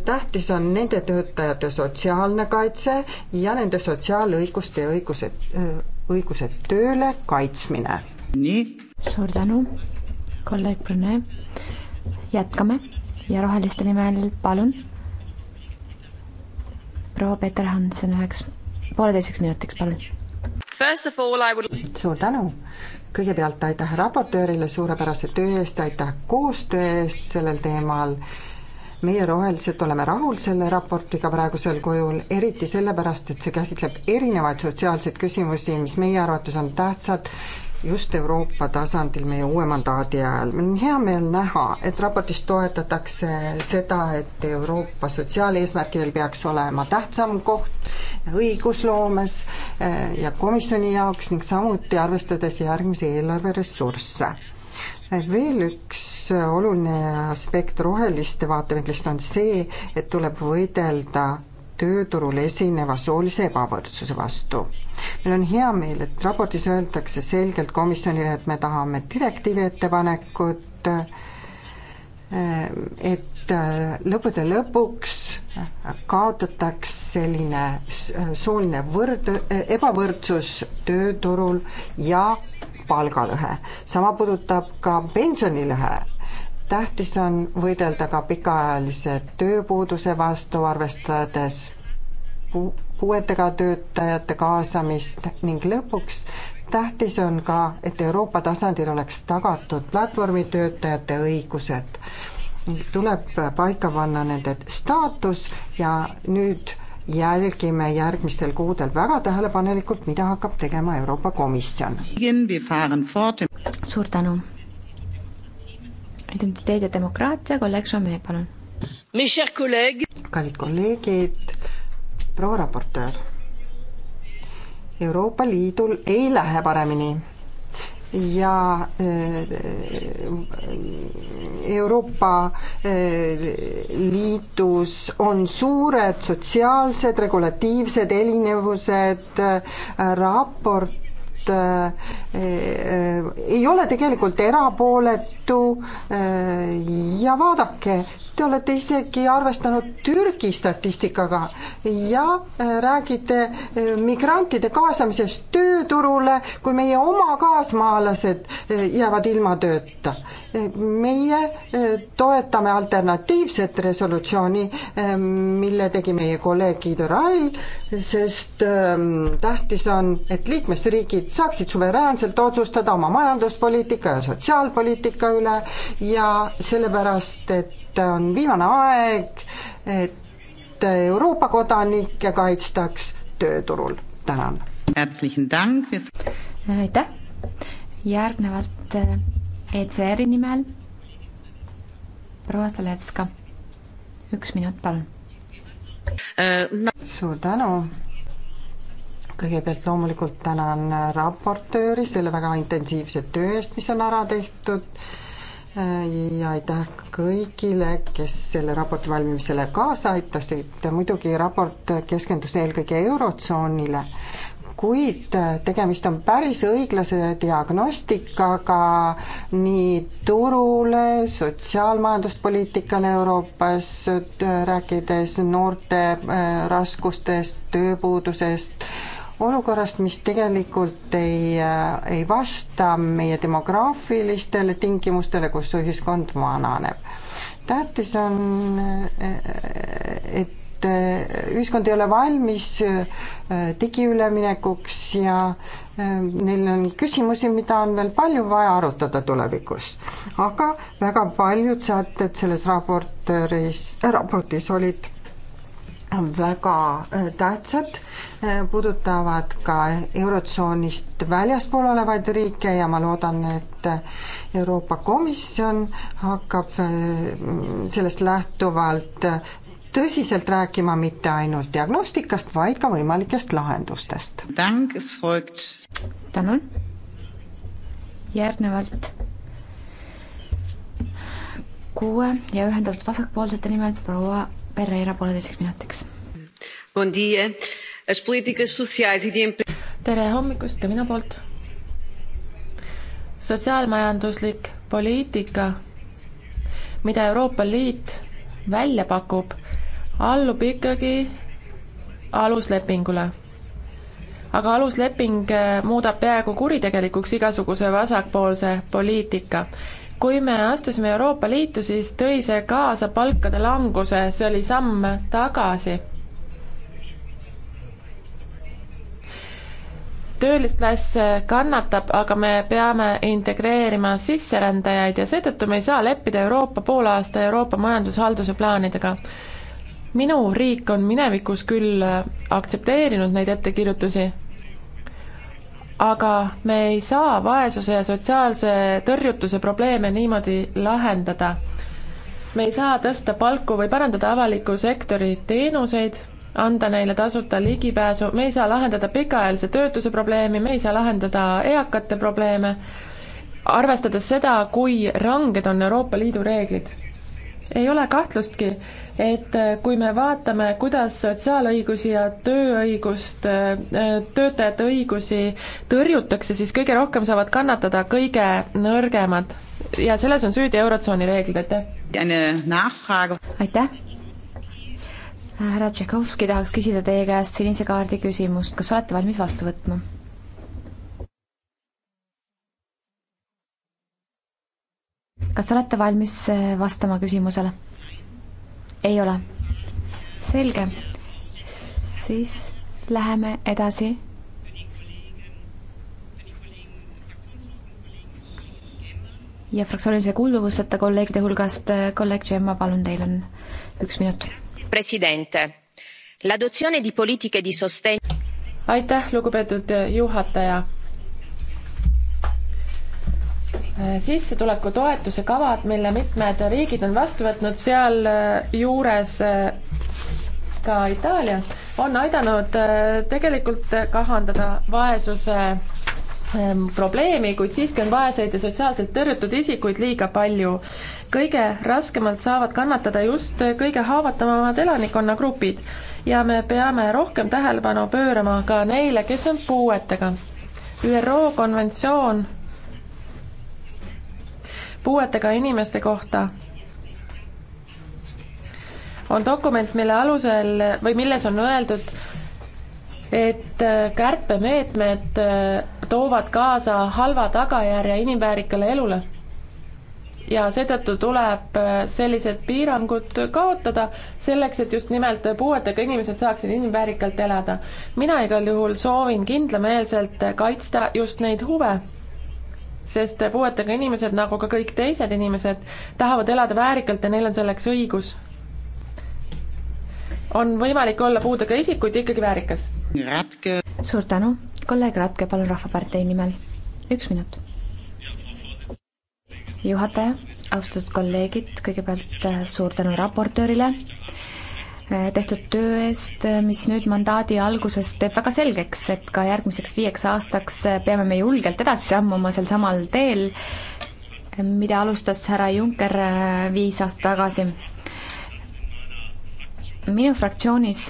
tähtis on nende töötajate sotsiaalne kaitse ja nende sotsiaalõiguste ja õigused, õigused tööle kaitsmine. nii. suur tänu, kolleeg Brune. jätkame ja roheliste nimel palun. proua Peeter Hansen üheks, pooleteiseks minutiks, palun. Would... suur tänu kõigepealt aitäh raportöörile suurepärase töö eest, aitäh koostöö eest sellel teemal meie rohelised oleme rahul selle raportiga praegusel kujul, eriti sellepärast, et see käsitleb erinevaid sotsiaalseid küsimusi, mis meie arvates on tähtsad just Euroopa tasandil meie uue mandaadi ajal. mul on hea meel näha, et raportis toetatakse seda, et Euroopa sotsiaaleesmärkidel peaks olema tähtsam koht õigusloomes eh, ja komisjoni jaoks ning samuti arvestades järgmise eelarve ressursse eh, veel üks oluline aspekt roheliste vaatevinklist on see, et tuleb võidelda tööturul esineva soolise ebavõrdsuse vastu. meil on hea meel, et raportis öeldakse selgelt komisjonile, et me tahame direktiivi ettepanekut, et lõppude lõpuks kaotataks selline sooline võrd-, ebavõrdsus tööturul ja palgalõhe. sama puudutab ka pensionilõhe tähtis on võidelda ka pikaajalise tööpuuduse vastu, arvestades pu-, puuetega töötajate kaasamist ning lõpuks tähtis on ka, et Euroopa tasandil oleks tagatud platvormitöötajate õigused. tuleb paika panna nende staatus ja nüüd jälgime järgmistel kuudel väga tähelepanelikult, mida hakkab tegema Euroopa Komisjon. suur tänu identiteet ja demokraatia, kolleeg Šamee, palun. kallid kolleegid, proua raportöör. Euroopa Liidul ei lähe paremini ja äh, Euroopa äh, Liidus on suured sotsiaalsed regulatiivsed erinevused, äh, raport Eh, eh, ei ole tegelikult erapooletu eh, ja vaadake, Te olete isegi arvestanud Türgi statistikaga ja äh, räägite äh, migrantide kaasamisest tööturule, kui meie oma kaasmaalased äh, jäävad ilma tööta. meie toetame alternatiivset resolutsiooni, mille tegi meie kolleeg Guido Rail, sest ähm, tähtis on, et liikmesriigid saaksid suveräänselt otsustada oma majanduspoliitika ja sotsiaalpoliitika üle ja sellepärast, et on viimane aeg, et Euroopa kodanikke kaitstaks tööturul. tänan. aitäh, järgnevalt äh, ECR-i nimel proua Stoletska, üks minut, palun äh, suur tänu. kõigepealt loomulikult tänan raportööri selle väga intensiivse töö eest, mis on ära tehtud Äh, ja aitäh kõigile, kes selle raporti valmimisele kaasa aitasid, muidugi raport keskendus eelkõige Eurotsoonile, kuid tegemist on päris õiglase diagnostikaga nii turule, sotsiaalmajanduspoliitikale Euroopas, rääkides noorte äh, raskustest, tööpuudusest olukorrast, mis tegelikult ei, äh, ei vasta meie demograafilistele tingimustele, kus ühiskond vananeb. tähtis on, äh, et äh, ühiskond ei ole valmis digiüleminekuks ja neil on küsimusi, mida on veel palju vaja arutada tulevikus. aga väga paljud sätted selles raportööris, raportis olid väga äh, tähtsad, äh, puudutavad ka Eurotsoonist väljaspool olevaid riike ja ma loodan, et äh, Euroopa Komisjon hakkab sellest lähtuvalt tõsiselt rääkima mitte ainult diagnostikast, vaid ka võimalikest lahendustest. tänan. järgnevalt kuue ja ühendatud vasakpoolsete nimel proua Pereira pooleteiseks minutiks. E tere hommikust ka minu poolt. sotsiaalmajanduslik poliitika, mida Euroopa Liit välja pakub, allub ikkagi aluslepingule aga alusleping eh, muudab peaaegu kuritegelikuks igasuguse vasakpoolse poliitika kui me astusime Euroopa Liitu, siis tõi see kaasa palkade languse, see oli samm tagasi. töölisklass kannatab, aga me peame integreerima sisserändajaid ja seetõttu me ei saa leppida Euroopa poolaasta Euroopa majandushalduse plaanidega minu riik on minevikus küll aktsepteerinud neid ettekirjutusi, aga me ei saa vaesuse ja sotsiaalse tõrjutuse probleeme niimoodi lahendada. me ei saa tõsta palku või parandada avaliku sektori teenuseid, anda neile tasuta ligipääsu, me ei saa lahendada pikaajalise töötuse probleemi, me ei saa lahendada eakate probleeme, arvestades seda, kui ranged on Euroopa Liidu reeglid. ei ole kahtlustki, et äh, kui me vaatame, kuidas sotsiaalõigusi ja tööõigust, äh, töötajate õigusi tõrjutakse, siis kõige rohkem saavad kannatada kõige nõrgemad. ja selles on süüdi Eurotsooni reeglid, aitäh! aitäh! härra Tšekovski tahaks küsida teie käest sinise kaardi küsimust, kas olete valmis vastu võtma? kas olete valmis äh, vastama küsimusele? ei ole. selge, siis läheme edasi. ja fraktsioonilise kuuluvuseta kolleegide hulgast eh, kolleeg Gemma, palun, teil on üks minut. president, l'adozione di politiche di sostegno. aitäh, lugupeetud eh, juhataja Äh, sissetulekutoetuse kavad, mille mitmed riigid on vastu võtnud, sealjuures äh, äh, ka Itaalia, on aidanud tegelikult kahandada vaesuse ähm, probleemi, kuid siiski on vaeseid ja sotsiaalselt tõrjutud isikuid liiga palju. kõige raskemalt saavad kannatada just kõige haavatavamad elanikkonnagrupid ja me peame rohkem tähelepanu pöörama ka neile, kes on puuetega. ÜRO konventsioon puuetega inimeste kohta on dokument, mille alusel või milles on öeldud, et kärpemeetmed toovad kaasa halva tagajärje inimväärikale elule. ja seetõttu tuleb sellised piirangud kaotada, selleks et just nimelt puuetega inimesed saaksid inimväärikalt elada. mina igal juhul soovin kindlameelselt kaitsta just neid huve sest puuetega inimesed, nagu ka kõik teised inimesed, tahavad elada väärikalt ja neil on selleks õigus. on võimalik olla puudega isik, kuid ikkagi väärikas. suur tänu, kolleeg Ratke, palun Rahvapartei nimel, üks minut juhataja, austatud kolleegid, kõigepealt äh, suur tänu raportöörile Äh, tehtud töö eest, äh, mis nüüd mandaadi alguses teeb väga selgeks, et ka järgmiseks viieks aastaks äh, peame me julgelt edasi sammuma sel samal teel, mida alustas härra Juncker viis aastat tagasi. minu fraktsioonis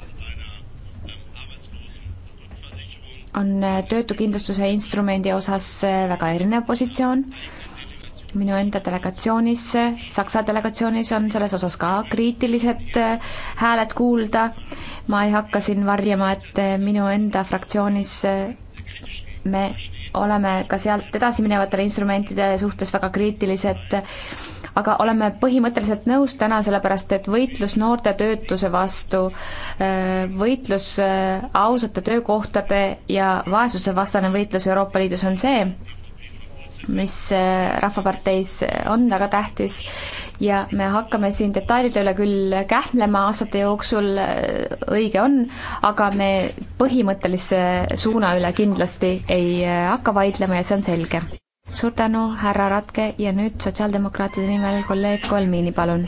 on töötukindlustuse instrumendi osas väga erinev positsioon minu enda delegatsioonis, Saksa delegatsioonis on selles osas ka kriitilised äh, hääled kuulda. ma ei hakka siin varjama, et äh, minu enda fraktsioonis äh, me oleme ka sealt edasiminevate instrumentide suhtes väga kriitilised, aga oleme põhimõtteliselt nõus täna, sellepärast et võitlus noorte töötuse vastu, võitlus ausate töökohtade ja vaesusevastane võitlus Euroopa Liidus on see, mis äh, Rahvaparteis on väga tähtis ja me hakkame siin detailide üle küll kähmlema aastate jooksul, äh, õige on, aga me põhimõttelise suuna üle kindlasti ei äh, hakka vaidlema ja see on selge. suur tänu, härra Ratke ja nüüd sotsiaaldemokraatide nimel kolleeg Kolmiini, palun.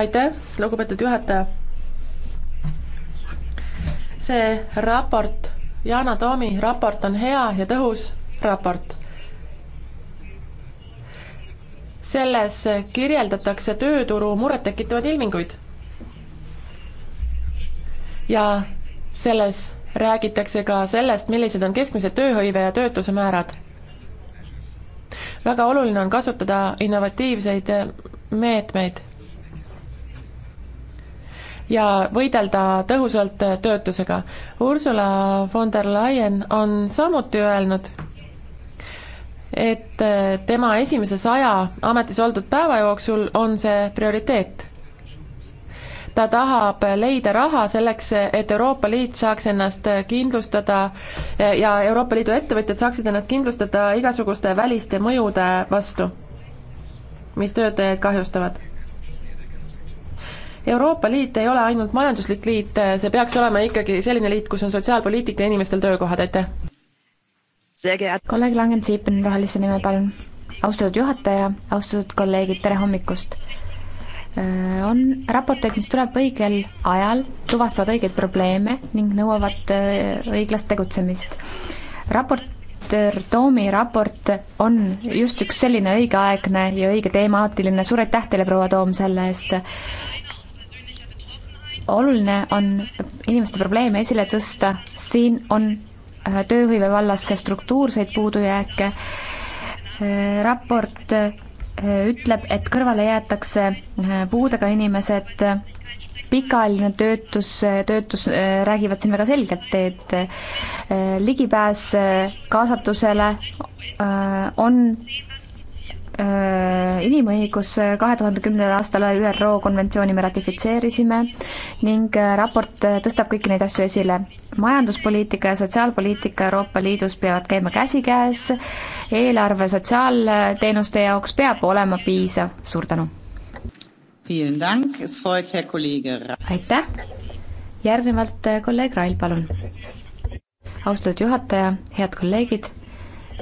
aitäh, lugupeetud juhataja. see raport, Yana Toomi raport on hea ja tõhus raport selles kirjeldatakse tööturu murettekitavaid ilminguid. ja selles räägitakse ka sellest, millised on keskmised tööhõive ja töötuse määrad. väga oluline on kasutada innovatiivseid meetmeid ja võidelda tõhusalt töötusega. Ursula von der Leyen on samuti öelnud, et äh, tema esimese saja ametis oldud päeva jooksul on see prioriteet. ta tahab leida raha selleks, et Euroopa Liit saaks ennast kindlustada äh, ja Euroopa Liidu ettevõtjad saaksid ennast kindlustada igasuguste väliste mõjude vastu, mis töötajaid kahjustavad Euroopa Liit ei ole ainult majanduslik liit, see peaks olema ikkagi selline liit, kus on sotsiaalpoliitika ja inimestel töökohad, aitäh! kolleeg Langen-Siipen Rohelise nimel, palun. austatud juhataja, austatud kolleegid, tere hommikust äh, on raporteid, mis tuleb õigel ajal, tuvastavad õigeid probleeme ning nõuavad äh, õiglast tegutsemist. raportöör Toomi raport on just üks selline õigeaegne ja õige temaatiline, suur aitäh teile, proua Toom, selle eest. oluline on inimeste probleeme esile tõsta, siin on Äh, tööhõive vallas struktuurseid puudujääke. Äh, raport äh, ütleb, et kõrvale jäetakse puudega inimesed, pikaajaline töötus, töötus räägivad siin väga selgelt, et ligipääs kaasatusele on Äh, inimõigus äh, kahe tuhande kümnendal aastal ÜRO konventsiooni me ratifitseerisime ning äh, raport tõstab kõiki neid asju esile. majanduspoliitika ja sotsiaalpoliitika Euroopa Liidus peavad käima käsikäes, eelarve sotsiaalteenuste jaoks peab olema piisav, suur tänu! aitäh! järgnevalt kolleeg Rail, palun! austatud juhataja, head kolleegid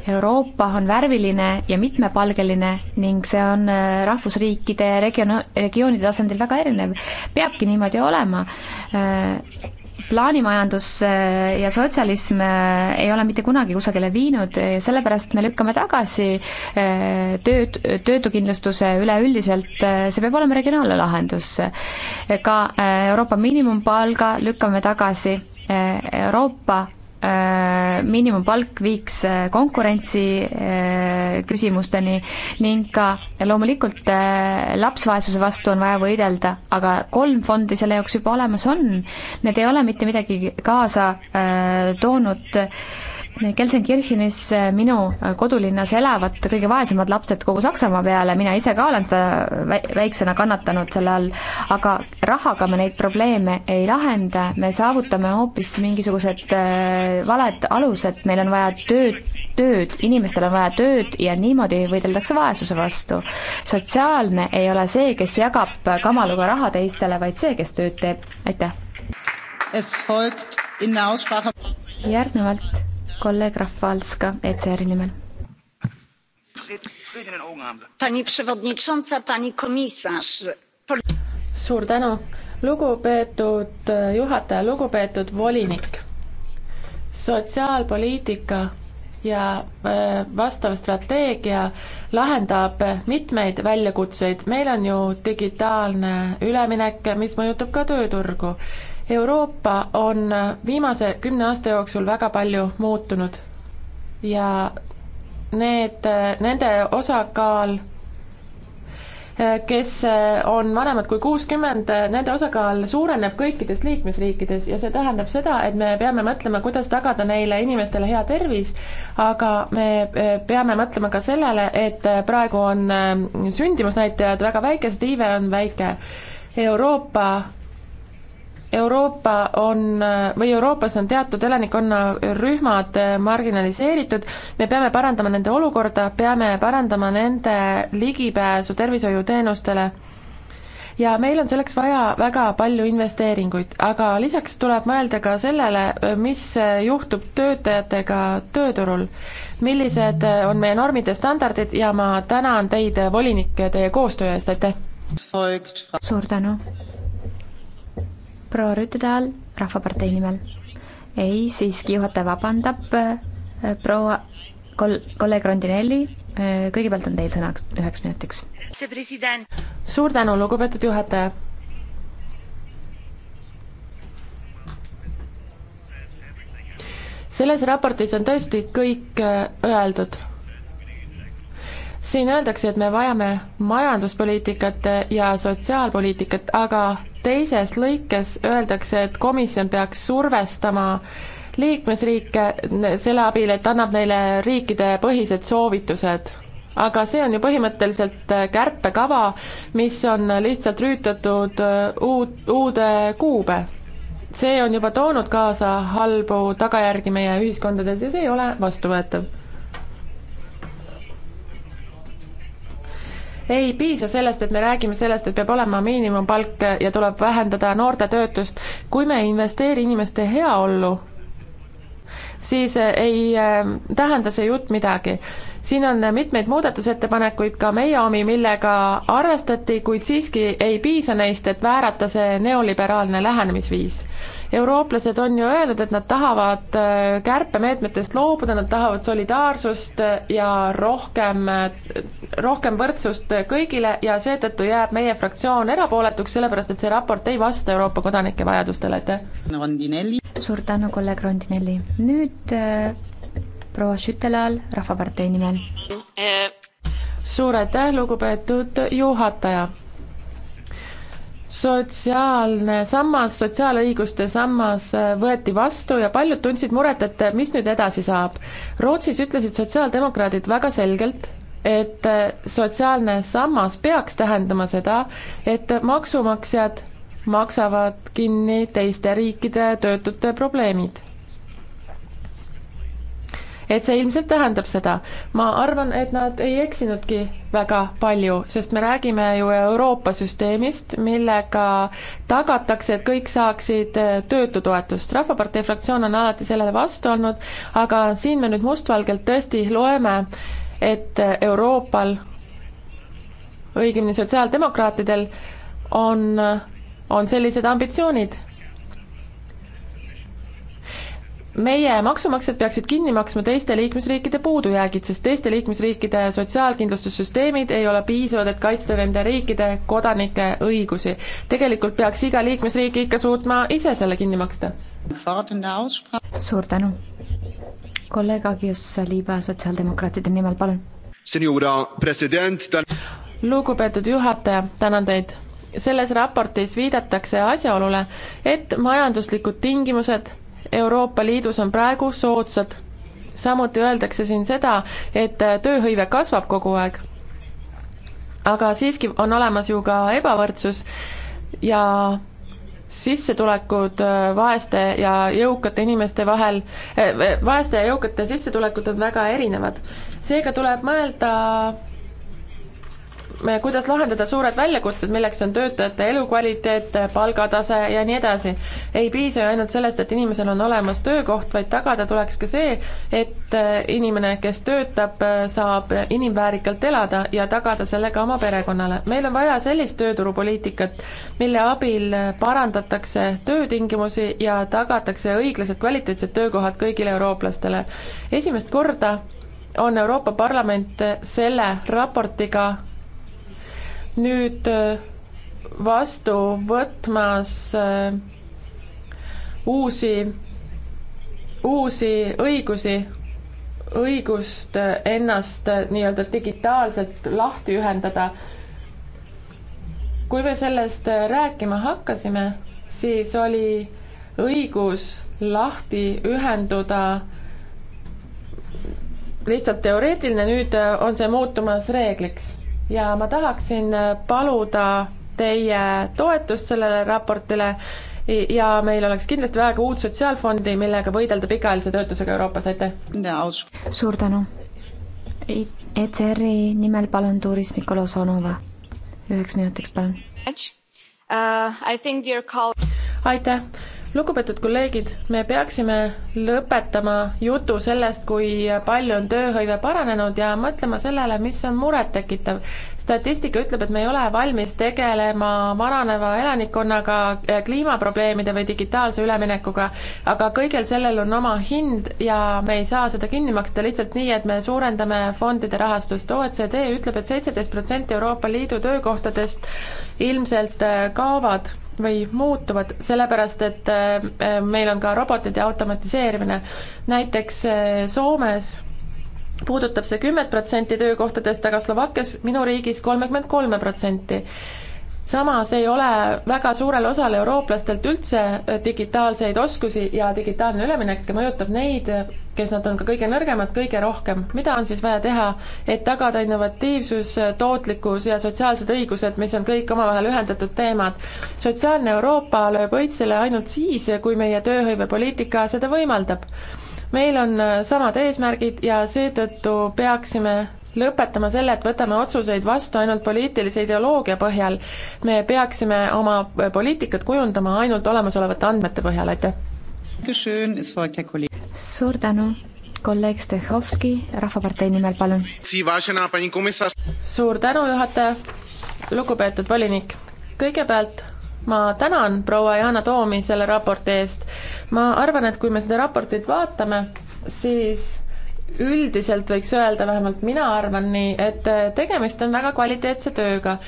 Euroopa on värviline ja mitmepalgeline ning see on äh, rahvusriikide regioon, regioonide tasandil väga erinev. peabki niimoodi olema. Äh, plaanimajandus äh, ja sotsialism ei ole mitte kunagi kusagile viinud, sellepärast me lükkame tagasi tööd, töötukindlustuse üleüldiselt, see peab olema regionaalne lahendus. ka Euroopa miinimumpalga lükkame tagasi Euroopa Äh, miinimumpalk viiks äh, konkurentsi äh, küsimusteni ning ka loomulikult lapsvaesuse vastu on vaja võidelda, aga kolm fondi selle jaoks juba olemas on, need ei ole mitte midagi kaasa toonud Gelsenkirchenis eh, minu eh, kodulinnas elavad kõige vaesemad lapsed kogu Saksamaa peale, mina ise ka olen seda väiksena kannatanud selle all, aga rahaga me neid probleeme ei lahenda, me saavutame hoopis mingisugused eh, valed alused, meil on vaja tööd, tööd, inimestel on vaja tööd ja niimoodi võideldakse vaesuse vastu. sotsiaalne ei ole see, kes jagab kamaluga raha teistele, vaid see, kes tööd teeb, aitäh. järgnevalt kolleeg Rafalska ECR-i nimel. suur tänu, lugupeetud juhataja, lugupeetud volinik. sotsiaalpoliitika ja äh, vastav strateegia lahendab mitmeid väljakutseid. meil on ju digitaalne üleminek, mis mõjutab ka tööturgu. Euroopa on viimase kümne aasta jooksul väga palju muutunud ja need, nende osakaal kes on vanemad kui kuuskümmend, nende osakaal suureneb kõikides liikmesriikides ja see tähendab seda, et me peame mõtlema, kuidas tagada neile inimestele hea tervis, aga me e, peame mõtlema ka sellele, et praegu on e, sündimusnäitajad väga väikesed, iive on väike. Euroopa Euroopa on või Euroopas on teatud elanikkonnarühmad marginaliseeritud, me peame parandama nende olukorda, peame parandama nende ligipääsu tervishoiuteenustele. ja meil on selleks vaja väga palju investeeringuid, aga lisaks tuleb mõelda ka sellele, mis juhtub töötajatega tööturul. millised on meie normid ja standardid ja ma tänan teid, volinik, teie koostöö eest, aitäh! suur tänu! proua Rüütedal Rahvapartei nimel. ei, siiski juhataja vabandab, äh, proua kol-, kolleeg Rondinelli, äh, kõigepealt on teil sõna üheks minutiks. suur tänu, lugupeetud juhataja. selles raportis on tõesti kõik äh, öeldud siin öeldakse, et me vajame majanduspoliitikat ja sotsiaalpoliitikat, aga teises lõikes öeldakse, et komisjon peaks survestama liikmesriike selle abil, et annab neile riikide põhised soovitused. aga see on ju põhimõtteliselt äh, kärpekava, mis on lihtsalt rüütatud äh, uut, uude kuube. see on juba toonud kaasa halbu tagajärgi meie ühiskondades ja see ei ole vastuvõetav ei piisa sellest, et me räägime sellest, et peab olema miinimumpalk ja tuleb vähendada noorte töötust. kui me ei investeeri inimeste heaollu, siis ei äh, tähenda see jutt midagi siin on mitmeid muudatusettepanekuid, ka meie omi, millega arvestati, kuid siiski ei piisa neist, et väärata see neoliberaalne lähenemisviis. eurooplased on ju öelnud, et nad tahavad äh, kärpemeetmetest loobuda, nad tahavad solidaarsust ja rohkem, äh, rohkem võrdsust kõigile ja seetõttu jääb meie fraktsioon erapooletuks, sellepärast et see raport ei vasta Euroopa kodanike vajadustele, aitäh! suur tänu, kolleeg Rondinelli. nüüd äh, proua Schüttelal Rahvapartei nimel. suur aitäh, lugupeetud juhataja sotsiaalne sammas, sotsiaalõiguste sammas võeti vastu ja paljud tundsid muret, et mis nüüd edasi saab. Rootsis ütlesid sotsiaaldemokraadid väga selgelt, et sotsiaalne sammas peaks tähendama seda, et maksumaksjad maksavad kinni teiste riikide töötute probleemid et see ilmselt tähendab seda. ma arvan, et nad ei eksinudki väga palju, sest me räägime ju Euroopa süsteemist, millega tagatakse, et kõik saaksid äh, töötutoetust. rahvapartei fraktsioon on alati sellele vastu olnud, aga siin me nüüd mustvalgelt tõesti loeme, et Euroopal, õigemini sotsiaaldemokraatidel, on, on sellised ambitsioonid meie maksumaksjad peaksid kinni maksma teiste liikmesriikide puudujäägid, sest teiste liikmesriikide sotsiaalkindlustussüsteemid ei ole piisavad, et kaitsta nende riikide kodanike õigusi. tegelikult peaks iga liikmesriik ikka suutma ise selle kinni maksta. suur tänu. kolleeg Agius Saliba sotsiaaldemokraatide nimel, palun. lugupeetud juhataja, tänan teid selles raportis viidatakse asjaolule, et majanduslikud tingimused Euroopa Liidus on praegu soodsad. samuti öeldakse siin seda, et tööhõive kasvab kogu aeg. aga siiski on olemas ju ka ebavõrdsus ja sissetulekud äh, vaeste ja jõukate inimeste vahel, äh, vaeste ja jõukate sissetulekud on väga erinevad. seega tuleb mõelda kuidas lahendada suured väljakutsed, milleks on töötajate elukvaliteet, palgatase ja nii edasi. ei piisa ju ainult sellest, et inimesel on olemas töökoht, vaid tagada tuleks ka see, et eh, inimene, kes töötab, eh, saab inimväärikalt elada ja tagada selle ka oma perekonnale. meil on vaja sellist tööturupoliitikat, mille abil parandatakse töötingimusi ja tagatakse õiglased kvaliteetsed töökohad kõigile eurooplastele. esimest korda on Euroopa Parlament selle raportiga nüüd äh, vastu võtmas äh, uusi, uusi õigusi, õigust äh, ennast nii-öelda digitaalselt lahti ühendada. kui me sellest rääkima hakkasime, siis oli õigus lahti ühenduda lihtsalt teoreetiline, nüüd on see muutumas reegliks ja ma tahaksin äh, paluda teie toetust sellele raportile ja meil oleks kindlasti vaja ka uut sotsiaalfondi, millega võidelda pikaajalise töötusega Euroopas, aitäh! suur tänu! ECR-i nimel palun Turis Nikolosonova, üheks minutiks palun. Uh, aitäh! lugupeetud kolleegid, me peaksime lõpetama jutu sellest, kui palju on tööhõive paranenud ja mõtlema sellele, mis on murettekitav. statistika ütleb, et me ei ole valmis tegelema vananeva elanikkonnaga, eh, kliimaprobleemide või digitaalse üleminekuga, aga kõigel sellel on oma hind ja me ei saa seda kinni maksta lihtsalt nii, et me suurendame fondide rahastust. OECD ütleb et, et seitseteist protsenti Euroopa Liidu töökohtadest ilmselt eh, kaovad või muutuvad, sellepärast et äh, meil on ka robotid ja automatiseerimine. näiteks äh, Soomes puudutab see kümmet protsenti töökohtadest, aga Slovakkias, minu riigis, kolmekümmend kolme protsenti samas ei ole väga suurel osal eurooplastelt üldse äh, digitaalseid oskusi ja digitaalne üleminek mõjutab neid, kes nad on ka kõige nõrgemad, kõige rohkem. mida on siis vaja teha, et tagada innovatiivsus, äh, tootlikkus ja sotsiaalsed õigused, mis on kõik omavahel ühendatud teemad? sotsiaalne Euroopa lööb õitsele ainult siis, kui meie tööhõivepoliitika seda võimaldab. meil on äh, samad eesmärgid ja seetõttu peaksime lõpetama selle, et võtame otsuseid vastu ainult poliitilise ideoloogia põhjal. me peaksime oma poliitikat kujundama ainult olemasolevate andmete põhjal, aitäh! suur tänu! kolleeg Stehhovski Rahvapartei nimel, palun. suur tänu, juhataja. lugupeetud volinik, kõigepealt ma tänan proua Yana Toomi selle raporti eest. ma arvan, et kui me seda raportit vaatame, siis üldiselt võiks öelda, vähemalt mina arvan nii, et äh, tegemist on väga kvaliteetse tööga.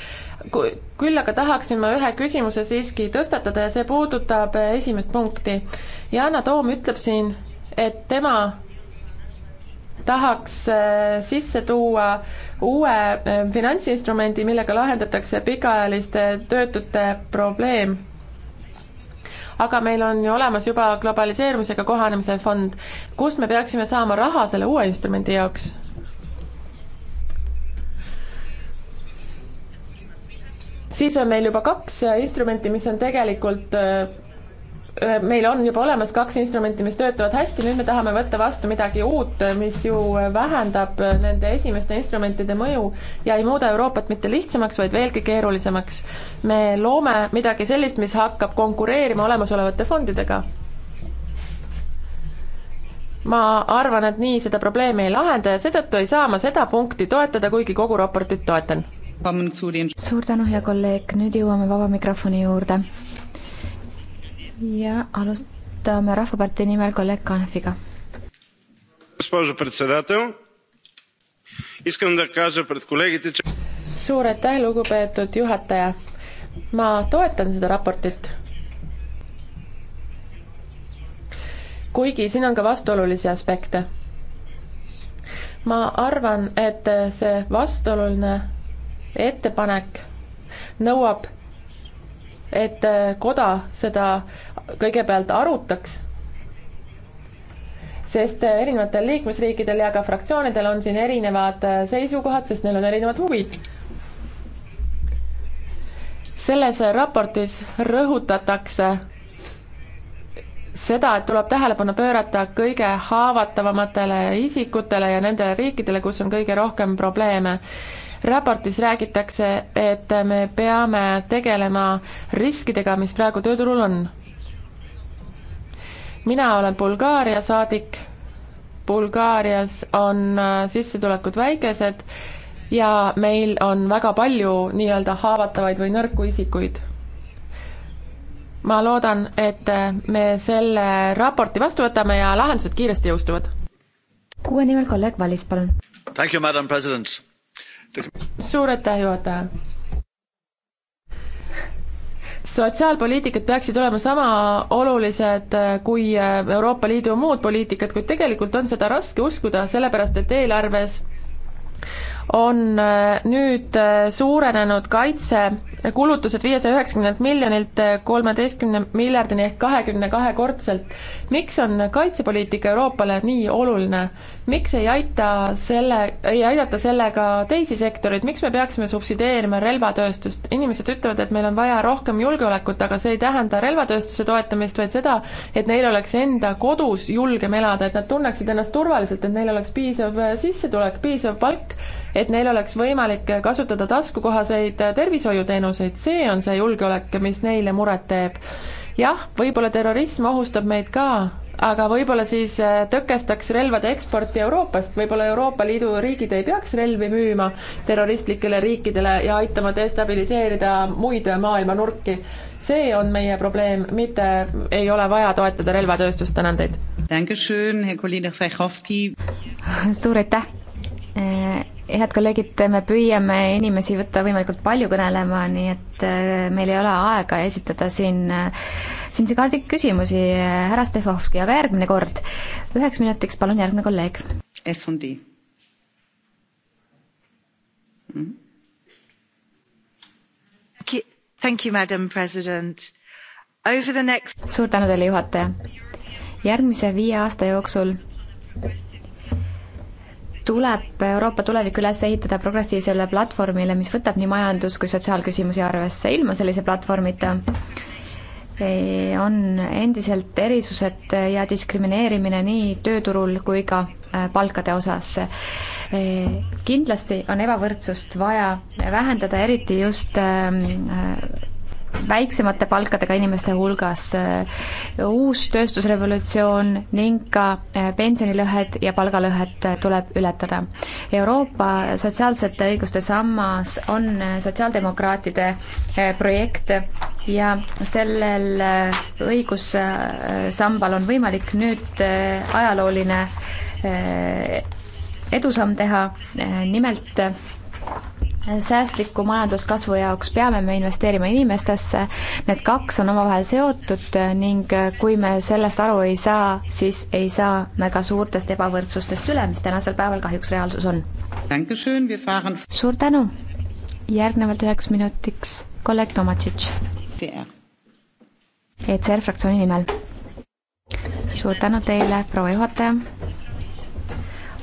küll aga tahaksin ma ühe küsimuse siiski tõstatada ja see puudutab äh, esimest punkti. Yana Toom ütleb siin, et tema tahaks äh, sisse tuua uue finantsinstrumendi, millega lahendatakse pikaajaliste töötute probleem aga meil on ju olemas juba globaliseerumisega kohanemise fond. kust me peaksime saama raha selle uue instrumendi jaoks? siis on meil juba kaks instrumenti, mis on tegelikult Äh, meil on juba olemas kaks instrumenti, mis töötavad hästi, nüüd me tahame võtta vastu midagi uut, mis ju äh, vähendab äh, nende esimeste instrumentide mõju ja ei muuda Euroopat mitte lihtsamaks, vaid veelgi keerulisemaks. me loome midagi sellist, mis hakkab konkureerima olemasolevate fondidega. ma arvan, et nii seda probleemi ei lahenda ja seetõttu ei saa ma seda punkti toetada, kuigi kogu raportit toetan. suur tänu, hea kolleeg, nüüd jõuame vaba mikrofoni juurde ja alustame Rahvapartei nimel kolleeg Kanfiga. suur aitäh, lugupeetud juhataja. ma toetan seda raportit. kuigi siin on ka vastuolulisi aspekte. ma arvan, et see vastuoluline ettepanek nõuab et koda seda kõigepealt arutaks, sest erinevatel liikmesriikidel ja ka fraktsioonidel on siin erinevad äh, seisukohad, sest neil on erinevad huvid. selles raportis rõhutatakse seda, et tuleb tähelepanu pöörata kõige haavatavamatele isikutele ja nendele riikidele, kus on kõige rohkem probleeme raportis räägitakse, et me peame tegelema riskidega, mis praegu tööturul on mina olen Bulgaaria saadik, Bulgaarias on äh, sissetulekud väikesed ja meil on väga palju nii-öelda haavatavaid või nõrku isikuid. ma loodan, et äh, me selle raporti vastu võtame ja lahendused kiiresti jõustuvad. kuue nimel kolleeg Valis, palun. suur aitäh, juhataja sotsiaalpoliitikad peaksid olema sama olulised äh, kui äh, Euroopa Liidu muud poliitikad, kuid tegelikult on seda raske uskuda, sellepärast et eelarves on äh, nüüd suurenenud kaitsekulutused viiesaja üheksakümnelt miljonilt kolmeteistkümne miljardini ehk kahekümne kahekordselt. miks on kaitsepoliitika Euroopale nii oluline? miks ei aita selle, ei aidata sellega teisi sektoreid, miks me peaksime subsideerima relvatööstust? inimesed ütlevad, et meil on vaja rohkem julgeolekut, aga see ei tähenda relvatööstuse toetamist, vaid seda, et neil oleks enda kodus julgem elada, et nad tunneksid ennast turvaliselt, et neil oleks piisav sissetulek, piisav palk, et neil oleks võimalik kasutada taskukohaseid tervishoiuteenuseid, see on see julgeolek, mis neile muret teeb. jah, võib-olla terrorism ohustab meid ka, aga võib-olla siis äh, tõkestaks relvade eksporti Euroopast, võib-olla Euroopa Liidu riigid ei peaks relvi müüma terroristlikele riikidele ja aitama destabiliseerida muid maailma nurki. see on meie probleem, mitte ei ole vaja toetada relvatööstust, tänan teid. suur aitäh äh, head kolleegid, me püüame inimesi võtta võimalikult palju kõnelema, nii et äh, meil ei ole aega esitada siin, äh, siin see kaardik küsimusi, äh, härra Stefovski, aga järgmine kord. üheks minutiks, palun, järgmine kolleeg. S&D. Thank you, madam president. Over the next. suur tänu teile, juhataja. järgmise viie aasta jooksul tuleb Euroopa tulevik üles ehitada progressiivsele platvormile, mis võtab nii majandus- kui sotsiaalküsimusi arvesse, ilma sellise platvormita eh, on endiselt erisused ja diskrimineerimine nii tööturul kui ka eh, palkade osas. Eh, kindlasti on ebavõrdsust vaja vähendada, eriti just väiksemate palkadega inimeste hulgas, äh, uus tööstusrevolutsioon ning ka äh, pensionilõhed ja palgalõhed tuleb ületada. Euroopa sotsiaalsete õiguste sammas on äh, sotsiaaldemokraatide projekt ja sellel õigussambal on võimalik nüüd ajalooline edusamm teha, nimelt säästliku majanduskasvu jaoks peame me investeerima inimestesse, need kaks on omavahel seotud ning kui me sellest aru ei saa, siis ei saa me ka suurtest ebavõrdsustest üle, mis tänasel päeval kahjuks reaalsus on. Fahren... suur tänu, järgnevalt üheks minutiks kolleeg Tomatšitš. ECR e fraktsiooni nimel. suur tänu teile, proua juhataja.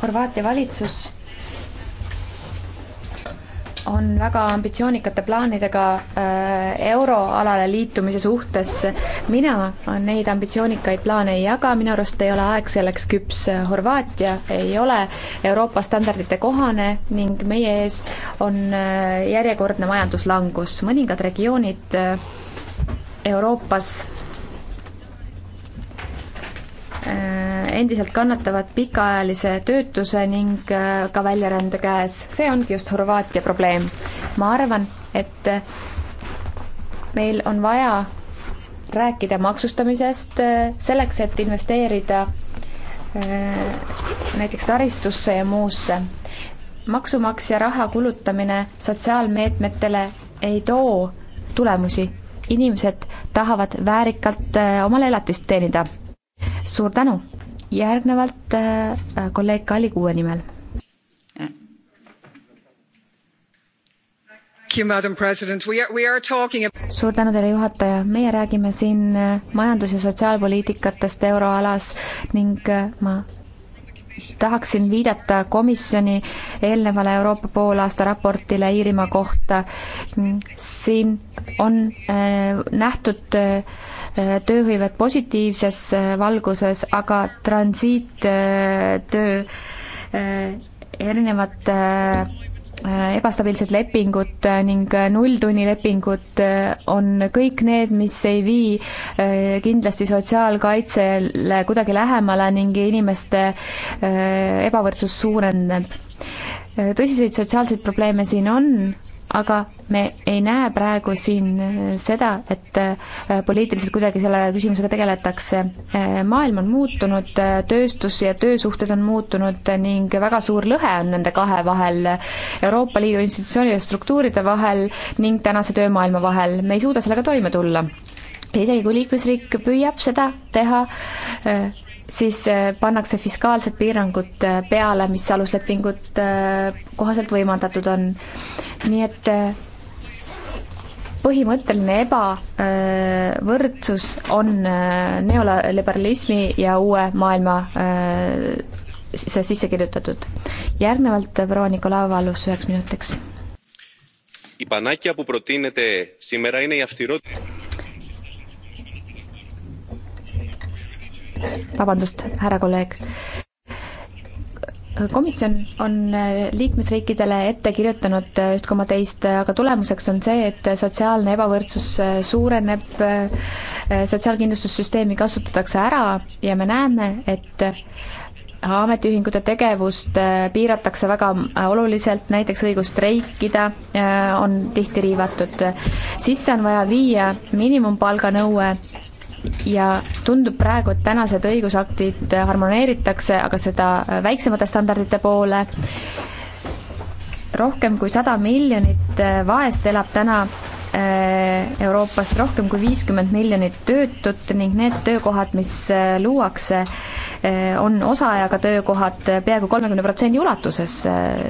Horvaatia valitsus on väga ambitsioonikate plaanidega äh, euroalale liitumise suhtes. mina neid ambitsioonikaid plaane ei jaga, minu arust ei ole aeg selleks küps. Horvaatia ei ole Euroopa standardite kohane ning meie ees on äh, järjekordne majanduslangus. mõningad regioonid äh, Euroopas Äh, endiselt kannatavad pikaajalise töötuse ning äh, ka väljarände käes. see ongi just Horvaatia probleem. ma arvan, et äh, meil on vaja rääkida maksustamisest selleks, et investeerida näiteks taristusse ja muusse. maksumaksja raha kulutamine sotsiaalmeetmetele ei too tulemusi. inimesed tahavad väärikalt omale elatist teenida suur tänu, järgnevalt äh, äh, kolleeg Kalli Kuue nimel. suur tänu teile, juhataja, meie räägime siin äh, majandus- ja sotsiaalpoliitikatest euroalas ning äh, ma tahaksin viidata komisjoni eelnevale Euroopa poolaasta raportile Iirimaa kohta. siin on nähtud äh, Äh, tööhõivet positiivses äh, valguses, aga transiittöö, äh, erinevad ebastabiilsed lepingud ning nulltunnilepingud on kõik need, mis ei vii kindlasti sotsiaalkaitsele kuidagi lähemale ning inimeste ebavõrdsus suureneb. tõsiseid sotsiaalseid probleeme siin on aga me ei näe praegu siin äh, seda, et äh, poliitiliselt kuidagi selle küsimusega tegeletakse. Äh, maailm on muutunud, tööstus ja töösuhted on muutunud ning väga suur lõhe on nende kahe vahel, Euroopa Liidu institutsioonide struktuuride vahel ning tänase töömaailma vahel, me ei suuda sellega toime tulla. ja isegi, kui liikmesriik püüab seda teha, siis äh, pannakse fiskaalsed piirangud äh, peale, mis aluslepingut äh, kohaselt võimaldatud on. nii et põhimõtteline ebavõrdsus on neoliberalismi ja uue maailma see sisse kirjutatud. järgnevalt proua Nikolai Vallus üheks minutiks. vabandust, härra kolleeg. komisjon on liikmesriikidele ette kirjutanud üht koma teist, aga tulemuseks on see, et sotsiaalne ebavõrdsus suureneb, sotsiaalkindlustussüsteemi kasutatakse ära ja me näeme, et ametiühingute tegevust piiratakse väga oluliselt, näiteks õigus streikida äh, on tihti riivatud. sisse on vaja viia miinimumpalga nõue ja tundub praegu, et tänased õigusaktid harmoneeritakse, aga seda väiksemate standardite poole. rohkem kui sada miljonit vaest elab täna eh, Euroopas rohkem kui viiskümmend miljonit töötut ning need töökohad, mis eh, luuakse, eh, on osaajaga töökohad peaaegu kolmekümne protsendi ulatuses.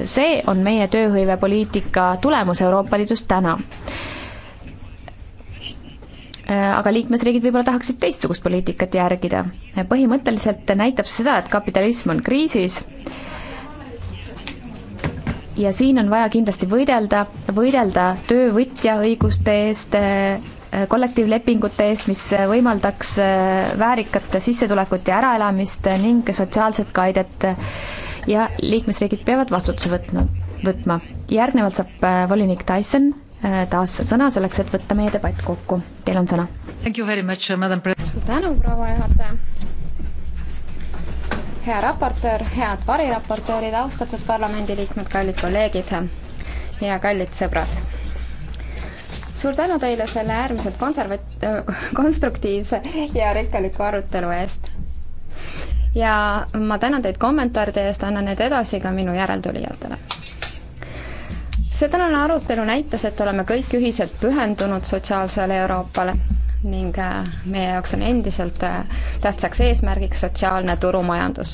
see on meie tööhõivepoliitika tulemus Euroopa Liidus täna Äh, aga liikmesriigid võib-olla tahaksid teistsugust poliitikat järgida. Äh, põhimõtteliselt näitab see seda, et kapitalism on kriisis ja siin on vaja kindlasti võidelda, võidelda töövõtja õiguste eest, äh, kollektiivlepingute eest, mis võimaldaks väärikat sissetulekut ja äraelamist ning sotsiaalset kaidet ja liikmesriigid peavad vastutuse võtma, võtma. järgnevalt saab volinik Tyson Eh, taas sõna selleks, et võtta meie debatt kokku. Teil on sõna. Uh, suur tänu, proua juhataja. hea raportöör, head variraportöörid, austatud parlamendiliikmed, kallid kolleegid ja kallid sõbrad suur tänu teile selle äärmiselt konservat-, konstruktiivse ja rikkaliku arutelu eest. ja ma tänan teid kommentaaride eest, annan need edasi ka minu järeltulijatele see tänane arutelu näitas, et oleme kõik ühiselt pühendunud sotsiaalsele Euroopale ning äh, meie jaoks on endiselt äh, tähtsaks eesmärgiks sotsiaalne turumajandus.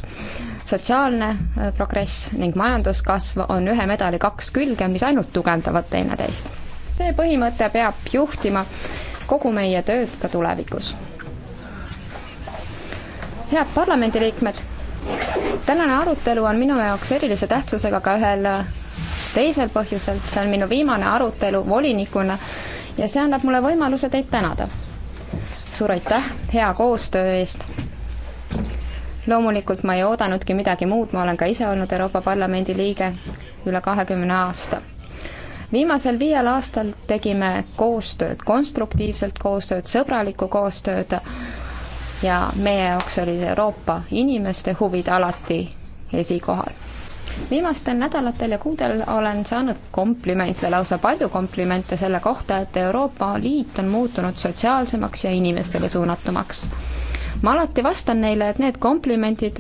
sotsiaalne äh, progress ning majanduskasv on ühe medali kaks külge, mis ainult tugevdavad teineteist. see põhimõte peab juhtima kogu meie tööd ka tulevikus. head parlamendiliikmed, tänane arutelu on minu jaoks erilise tähtsusega ka ühel teisel põhjusel, see on minu viimane arutelu volinikuna ja see annab mulle võimaluse teid tänada. suur aitäh hea koostöö eest. loomulikult ma ei oodanudki midagi muud, ma olen ka ise olnud Euroopa Parlamendi liige üle kahekümne aasta viimasel viiel aastal tegime koostööd, konstruktiivselt koostööd, sõbralikku koostööd ja meie jaoks olid Euroopa inimeste huvid alati esikohal viimastel nädalatel ja kuudel olen saanud komplimente, lausa palju komplimente selle kohta, et Euroopa Liit on muutunud sotsiaalsemaks ja inimestele suunatumaks. ma alati vastan neile, et need komplimendid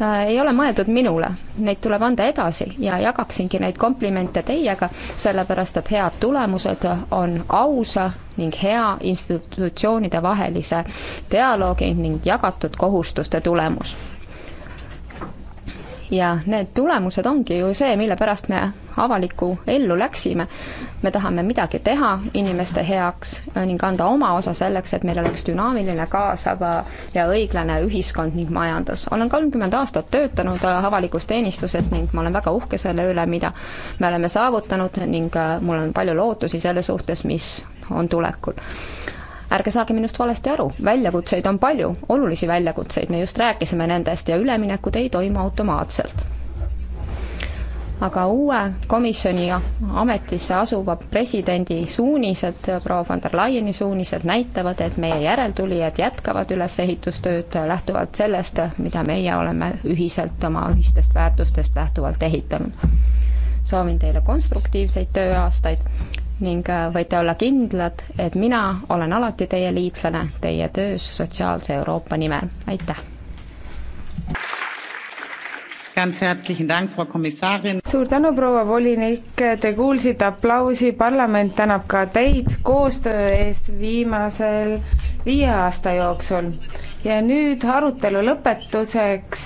äh, ei ole mõeldud minule, neid tuleb anda edasi ja jagaksingi neid komplimente teiega, sellepärast et head tulemused on ausa ning hea institutsioonide vahelise dialoogi ning jagatud kohustuste tulemus ja need tulemused ongi ju see, mille pärast me avalikku ellu läksime. me tahame midagi teha inimeste heaks ning anda oma osa selleks, et meil oleks dünaamiline, kaasav ja õiglane ühiskond ning majandus. olen kolmkümmend aastat töötanud avalikus teenistuses ning ma olen väga uhke selle üle, mida me oleme saavutanud ning mul on palju lootusi selle suhtes, mis on tulekul ärge saage minust valesti aru, väljakutseid on palju, olulisi väljakutseid, me just rääkisime nendest ja üleminekud ei toimu automaatselt aga uue komisjoni ametisse asuva presidendi suunised, proua von der Leyeni suunised näitavad, et meie järeltulijad jätkavad ülesehitustööd lähtuvalt sellest, mida meie oleme ühiselt oma ühistest väärtustest lähtuvalt ehitanud. soovin teile konstruktiivseid tööaastaid ning äh, võite olla kindlad, et mina olen alati teie liitlane teie töös sotsiaalse Euroopa nimel, aitäh! suur tänu, proua volinik, te kuulsite aplausi, parlament tänab ka teid koostöö eest viimasel viie aasta jooksul. ja nüüd arutelu lõpetuseks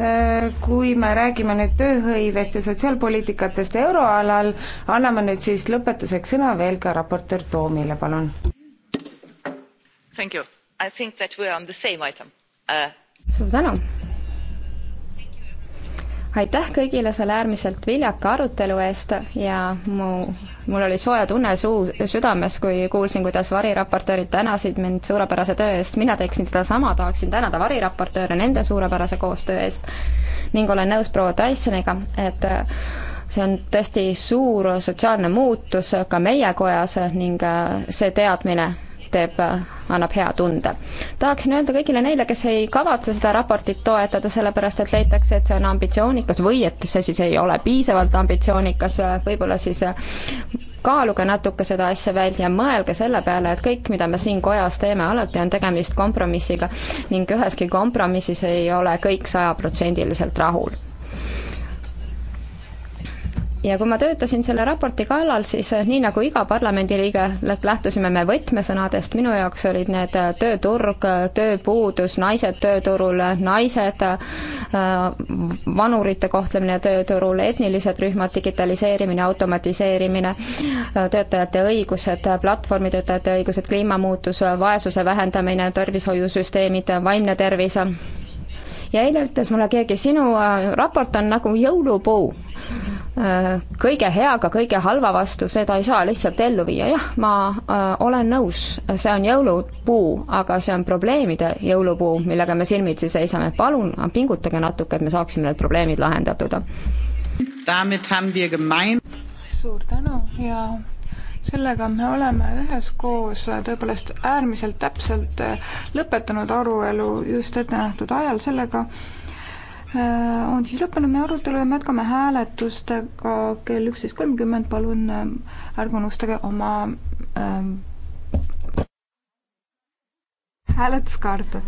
Äh, kui me räägime nüüd tööhõivest ja sotsiaalpoliitikatest euroalal, anname nüüd siis lõpetuseks sõna veel ka raportöör Toomile, palun. Uh... suur tänu. aitäh kõigile selle äärmiselt viljaka arutelu eest ja mu mul oli soe tunne suu, südames, kui kuulsin, kuidas variraportöörid tänasid mind suurepärase töö eest, mina teeksin sedasama, tahaksin tänada variraportööre nende suurepärase koostöö eest ning olen nõus proua Tysoniga, et see on tõesti suur sotsiaalne muutus ka meie kojas ning see teadmine teeb, annab hea tunde. tahaksin öelda kõigile neile, kes ei kavatse seda raportit toetada, sellepärast et leitakse, et see on ambitsioonikas või et see siis ei ole piisavalt ambitsioonikas, võib-olla siis kaaluge natuke seda asja välja, mõelge selle peale, et kõik, mida me siin kojas teeme, alati on tegemist kompromissiga ning üheski kompromissis ei ole kõik sajaprotsendiliselt rahul ja kui ma töötasin selle raporti kallal, siis eh, nii nagu iga parlamendiliige, lähtusime me võtmesõnadest, minu jaoks olid need eh, tööturg, eh, tööpuudus, naised tööturul, naised, vanurite kohtlemine tööturul, etnilised rühmad, digitaliseerimine, automatiseerimine, töötajate õigused, platvormitöötajate õigused, kliimamuutus, vaesuse vähendamine, tervishoiusüsteemid, vaimne tervis ja eile ütles mulle keegi, sinu äh, raport on nagu jõulupuu. Äh, kõige heaga kõige halva vastu, seda ei saa lihtsalt ellu viia, jah, ma äh, olen nõus, see on jõulupuu, aga see on probleemide jõulupuu, millega me silmitsi seisame, palun pingutage natuke, et me saaksime need probleemid lahendatud. suur tänu ja sellega me oleme üheskoos tõepoolest äärmiselt täpselt äh, lõpetanud aruelu just ette nähtud ajal, sellega äh, on siis lõppenud meie arutelu ja me jätkame hääletustega kell üksteist kolmkümmend, palun äh, ärge unustage oma ähm, hääletuskaarte.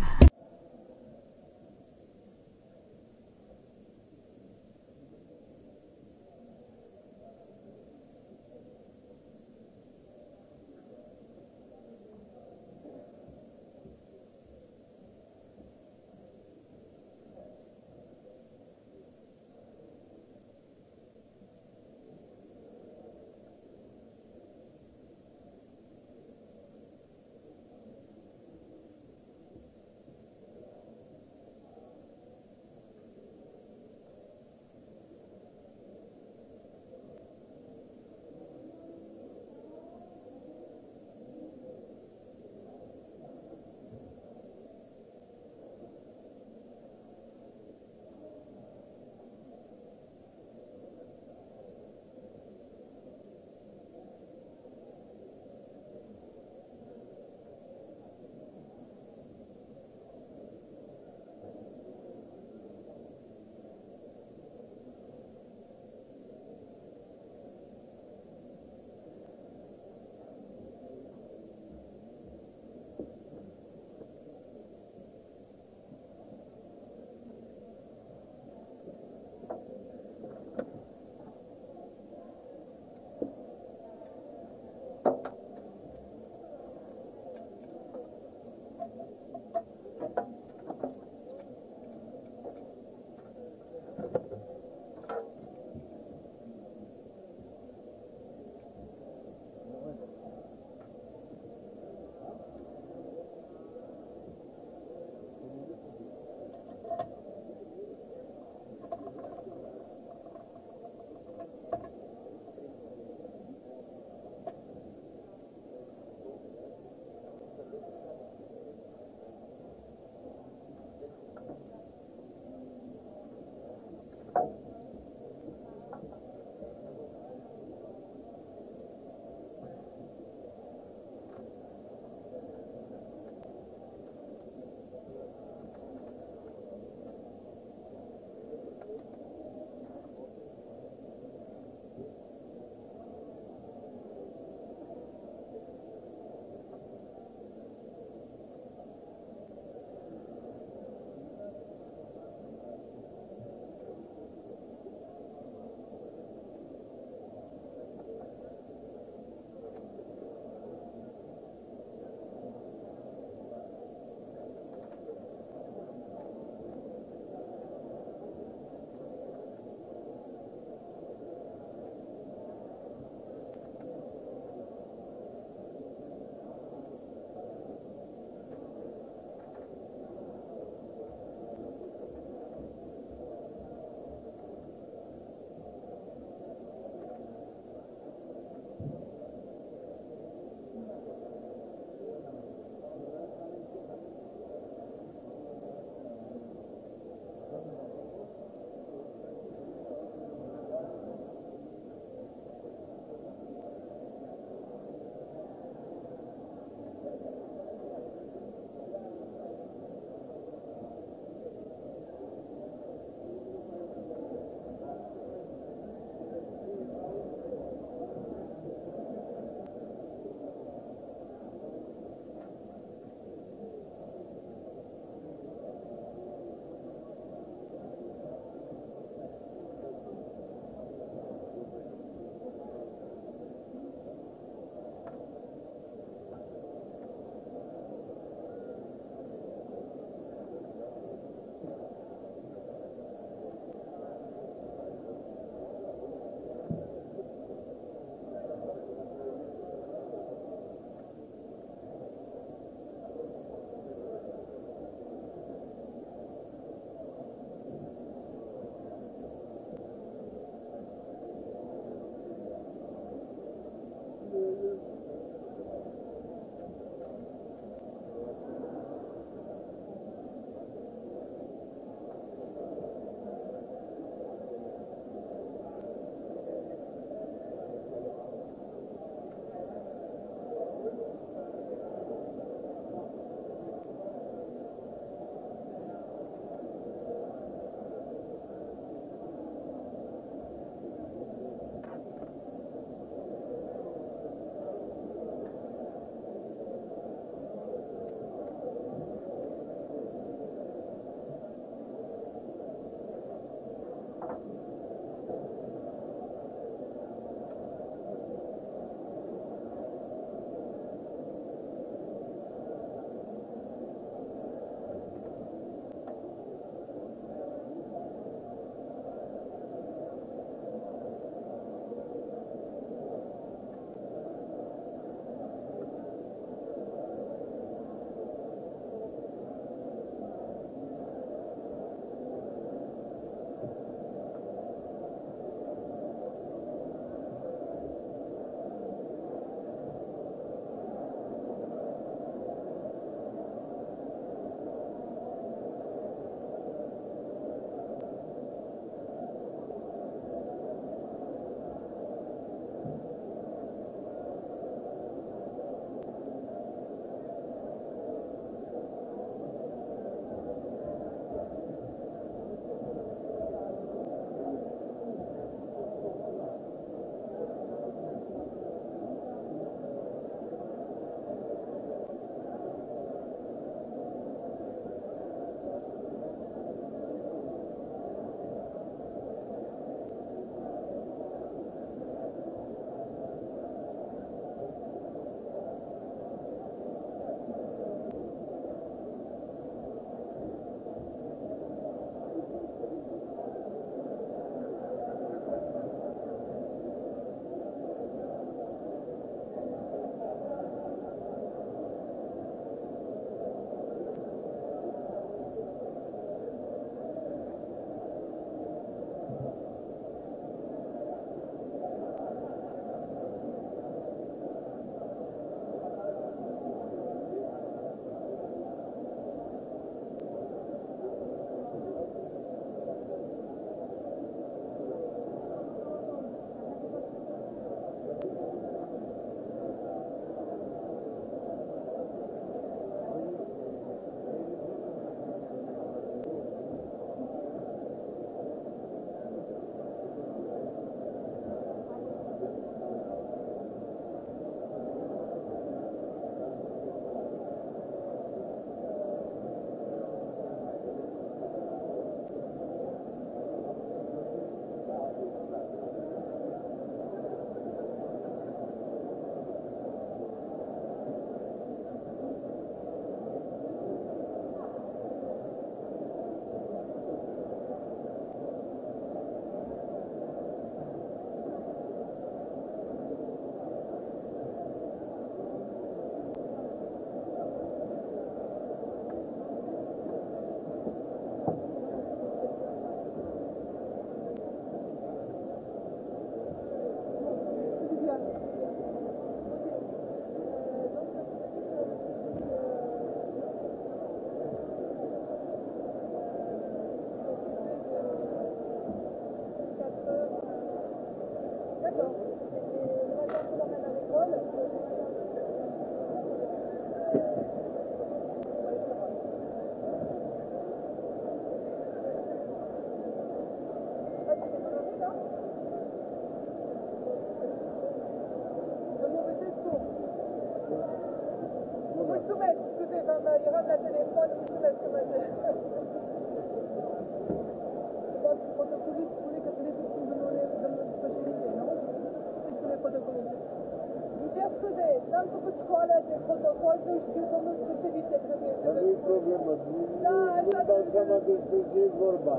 seama despre ce e vorba.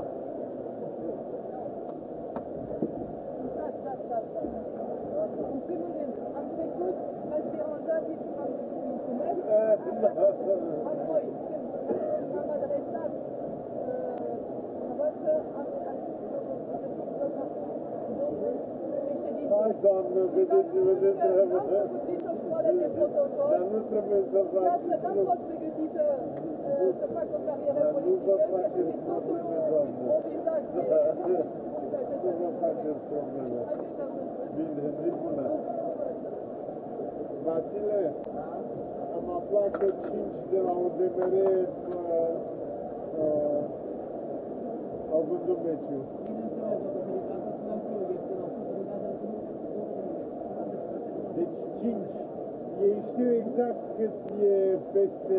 În primul rând, am trecut peste erodații și am mulțumesc. Apoi, când m-am adresat dumneavoastră, am Hai, doamnă, vedeți-vă de treabă. Dar nu trebuie să faci. Dar să n-am fost Vasile, am aflat că 5 de la UDMR uh, uh, au vândut meciul. Deci 5. Ei știu exact cât e peste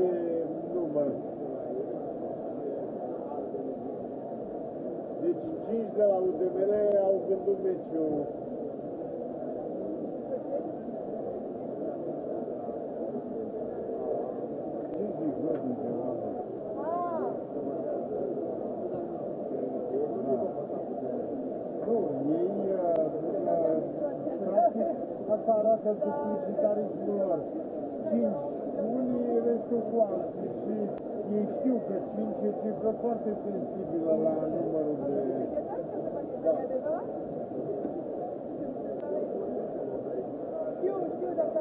număr. 5 de la UTML au gândit meciul. Asta arată publicitarii lor. 5 unii, restul cu alții și ei știu că 5 e cifră foarte sensibilă la numărul de... Da. Eu știu dacă...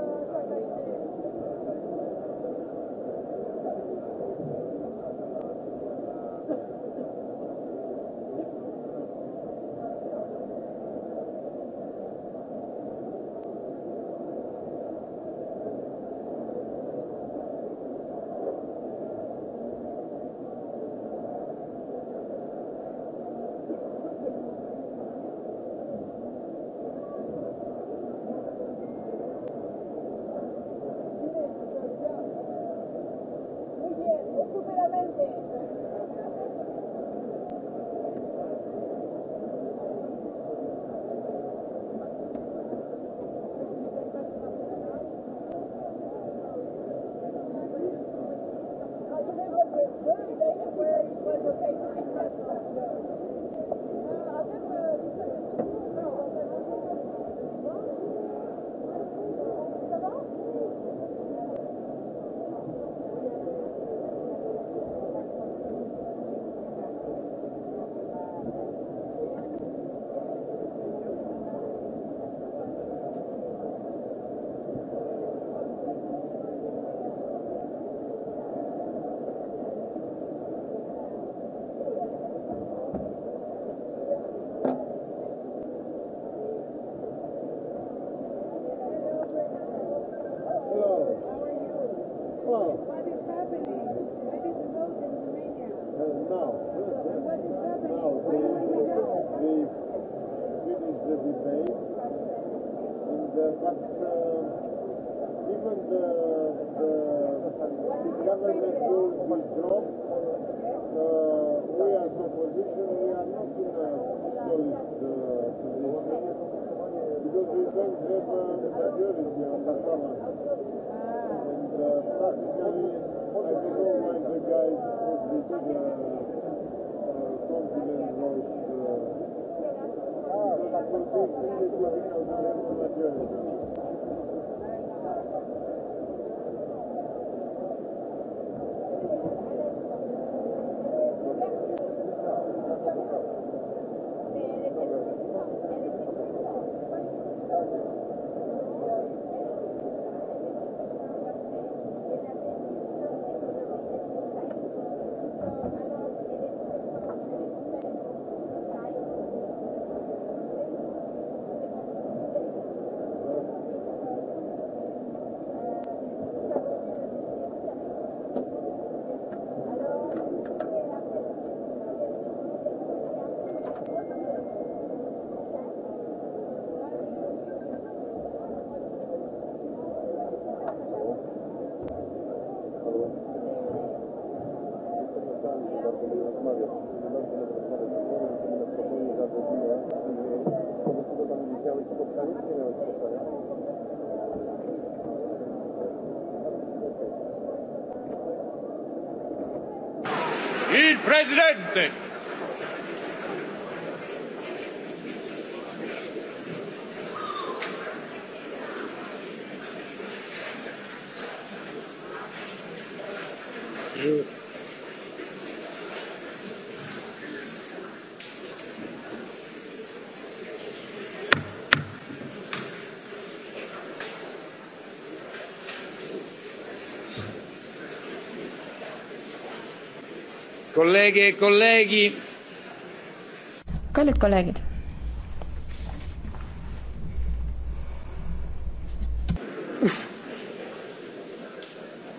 Il presidente kolleege ja kolleegi. kallid kolleegid.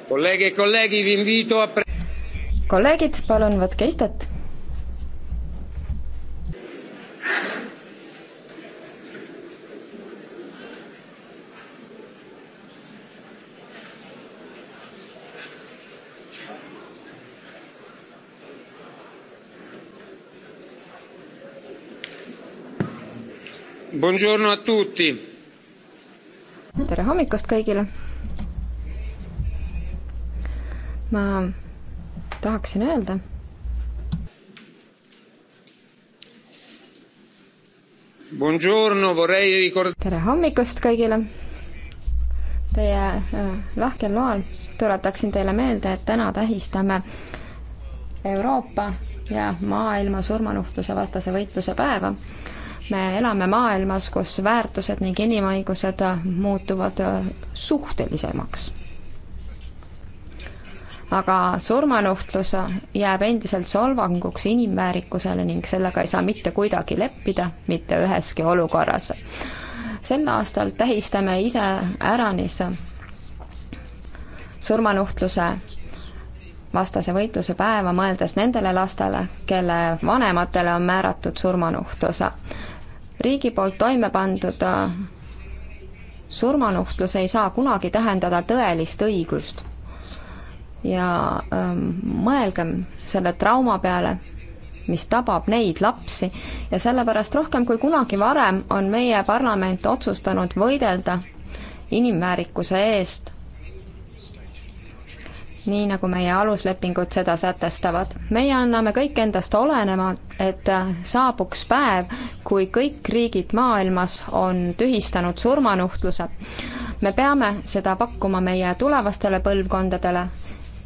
kolleege ja kolleegi, kolleegid, palun võtke istet Buongiorno a tutti. tere hommikust kõigile. ma tahaksin öelda. Buongiorno, vorrei ricord-. tere hommikust kõigile. Teie äh, lahkel loal tuletaksin teile meelde, et täna tähistame Euroopa ja maailma surmanuhtluse vastase võitluse päeva me elame maailmas, kus väärtused ning inimõigused muutuvad suhtelisemaks. aga surmanuhtlus jääb endiselt solvanguks inimväärikusele ning sellega ei saa mitte kuidagi leppida, mitte üheski olukorras. sel aastal tähistame ise äranis surmanuhtluse vastase võitluse päeva, mõeldes nendele lastele, kelle vanematele on määratud surmanuhtlus riigi poolt toime pandud äh, surmanuhtlus ei saa kunagi tähendada tõelist õiglust. ja ähm, mõelgem selle trauma peale, mis tabab neid lapsi ja sellepärast rohkem kui kunagi varem on meie parlament otsustanud võidelda inimväärikuse eest nii nagu meie aluslepingud seda sätestavad. meie anname kõik endast olenema, et saabuks päev, kui kõik riigid maailmas on tühistanud surmanuhtluse. me peame seda pakkuma meie tulevastele põlvkondadele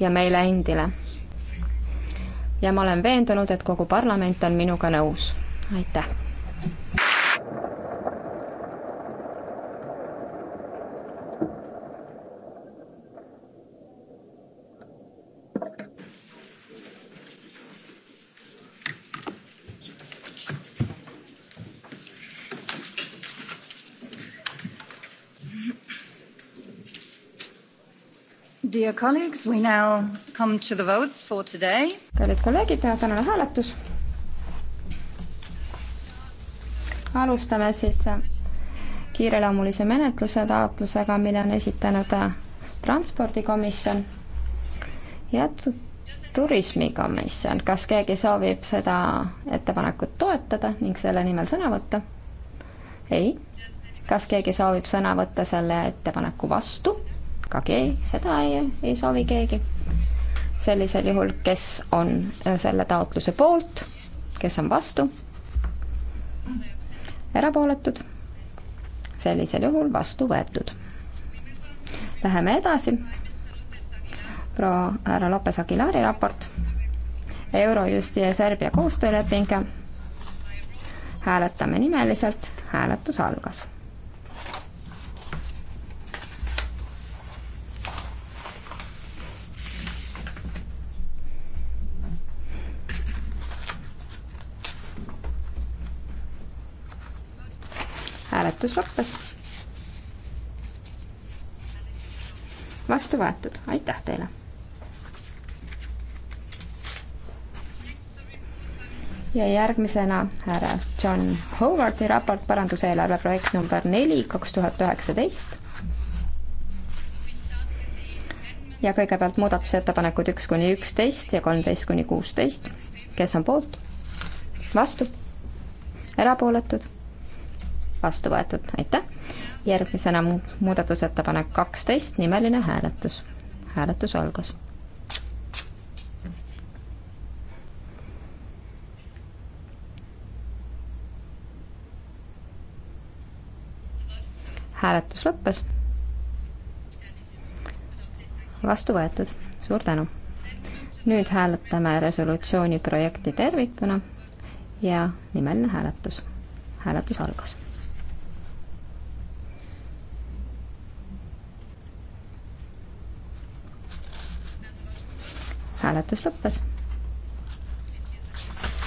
ja meile endile. ja ma olen veendunud, et kogu parlament on minuga nõus. aitäh! Dear colleagues, we now come to the votes for today. kallid kolleegid, tänane hääletus. alustame siis äh, kiireloomulise menetluse taotlusega, mille on esitanud äh, transpordikomisjon ja turismikomisjon. kas keegi soovib seda ettepanekut toetada ning selle nimel sõna võtta? ei. kas keegi soovib sõna võtta selle ettepaneku vastu? ka keegi, seda ei, ei soovi keegi. sellisel juhul, kes on äh, selle taotluse poolt, kes on vastu? erapooletud? sellisel juhul vastu võetud. Läheme edasi. proua härra Lopes Aguilari raport. Eurojusti ja Serbia koostööleping. hääletame nimeliselt, hääletus algas hääletus lõppes. vastu võetud, aitäh teile. ja järgmisena härra John Howardi raport paranduseelarve projekt number neli, kaks tuhat üheksateist ja kõigepealt muudatusettepanekud üks kuni üksteist ja kolmteist kuni kuusteist. kes on poolt? vastu? erapooletud? vastu võetud, aitäh. järgmisena muudatusettepanek kaksteist, nimeline hääletus. hääletus algas. hääletus lõppes. vastu võetud, suur tänu. nüüd hääletame resolutsiooni projekti tervikuna ja nimeline hääletus. hääletus algas hääletus lõppes.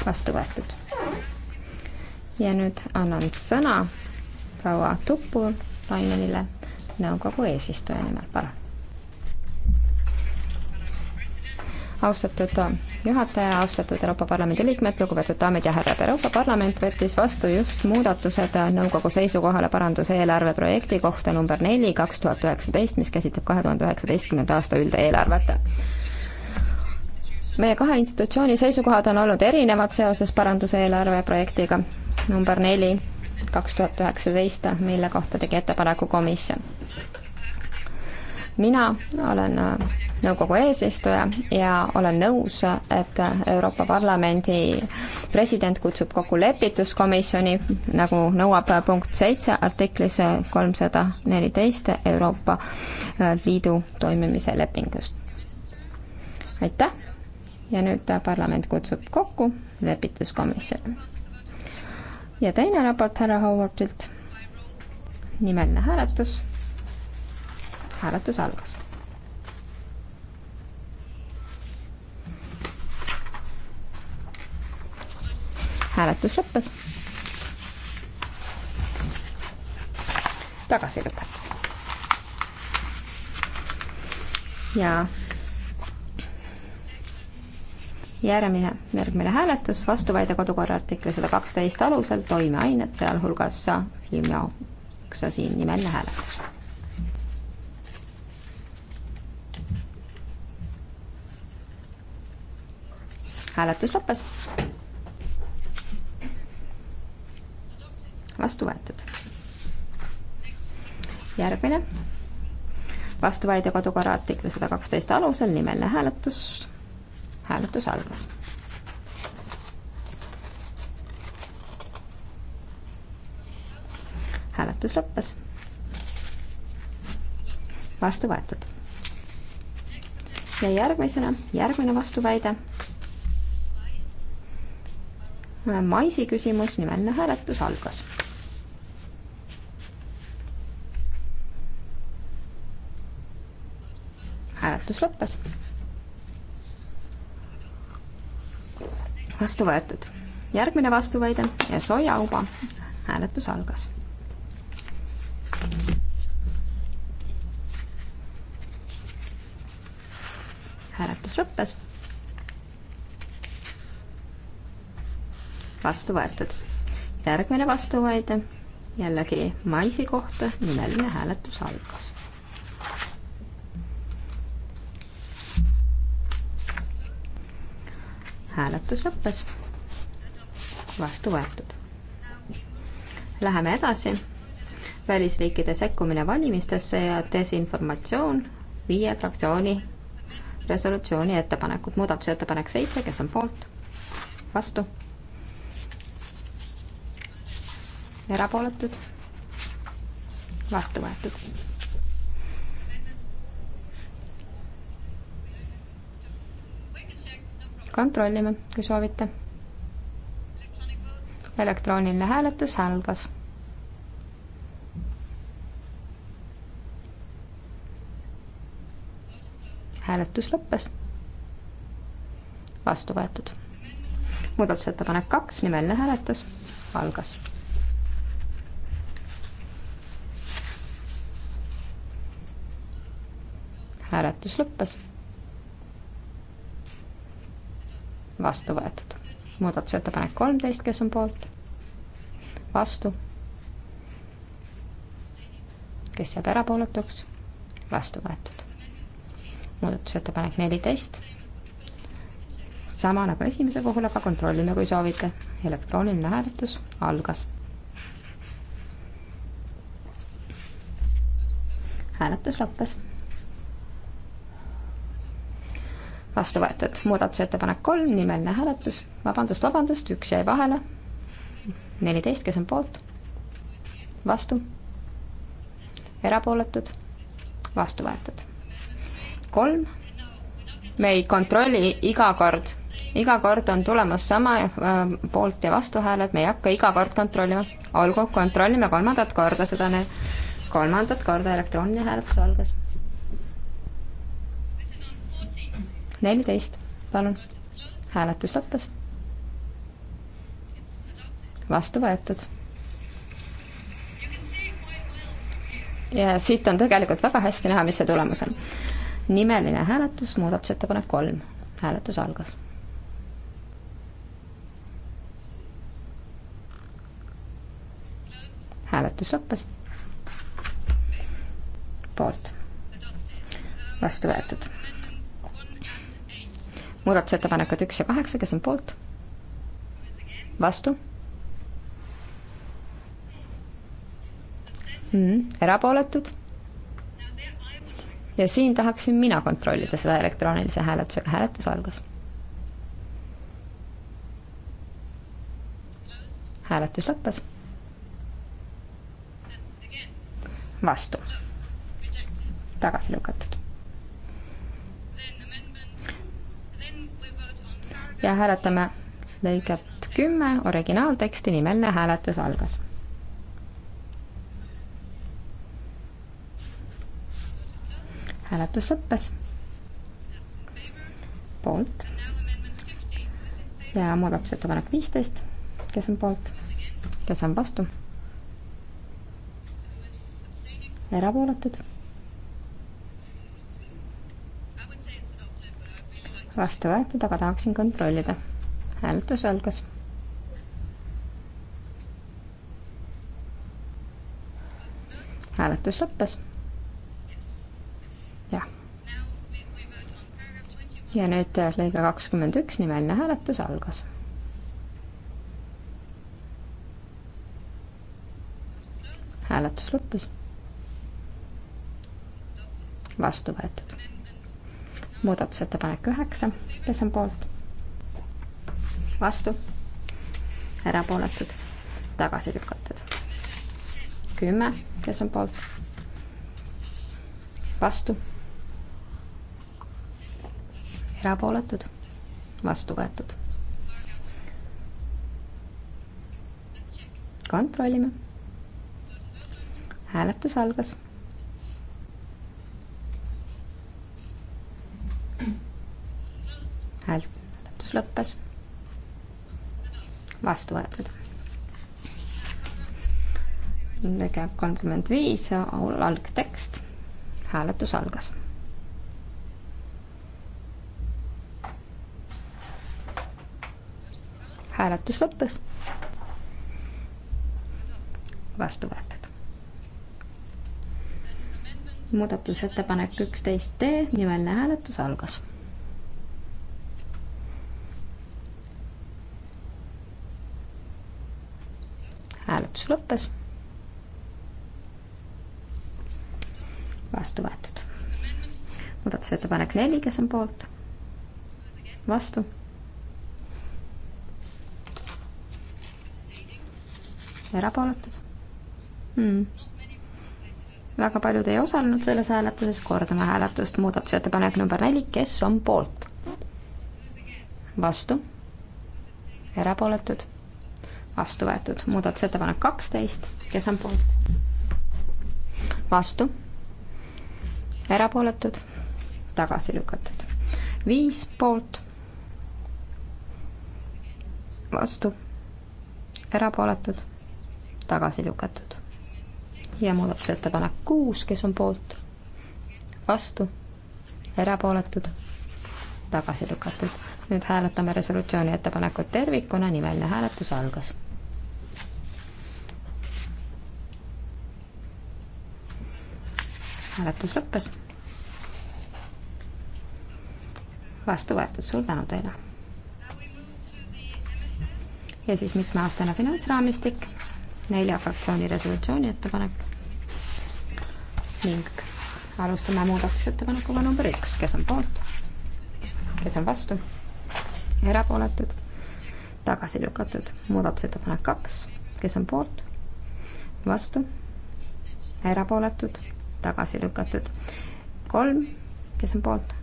vastu võetud. ja nüüd annan sõna proua Tupur Lainenile nõukogu eesistuja nimel, palun. austatud juhataja, austatud Euroopa Parlamendi liikmed, lugupeetud daamid ja härrad, Euroopa Parlament võttis vastu just muudatused nõukogu seisukohale paranduseelarve projekti kohta number neli kaks tuhat üheksateist, mis käsitleb kahe tuhande üheksateistkümnenda aasta üldeelarvet meie kahe institutsiooni seisukohad on olnud erinevad seoses paranduseelarve projektiga number neli kaks tuhat üheksateist, mille kohta tegi ettepaneku komisjon. mina olen äh, nõukogu eesistuja ja olen nõus, et Euroopa Parlamendi president kutsub kokku lepituskomisjoni, nagu nõuab punkt seitse artiklis kolmsada neliteist Euroopa äh, Liidu toimimise lepingust. aitäh! ja nüüd parlament kutsub kokku lepituskomisjoni. ja teine raport härra Howardilt, nimeline hääletus. hääletus algas. hääletus lõppes. tagasi lükatus. ja järgmine, järgmine hääletus, vastuväide kodukorra artikli sada kaksteist alusel toimeained, sealhulgas lümioksasiin nimeline hääletus. hääletus lõppes. vastu võetud. järgmine, vastuväide kodukorra artikli sada kaksteist alusel nimeline hääletus hääletus algas. hääletus lõppes. vastu võetud. ja järgmisena, järgmine vastuväide. maisi küsimus, nimeline hääletus algas hääletus lõppes. vastu võetud. järgmine vastuväide ja sojauba. hääletus algas. hääletus lõppes. vastu võetud. järgmine vastuväide jällegi maisi kohta, nimeline hääletus algas hääletus lõppes. vastu võetud. Läheme edasi. välisriikide sekkumine valimistesse ja desinformatsioon viie fraktsiooni resolutsiooni ettepanekud. muudatusettepanek seitse, kes on poolt? vastu? erapooletud? vastu võetud kontrollime, kui soovite. elektrooniline hääletus algas. hääletus lõppes. vastu võetud. muudatusettepanek kaks, nimeline hääletus algas. hääletus lõppes vastu võetud. muudatusettepanek kolmteist, kes on poolt? vastu. kes jääb erapooletuks? vastu võetud. muudatusettepanek neliteist. sama nagu esimese puhul, aga kontrollime, kui soovite. elektrooniline hääletus algas. hääletus lõppes vastu võetud. muudatusettepanek kolm, nimeline hääletus, vabandust, vabandust, üks jäi vahele. neliteist, kes on poolt? vastu? erapooletud? vastu võetud. kolm, me ei kontrolli iga kord, iga kord on tulemus sama äh, poolt ja vastuhääled, me ei hakka iga kord kontrollima, olgu, kontrollime kolmandat korda seda, kolmandat korda elektrooniline hääletus algas neliteist, palun. hääletus lõppes. vastu võetud. ja siit on tegelikult väga hästi näha, mis see tulemus on. nimeline hääletus, muudatusettepanek kolm, hääletus algas hääletus lõppes. poolt. vastu võetud muudatusettepanekud üks ja kaheksa, kes on poolt? vastu mm,? erapooletud? ja siin tahaksin mina kontrollida seda elektroonilise hääletusega, hääletus algas. hääletus lõppes. vastu. tagasi lükatud. ja hääletame lõiget kümme, originaalteksti nimeline hääletus algas. hääletus lõppes. poolt. ja muudatusettepanek viisteist, kes on poolt, kes on vastu? erapooletud vastu võetud, aga tahaksin kontrollida. hääletus algas. hääletus lõppes. jah. ja nüüd lõige kakskümmend üks nimeline hääletus algas. hääletus lõppes. vastu võetud muudatusettepanek üheksa, kes on poolt? vastu, erapooletud, tagasi lükatud. kümme, kes on poolt? vastu, erapooletud, vastu võetud. kontrollime. hääletus algas hääletus lõppes. vastu võetud. lõige kolmkümmend viis, algtekst, hääletus algas hääletus lõppes. vastu võetud. muudatusettepanek üksteist D, nimeline hääletus algas hääletus lõppes. vastu võetud. muudatusettepanek neli, kes on poolt? vastu. erapooletud hmm.? väga paljud ei osalenud selles hääletuses, kordame hääletust, muudatusettepanek number neli, kes on poolt? vastu? erapooletud? vastu võetud. muudatusettepanek kaksteist, kes on poolt? vastu, erapooletud, tagasi lükatud. viis poolt, vastu, erapooletud, tagasi lükatud. ja muudatusettepanek kuus, kes on poolt? vastu, erapooletud, tagasi lükatud. nüüd hääletame resolutsiooni ettepanekut tervikuna, nimeline hääletus algas hääletus lõppes. vastu võetud, suur tänu teile. ja siis mitmeaastane finantsraamistik, nelja fraktsiooni resolutsiooni ettepanek ning alustame muudatusettepanekuga number üks, kes on poolt, kes on vastu, erapooletud, tagasi lükatud, muudatusettepanek kaks, kes on poolt, vastu, erapooletud tagasi lükatud. kolm, kes on poolt,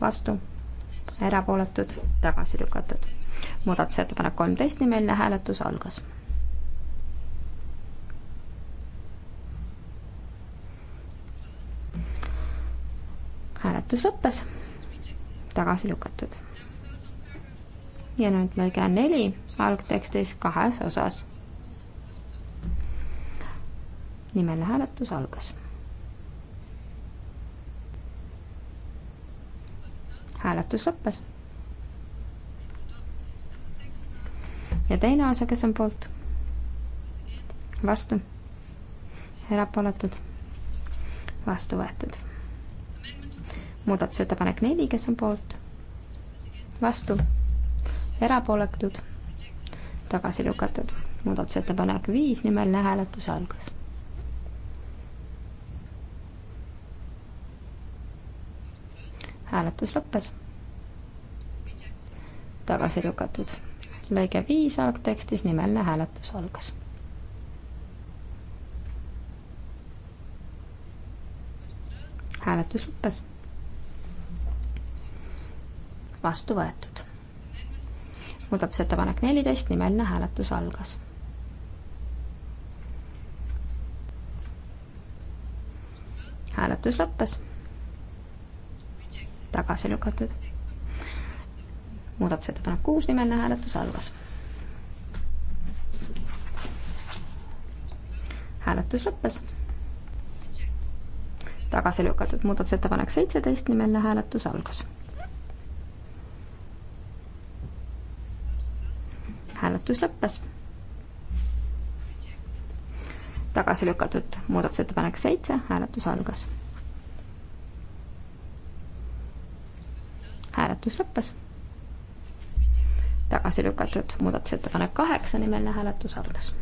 vastu, erapooletud, tagasi lükatud. muudatusettepanek kolmteist, nimeline hääletus algas. hääletus lõppes, tagasi lükatud. ja nüüd lõige neli algtekstis kahes osas. nimeline hääletus algas hääletus lõppes. ja teine osa, kes on poolt? vastu. erapooletud. vastu võetud. muudatusettepanek neli, kes on poolt? vastu. erapooletud. tagasi lükatud. muudatusettepanek viis, nimeline hääletus algas hääletus lõppes. tagasi lükatud. lõige viis algtekstis nimeline hääletus algas. hääletus lõppes. vastu võetud. muudatusettepanek neliteist, nimeline hääletus algas. hääletus lõppes tagasi lükatud. muudatusettepanek kuus, nimeline hääletus algas. hääletus lõppes. tagasi lükatud muudatusettepanek seitseteist, nimeline hääletus algas. hääletus lõppes. tagasi lükatud muudatusettepanek seitse, hääletus algas hääletus lõppes. tagasi lükatud muudatusettepanek kaheksa, nimeline hääletus algas.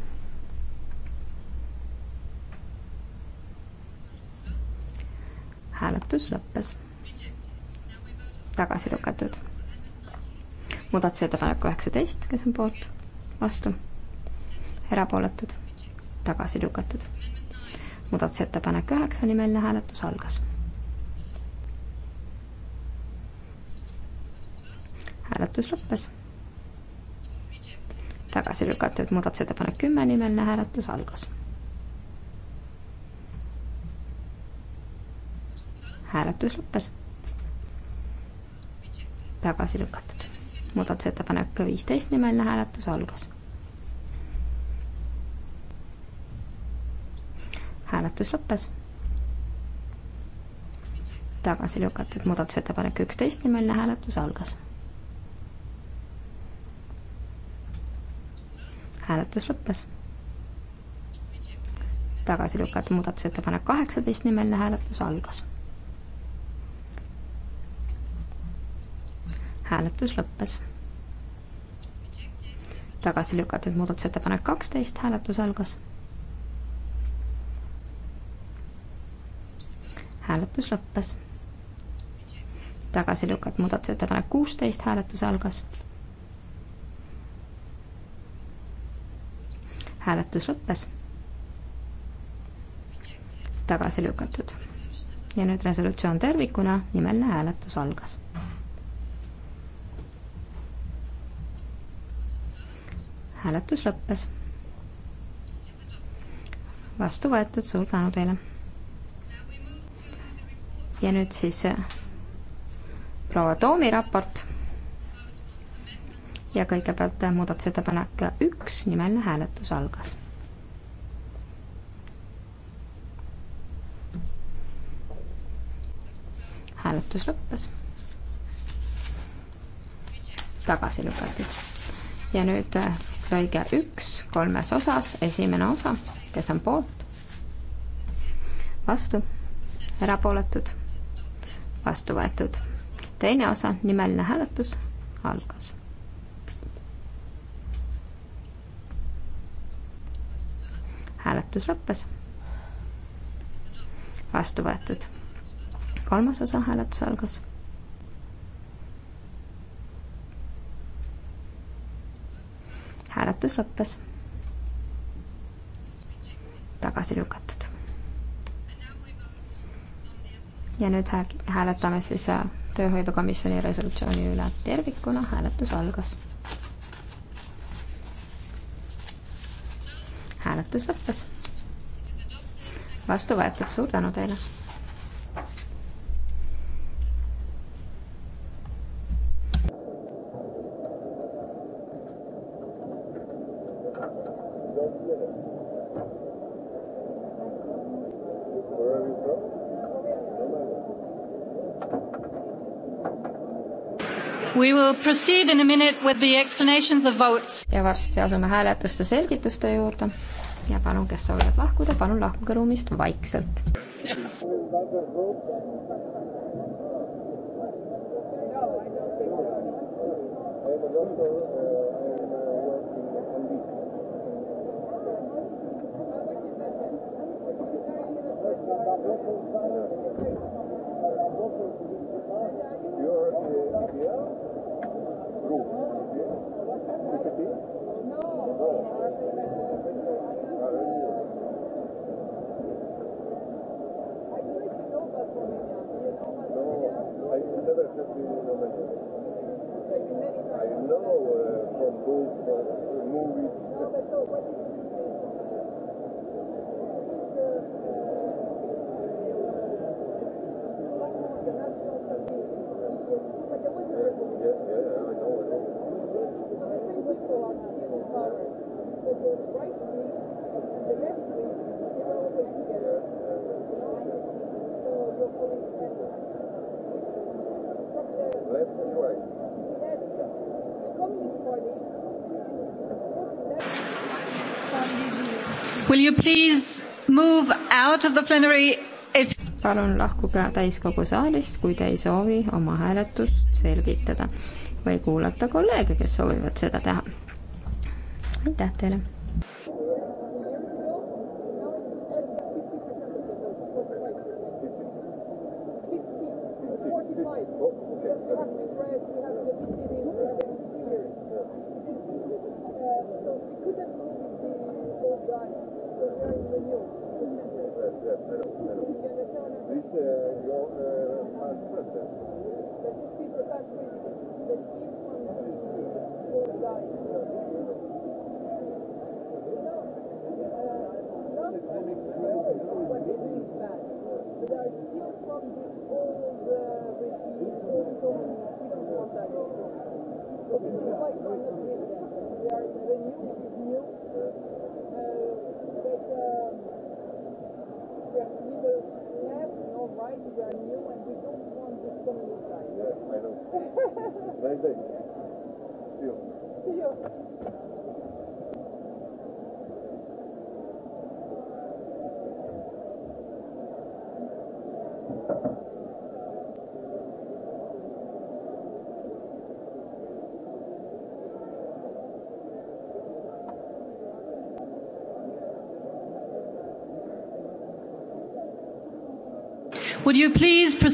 hääletus lõppes. tagasi lükatud. muudatusettepanek üheksateist, kes on poolt, vastu, erapooletud, tagasi lükatud. muudatusettepanek üheksa, nimeline hääletus algas hääletus lõppes. tagasi lükatud muudatusettepanek kümme nimeline hääletus algas. hääletus lõppes. tagasi lükatud muudatusettepanek viisteist nimeline hääletus algas. hääletus lõppes tagasi lükatud muudatusettepanek üksteist nimeline hääletus algas hääletus lõppes. tagasi lükatud muudatusettepanek kaheksateist nimeline hääletus algas. hääletus lõppes. tagasi lükatud muudatusettepanek kaksteist hääletus algas. hääletus lõppes. tagasi lükatud muudatusettepanek kuusteist hääletus algas hääletus lõppes. tagasi lükatud. ja nüüd resolutsioon tervikuna, nimeline hääletus algas. hääletus lõppes. vastu võetud, suur tänu teile. ja nüüd siis eh, proua Toomi raport ja kõigepealt muudatusettepanek üks, nimeline hääletus algas. hääletus lõppes. tagasi lükatud. ja nüüd äh, lõige üks kolmes osas, esimene osa, kes on poolt, vastu, erapooletud, vastu võetud. teine osa, nimeline hääletus algas hääletus lõppes. vastu võetud. kolmas osa hääletus algas. hääletus lõppes. tagasi lükatud. ja nüüd hääletame siis äh, tööhõivekomisjoni resolutsiooni üle tervikuna, hääletus algas hääletus lõppes. vastu võetud, suur tänu teile. ja varsti asume hääletuste selgituste juurde ja palun, kes soovivad lahkuda, palun lahkuge ruumist vaikselt. Will you please move out of the plenary if palun lahkuge täiskogu saalist, kui te ei soovi oma hääletust selgitada või kuulata kolleege, kes soovivad seda teha. aitäh teile!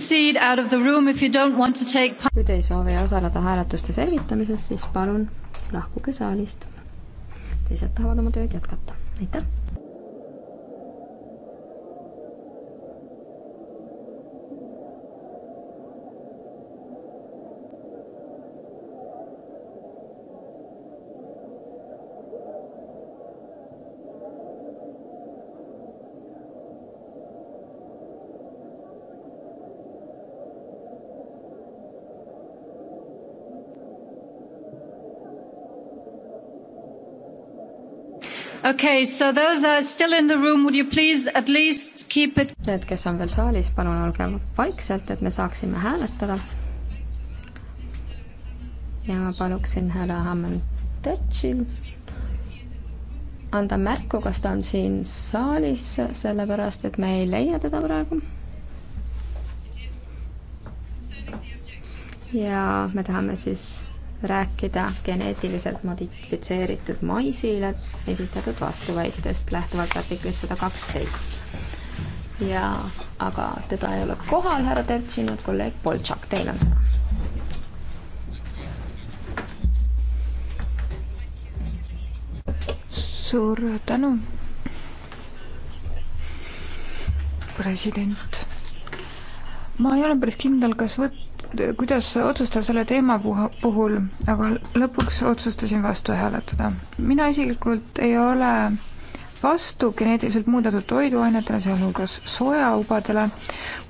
kui te ei soovi osaleda hääletuste selgitamises, siis palun lahkuge saalist. teised tahavad oma tööd jätkata. aitäh! Okay, so those are still in the room, would you please at least keep it Need, kes on veel saalis, palun olge vaikselt, et me saaksime hääletada. ja ma paluksin härra Hammond Churchill anda märku, kas ta on siin saalis, sellepärast et me ei leia teda praegu. ja me tahame siis rääkida geneetiliselt modifitseeritud maisile esitatud vastuväitest lähtuvalt artiklist sada kaksteist. ja, aga teda ei ole kohal, härra Tertšinov, kolleeg Boltšak, teil on sõna. suur tänu, president. ma ei ole päris kindel, kas võtta kuidas otsustada selle teema puhul, aga lõpuks otsustasin vastu hääletada. mina isiklikult ei ole vastu geneetiliselt muundatud toiduainetele, sealhulgas sojaubadele,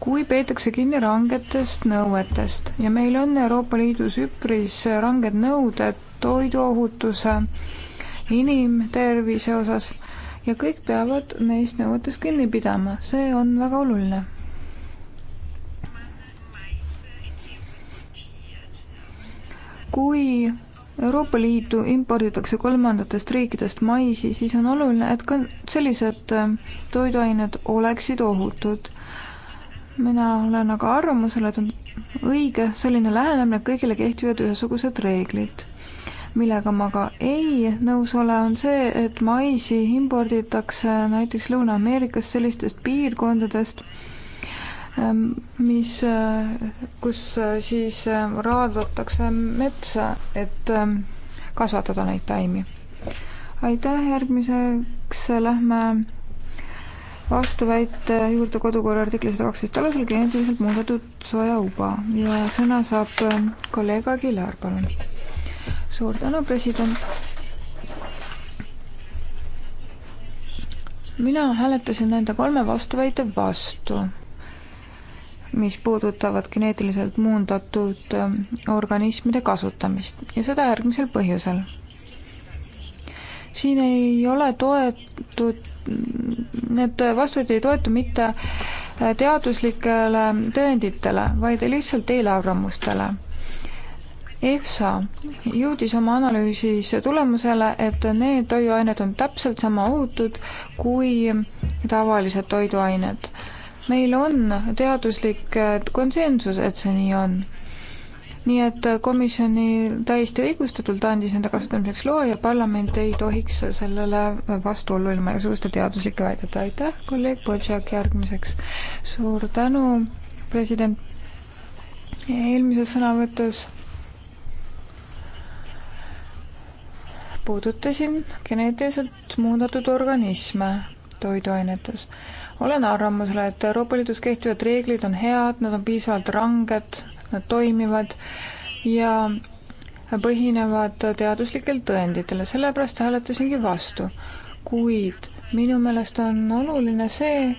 kui peetakse kinni rangetest nõuetest ja meil on Euroopa Liidus üpris ranged nõuded toiduohutuse, inimtervise osas ja kõik peavad neist nõuetest kinni pidama, see on väga oluline kui Euroopa Liitu imporditakse kolmandatest riikidest maisi, siis on oluline, et ka sellised äh, toiduained oleksid ohutud. mina olen aga arvamusel, et on õige selline lähenemine, kõigile kehtivad ühesugused reeglid. millega ma ka ei nõus ole, on see, et maisi imporditakse näiteks Lõuna-Ameerikast, sellistest piirkondadest, Ähm, mis, äh, kus äh, siis äh, raadatakse metsa, et ähm, kasvatada neid taimi. aitäh, järgmiseks lähme vastuväite juurde kodukorra artikli sada kaksteist alusel geneetiliselt muudetud sojauba ja sõna saab ähm, kolleeg Aguilar, palun. suur tänu, president mina hääletasin nende kolme vastuväite vastu, vastu mis puudutavad geneetiliselt muundatud äh, organismide kasutamist ja seda järgmisel põhjusel. siin ei ole toetud, need vastused ei toetu mitte äh, teaduslikele tõenditele, vaid lihtsalt eelarvamustele. EFSA jõudis oma analüüsis tulemusele, et need toiduained on täpselt sama ohutud kui tavalised toiduained meil on teaduslik äh, konsensus, et see nii on. nii et äh, komisjoni täiesti õigustatult andis nende kasutamiseks loa ja parlament ei tohiks sellele vastuollu ilma igasuguste teaduslike väidete. aitäh, kolleeg Põltšak, järgmiseks. suur tänu, president. eelmises sõnavõtus puudutasin geneetiliselt muundatud organisme toiduainetes olen arvamusel, et Euroopa Liidus kehtivad reeglid on head, nad on piisavalt ranged, nad toimivad ja põhinevad teaduslikel tõenditel ja sellepärast hääletasingi vastu. kuid minu meelest on oluline see,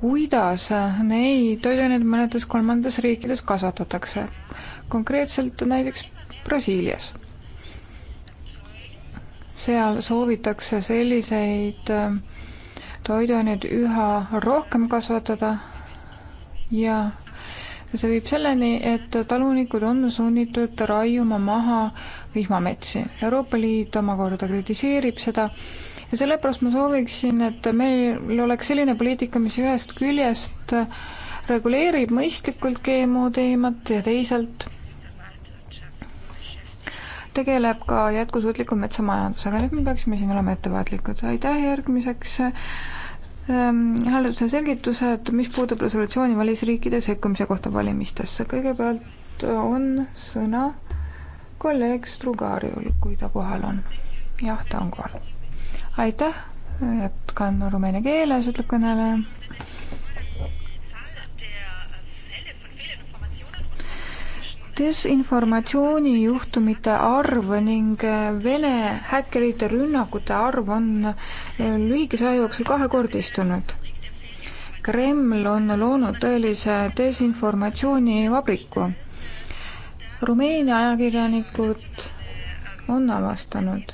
kuidas neid toiduaineid mõnedes kolmandates riikides kasvatatakse, konkreetselt näiteks Brasiilias. seal soovitakse selliseid äh, toiduaineid üha rohkem kasvatada ja see viib selleni, et talunikud on sunnitud raiuma maha vihmametsi. Euroopa Liit omakorda kritiseerib seda ja sellepärast ma sooviksin, et meil oleks selline poliitika, mis ühest küljest reguleerib mõistlikult GMO teemat ja teisalt tegeleb ka jätkusuutliku metsamajandusega, nüüd me peaksime siin olema ettevaatlikud. aitäh, järgmiseks hääletuse ehm, selgitused, mis puudub resolutsiooni välisriikide sekkumise kohta valimistesse. kõigepealt äh, on sõna kolleeg Strugariul, kui ta kohal on. jah, ta on kohal. aitäh, jätkan rumeenia keeles, ütleb kõneleja desinformatsioonijuhtumite arv ning äh, Vene häkkerite rünnakute arv on äh, lühikese aja jooksul kahekordistunud. Kreml on loonud tõelise desinformatsioonivabriku. Rumeenia ajakirjanikud on avastanud,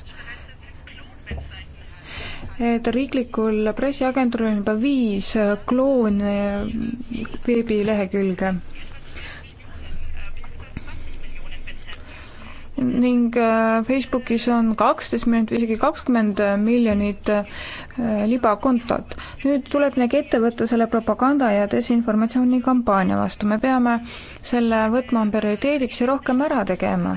et riiklikul pressiagentuuril on juba viis klooni äh, veebilehekülge ning äh, Facebookis on kaksteist miljonit või isegi kakskümmend miljonit äh, libakontot. nüüd tuleb midagi ette võtta selle propaganda ja desinformatsioonikampaania vastu, me peame selle võtma prioriteediks ja rohkem ära tegema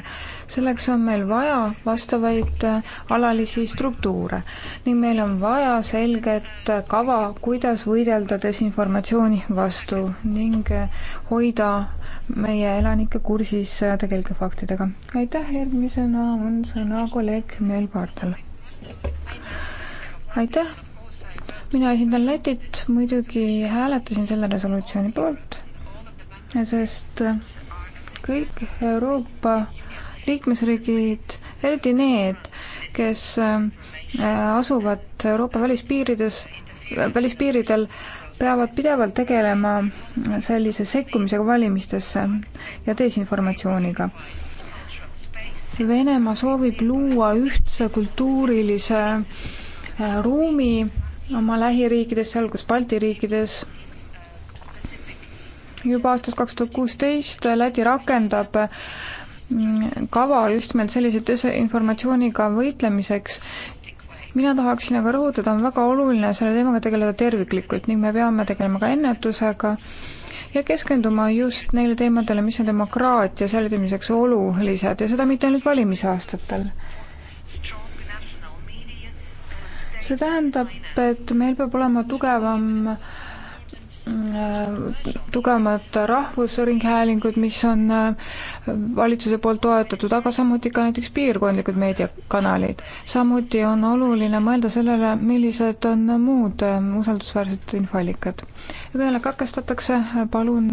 selleks on meil vaja vastavaid äh, alalisi struktuure ning meil on vaja selget äh, kava, kuidas võidelda desinformatsiooni vastu ning äh, hoida meie elanikke kursis tegelike faktidega. aitäh, järgmisena on sõna kolleeg Meel Pardal. aitäh, mina esindan Lätit, muidugi hääletasin selle resolutsiooni poolt, sest kõik Euroopa liikmesriigid, eriti need, kes äh, asuvad Euroopa välispiirides, välispiiridel, peavad pidevalt tegelema sellise sekkumisega valimistesse ja desinformatsiooniga. Venemaa soovib luua ühtse kultuurilise äh, ruumi oma lähiriikides, sealhulgas Balti riikides, juba aastast kaks tuhat kuusteist Läti rakendab äh, Mm, kava just nimelt sellise desinformatsiooniga võitlemiseks. mina tahaksin aga rõhutada, on väga oluline selle teemaga tegeleda terviklikult ning me peame tegelema ka ennetusega ja keskenduma just neile teemadele, mis on demokraatia säilitamiseks olulised ja seda mitte ainult valimisaastatel. see tähendab, et meil peab olema tugevam äh, Äh, tugevamat rahvusringhäälingut, mis on äh, valitsuse poolt toetatud, aga samuti ka näiteks piirkondlikud meediakanalid. samuti on oluline mõelda sellele, millised on muud äh, usaldusväärsed infoallikad. ja kui jälle katkestatakse, palun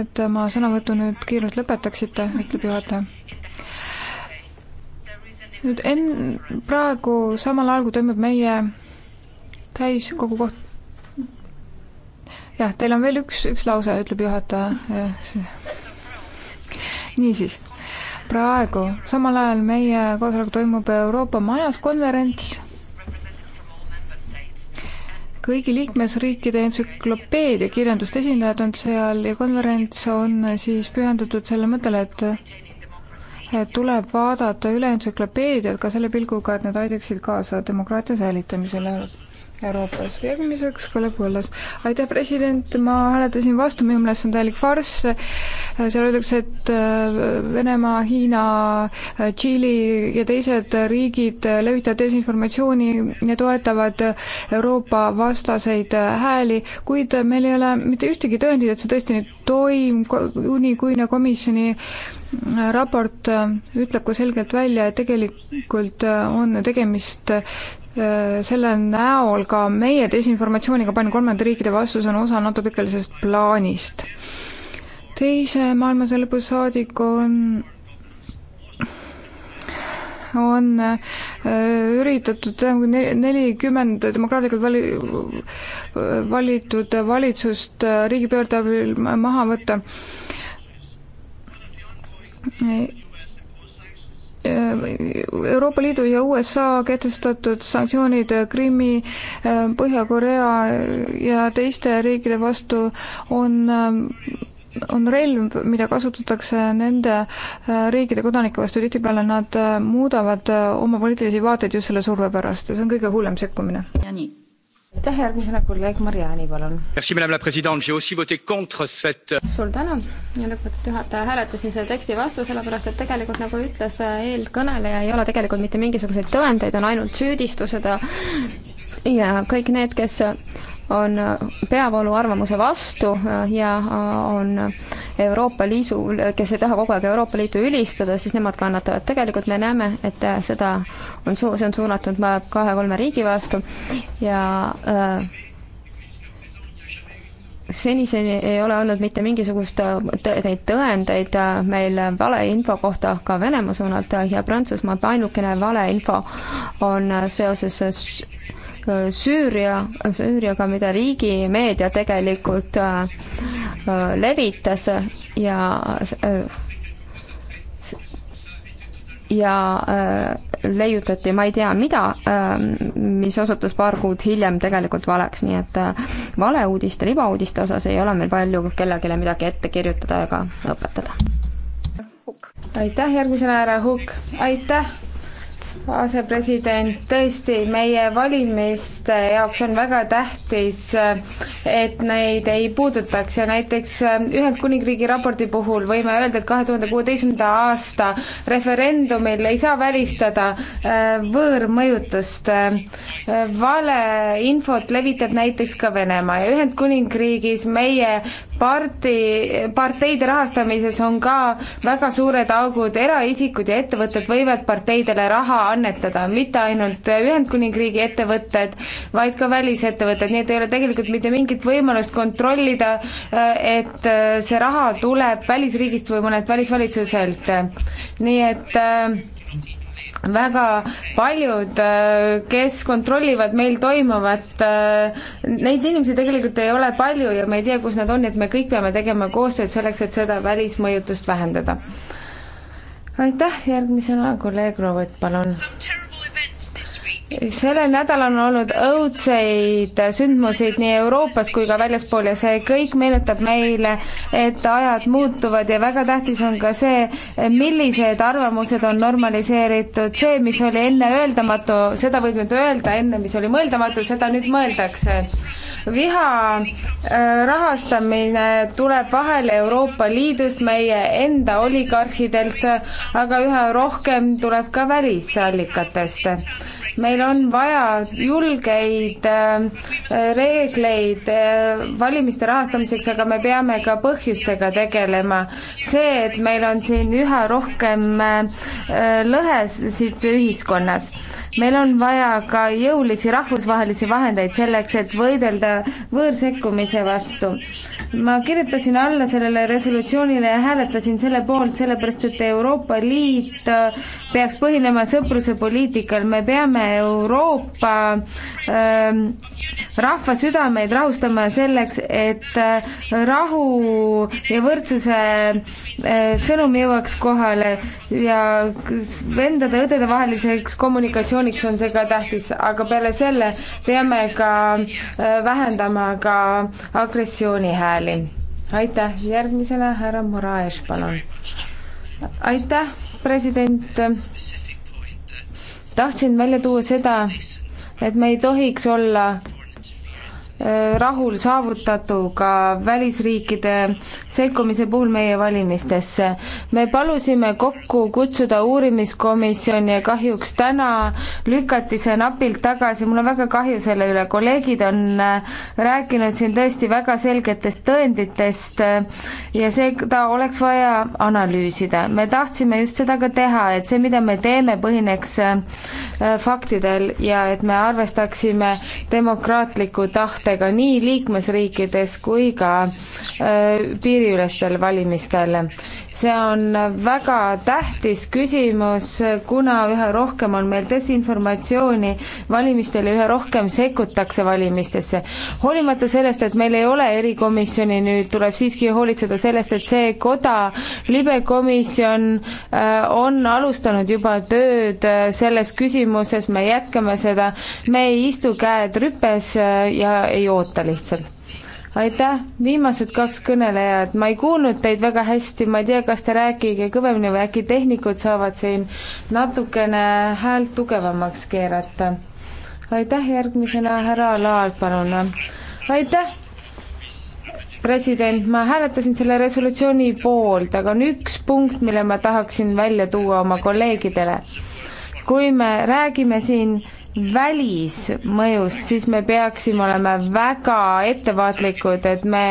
et ma sõnavõtu nüüd kiirelt lõpetaksite, ütleb juhataja nüüd enn-, praegu samal ajal, kui toimub meie täiskogu koht. jah, teil on veel üks, üks lause, ütleb juhataja. niisiis, praegu samal ajal meie koosolek toimub Euroopa Majas konverents kõigi liikmesriikide entsüklopeedia kirjanduste esindajad on seal ja konverents on siis pühendatud selle mõttele, et et tuleb vaadata üle entsüklopeediat ka selle pilguga, et need aitaksid kaasa demokraatia säilitamisele Euroopas. järgmiseks Kalle Põllas. aitäh, president, ma hääletasin vastu, minu meelest see on täielik farss, seal öeldakse, et äh, Venemaa, Hiina, äh, Tšiili ja teised riigid levitavad desinformatsiooni ja toetavad Euroopa vastaseid äh, hääli, kuid meil ei ole mitte ühtegi tõendit, et see tõesti nüüd toimub, unikuine komisjoni raport ütleb ka selgelt välja, et tegelikult on tegemist Äh, selle näol ka meie desinformatsioonikampaania kolmandate riikide vastus on osa NATO pikaajalisest plaanist. teise maailmasõja lõpu saadik on on äh, üritatud äh, nelikümmend demokraatlikult vali-, valitud valitsust riigipöörde abil maha võtta Euroopa Liidu ja USA kehtestatud sanktsioonid Krimmi, Põhja-Korea ja teiste riikide vastu on on relv, mida kasutatakse nende riikide kodanike vastu, tihtipeale nad muudavad oma poliitilisi vaateid just selle surve pärast ja see on kõige hullem sekkumine. ja nii aitäh, järgmisena kolleeg Mariani, palun. suur tänu, lugupeetud juhataja, hääletasin selle teksti vastu, sellepärast et tegelikult nagu ütles äh, eelkõneleja, ei ole tegelikult mitte mingisuguseid tõendeid, on ainult süüdistused äh, ja kõik need, kes on peavoolu arvamuse vastu äh, ja äh, on Euroopa Liisu, kes ei taha kogu aeg Euroopa Liitu ülistada, siis nemad kannatavad. tegelikult me näeme, et äh, seda on su-, see on suunatud kahe-kolme riigi vastu ja äh, seniseni ei ole olnud mitte mingisugust neid tõendeid meil valeinfo kohta ka Venemaa suunalt ja Prantsusmaa ainukene valeinfo on seoses Süüria, Süüriaga, mida riigimeedia tegelikult äh, äh, levitas ja äh, ja leiutati ma ei tea mida, mis osutus paar kuud hiljem tegelikult valeks, nii et valeuudiste, libauudiste osas ei ole meil palju kellelegi midagi ette kirjutada ega õpetada. aitäh, järgmisena härra Hukk, aitäh asepresident, tõesti, meie valimiste jaoks on väga tähtis, et neid ei puudutaks ja näiteks Ühendkuningriigi raporti puhul võime öelda, et kahe tuhande kuueteistkümnenda aasta referendumil ei saa välistada äh, võõrmõjutust. Äh, valeinfot levitab näiteks ka Venemaa ja Ühendkuningriigis meie parti, parteide rahastamises on ka väga suured augud, eraisikud ja ettevõtted võivad parteidele raha annetada, mitte ainult Ühendkuningriigi ettevõtted, vaid ka välisettevõtted, nii et ei ole tegelikult mitte mingit võimalust kontrollida, et see raha tuleb välisriigist või mõnelt välisvalitsuselt. nii et äh, väga paljud, äh, kes kontrollivad meil toimuvat, äh, neid inimesi tegelikult ei ole palju ja me ei tea, kus nad on, et me kõik peame tegema koostööd selleks, et seda välismõjutust vähendada. aitäh, järgmisena kolleeg Robert, palun sellel nädalal on olnud õudseid sündmusi nii Euroopas kui ka väljaspool ja see kõik meenutab meile, et ajad muutuvad ja väga tähtis on ka see, millised arvamused on normaliseeritud, see, mis oli enne öeldamatu, seda võib nüüd öelda, enne mis oli mõeldamatu, seda nüüd mõeldakse. viha äh, rahastamine tuleb vahele Euroopa Liidust, meie enda oligarhidelt, aga üha rohkem tuleb ka välisallikatest meil on vaja julgeid äh, reegleid äh, valimiste rahastamiseks, aga me peame ka põhjustega tegelema. see, et meil on siin üha rohkem äh, lõhesid ühiskonnas, meil on vaja ka jõulisi rahvusvahelisi vahendeid selleks, et võidelda võõrsekkumise vastu. ma kirjutasin alla sellele resolutsioonile ja hääletasin selle poolt, sellepärast et Euroopa Liit peaks põhinema sõpruse poliitikal, me peame Lõuna-Euroopa ähm, rahva südameid rahustama selleks, et äh, rahu ja võrdsuse äh, sõnum jõuaks kohale ja vendade-õdede vaheliseks kommunikatsiooniks on see ka tähtis, aga peale selle peame ka äh, vähendama ka agressiooni hääli. aitäh, järgmisena härra Moraes, palun. aitäh, president tahtsin välja tuua seda, et me ei tohiks olla Äh, rahul saavutatuga välisriikide sekkumise puhul meie valimistesse. me palusime kokku kutsuda uurimiskomisjoni ja kahjuks täna lükati see napilt tagasi, mul on väga kahju selle üle, kolleegid on äh, rääkinud siin tõesti väga selgetest tõenditest äh, ja seda oleks vaja analüüsida. me tahtsime just seda ka teha, et see, mida me teeme, põhineks faktidel ja et me arvestaksime demokraatlikku tahte võitega nii liikmesriikides kui ka äh, piiriülestel valimistel see on väga tähtis küsimus, kuna üha rohkem on meil desinformatsiooni valimistel ja üha rohkem sekkutakse valimistesse. hoolimata sellest, et meil ei ole erikomisjoni, nüüd tuleb siiski hoolitseda sellest, et see koda, libekomisjon äh, on alustanud juba tööd äh, selles küsimuses, me jätkame seda, me ei istu käed rüpes äh, ja ei oota lihtsalt aitäh, viimased kaks kõnelejat, ma ei kuulnud teid väga hästi, ma ei tea, kas te rääkige kõvemini või äkki tehnikud saavad siin natukene häält tugevamaks keerata. aitäh, järgmisena härra Laar, palun. aitäh, president, ma hääletasin selle resolutsiooni poolt, aga on üks punkt, mille ma tahaksin välja tuua oma kolleegidele. kui me räägime siin välismõjust, siis me peaksime olema väga ettevaatlikud, et me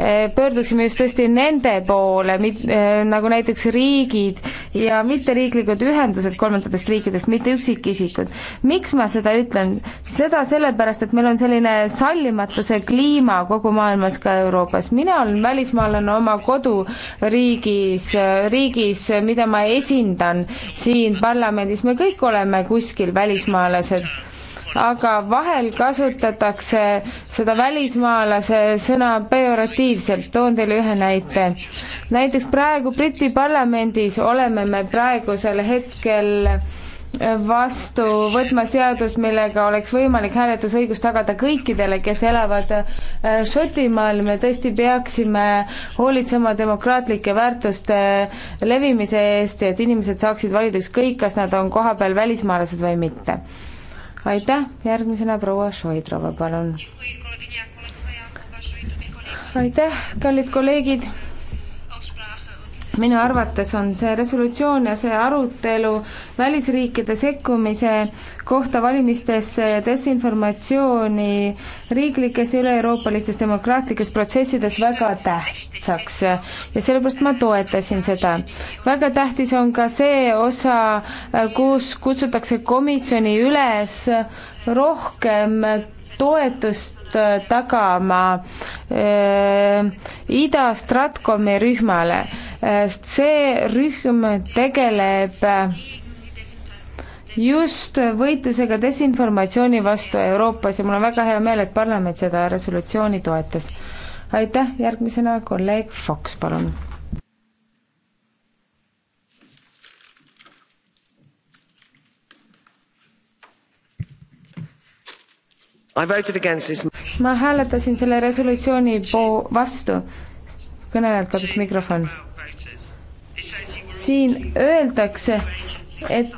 eh, pöörduksime just tõesti nende poole, eh, nagu näiteks riigid ja mitteriiklikud ühendused kolmandatest riikidest, mitte üksikisikud. miks ma seda ütlen? seda sellepärast, et meil on selline sallimatuse kliima kogu maailmas, ka Euroopas. mina olen välismaalane oma koduriigis, riigis, mida ma esindan siin parlamendis, me kõik oleme kuskil välismaalased, tööd aga vahel kasutatakse seda välismaalase sõna pejoratiivselt, toon teile ühe näite. näiteks praegu Briti parlamendis oleme me praegusel hetkel vastu võtma seadus, millega oleks võimalik hääletusõigus tagada kõikidele, kes elavad äh, Šotimaal, me tõesti peaksime hoolitsema demokraatlike väärtuste levimise eest ja et inimesed saaksid valida ükskõik, kas nad on kohapeal välismaalased või mitte aitäh, järgmisena proua Šoidrova, palun. aitäh, kallid kolleegid minu arvates on see resolutsioon ja see arutelu välisriikide sekkumise kohta valimistesse ja desinformatsiooni riiklikes ja üle-euroopalistes demokraatlikes protsessides väga tähtsaks. ja sellepärast ma toetasin seda. väga tähtis on ka see osa, kus kutsutakse komisjoni üles rohkem toetust äh, tagama äh, Ida Stratkomi rühmale. Äh, see rühm tegeleb äh, just võitlusega desinformatsiooni vastu Euroopas ja mul on väga hea meel, et parlament seda resolutsiooni toetas. aitäh, järgmisena kolleeg Fox, palun ma hääletasin selle resolutsiooni po-, vastu. kõnelejalt kadus mikrofon. siin öeldakse, et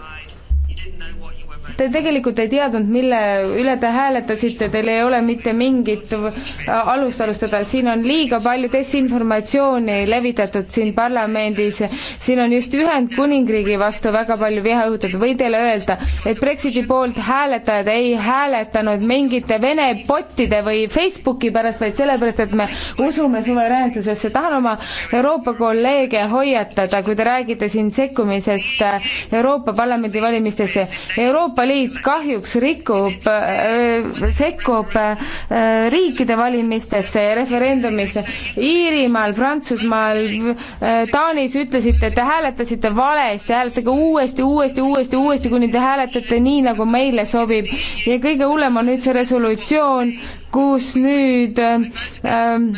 Te tegelikult ei teadnud, mille üle te hääletasite, teil ei ole mitte mingit äh, alust alustada, siin on liiga palju desinformatsiooni levitatud siin parlamendis, siin on just Ühendkuningriigi vastu väga palju viha õhutatud, võin teile öelda, et Brexiti poolt hääletajad ei hääletanud mingite Vene bottide või Facebooki pärast, vaid sellepärast, et me usume suveräänsusesse, tahan oma Euroopa kolleege hoiatada, kui te räägite siin sekkumisest äh, Euroopa Parlamendi valimistesse, Euroopa Euroopa Liit kahjuks rikub, sekkub riikide valimistesse ja referendumisse. Iirimaal, Prantsusmaal, Taanis ütlesite, et te hääletasite valesti, hääletage uuesti, uuesti, uuesti, uuesti, kuni te hääletate nii, nagu meile sobib. ja kõige hullem on nüüd see resolutsioon, kus nüüd ähm,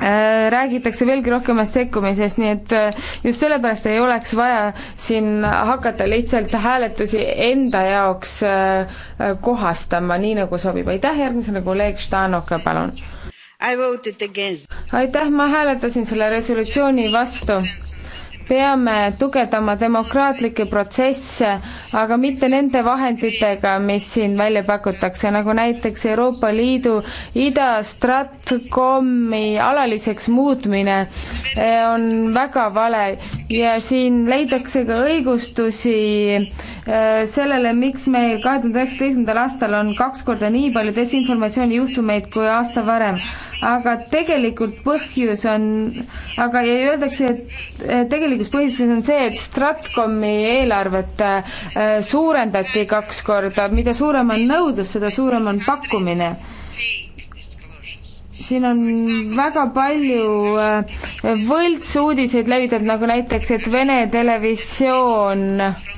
Äh, räägitakse veelgi rohkemast sekkumisest, nii et äh, just sellepärast ei oleks vaja siin hakata lihtsalt hääletusi enda jaoks äh, kohastama, nii nagu sobib. aitäh, järgmisena kolleeg Štanoka, palun. aitäh, ma hääletasin selle resolutsiooni vastu peame tugevdama demokraatlikke protsesse, aga mitte nende vahenditega, mis siin välja pakutakse, nagu näiteks Euroopa Liidu idastratkomi alaliseks muutmine eh, on väga vale ja siin leidakse ka õigustusi Äh, sellele, miks meil kahe tuhande üheksateistkümnendal aastal on kaks korda nii palju desinformatsioonijuhtumeid kui aasta varem. aga tegelikult põhjus on, aga ja öeldakse, et tegelikus põhjuseks on see, et Stratkomi eelarvet äh, suurendati kaks korda, mida suurem on nõudlus, seda suurem on pakkumine siin on väga palju äh, võltsuudiseid levitatud, nagu näiteks, et Vene televisioon äh,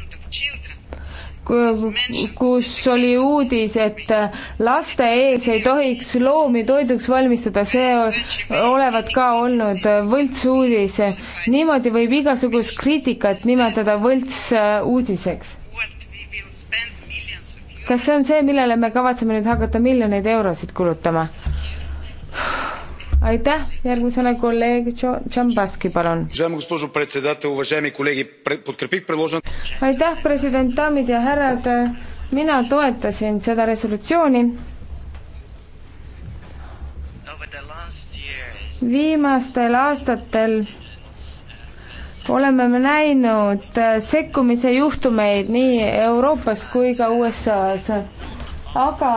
kus oli uudis, et laste ees ei tohiks loomi toiduks valmistada, see olevat ka olnud võltsuudis. niimoodi võib igasugust kriitikat nimetada võltsuudiseks. kas see on see, millele me kavatseme nüüd hakata miljoneid eurosid kulutama? aitäh, järgmisena kolleeg Tšambaski, palun. aitäh, president, daamid ja härrad, mina toetasin seda resolutsiooni. viimastel aastatel oleme me näinud sekkumise juhtumeid nii Euroopas kui ka USA-s, aga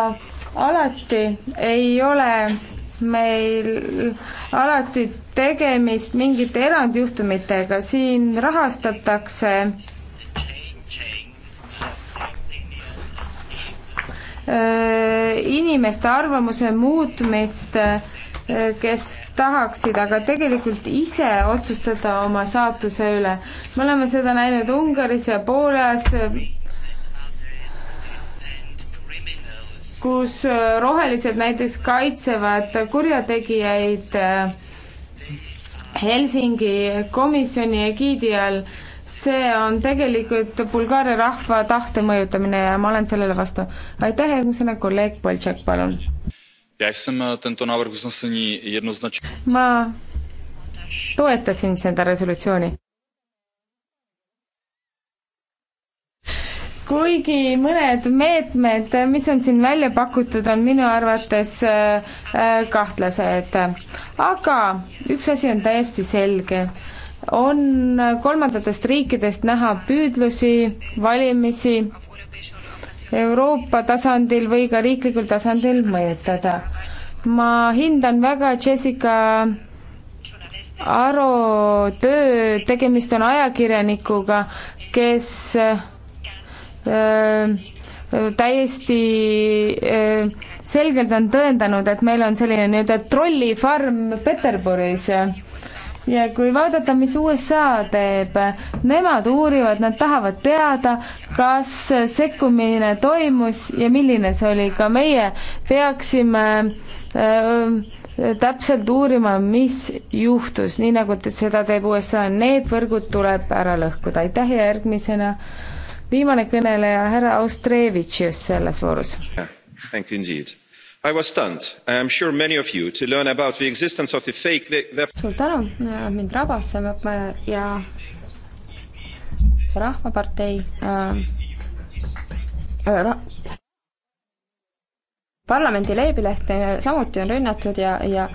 alati ei ole meil alati tegemist mingite erandjuhtumitega, siin rahastatakse äh, inimeste arvamuse muutmist, äh, kes tahaksid aga tegelikult ise otsustada oma saatuse üle. me oleme seda näinud Ungaris ja Poolas, kus äh, rohelised näiteks kaitsevad kurjategijaid äh, Helsingi komisjoni egiidi all, see on tegelikult Bulgaaria rahva tahte mõjutamine ja ma olen sellele vastu. aitäh, järgmisena kolleeg Boltšak, palun. Äh, ma toetasin seda resolutsiooni. kuigi mõned meetmed, mis on siin välja pakutud, on minu arvates äh, äh, kahtlased. aga üks asi on täiesti selge, on kolmandatest riikidest näha püüdlusi, valimisi Euroopa tasandil või ka riiklikul tasandil mõjutada. ma hindan väga Jessica Aro töö, tegemist on ajakirjanikuga, kes Äh, äh, täiesti äh, selgelt on tõendanud, et meil on selline nii-öelda trollifarm Peterburis ja kui vaadata, mis USA teeb, nemad uurivad, nad tahavad teada, kas sekkumine toimus ja milline see oli, ka meie peaksime äh, täpselt uurima, mis juhtus, nii nagu te, seda teeb USA, need võrgud tuleb ära lõhkuda, aitäh ja järgmisena äh, viimane kõneleja, härra Austrevitšius selles voorus. Thank you indeed i was stunned i am sure many of you to learn about the existence of the fake web. suur tänu äh, mind rabas see web äh, ja rahvapartei äh, äh ra parlamendi leebileht samuti on rünnatud ja ja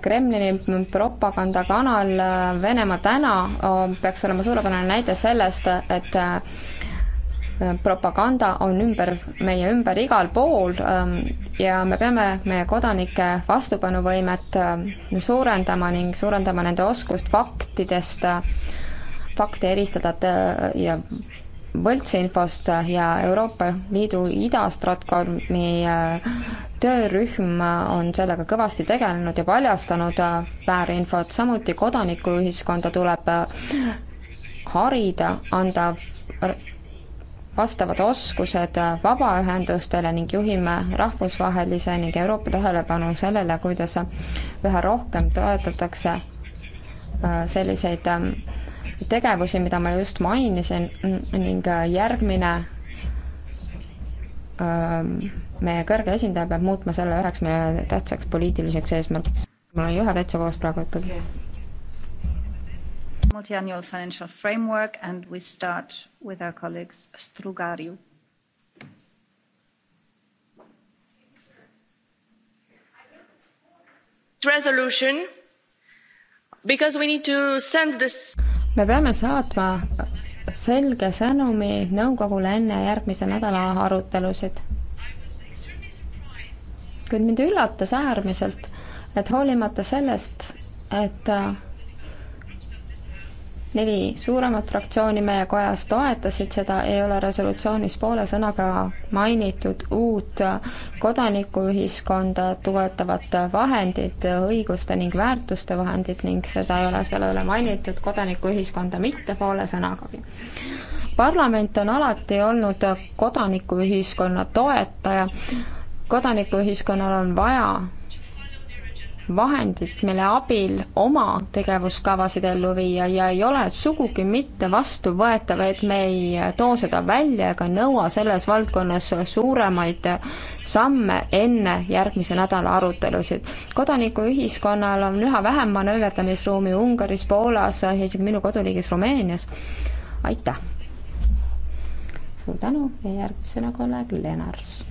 Kremlini propagandakanal Venemaa täna äh, peaks olema suurepärane näide sellest, et äh, propaganda on ümber, meie ümber igal pool ähm, ja me peame meie kodanike vastupanuvõimet äh, suurendama ning suurendama nende oskust faktidest, fakte eristada ja võltsinfost ja Euroopa Liidu idastratkormi äh, töörühm on sellega kõvasti tegelenud ja paljastanud äh, väärinfot, samuti kodanikuühiskonda tuleb äh, harida, anda vastavad oskused vabaühendustele ning juhime rahvusvahelise ning Euroopa tähelepanu sellele, kuidas üha rohkem toetatakse selliseid ähm, tegevusi, mida ma just mainisin ning äh, järgmine ähm, meie kõrge esindaja peab muutma selle üheks meie tähtsaks poliitiliseks eesmärgiks. mul on juhe täitsa koos praegu ikkagi. Multi-annual financial framework and we start with our colleagues Strugariu. Resolution me peame saatma selge sõnumi nõukogule enne järgmise nädala arutelusid. kuid mind üllatas äärmiselt, et hoolimata sellest, et neli suuremat fraktsiooni meie kojas toetasid seda, ei ole resolutsioonis poole sõnaga mainitud uut kodanikuühiskonda toetavat vahendit, õiguste ning väärtuste vahendit ning seda ei ole selle üle mainitud, kodanikuühiskonda mitte poole sõnagagi. parlament on alati olnud kodanikuühiskonna toetaja, kodanikuühiskonnal on vaja vahendid, mille abil oma tegevuskavasid ellu viia ja ei ole sugugi mitte vastuvõetav, et me ei too seda välja ega nõua selles valdkonnas suuremaid samme enne järgmise nädala arutelusid. kodanikuühiskonnal on üha vähem manööverdamisruumi Ungaris, Poolas ja isegi minu koduriigis Rumeenias. aitäh! suur tänu ja järgmisena kolleeg Lenars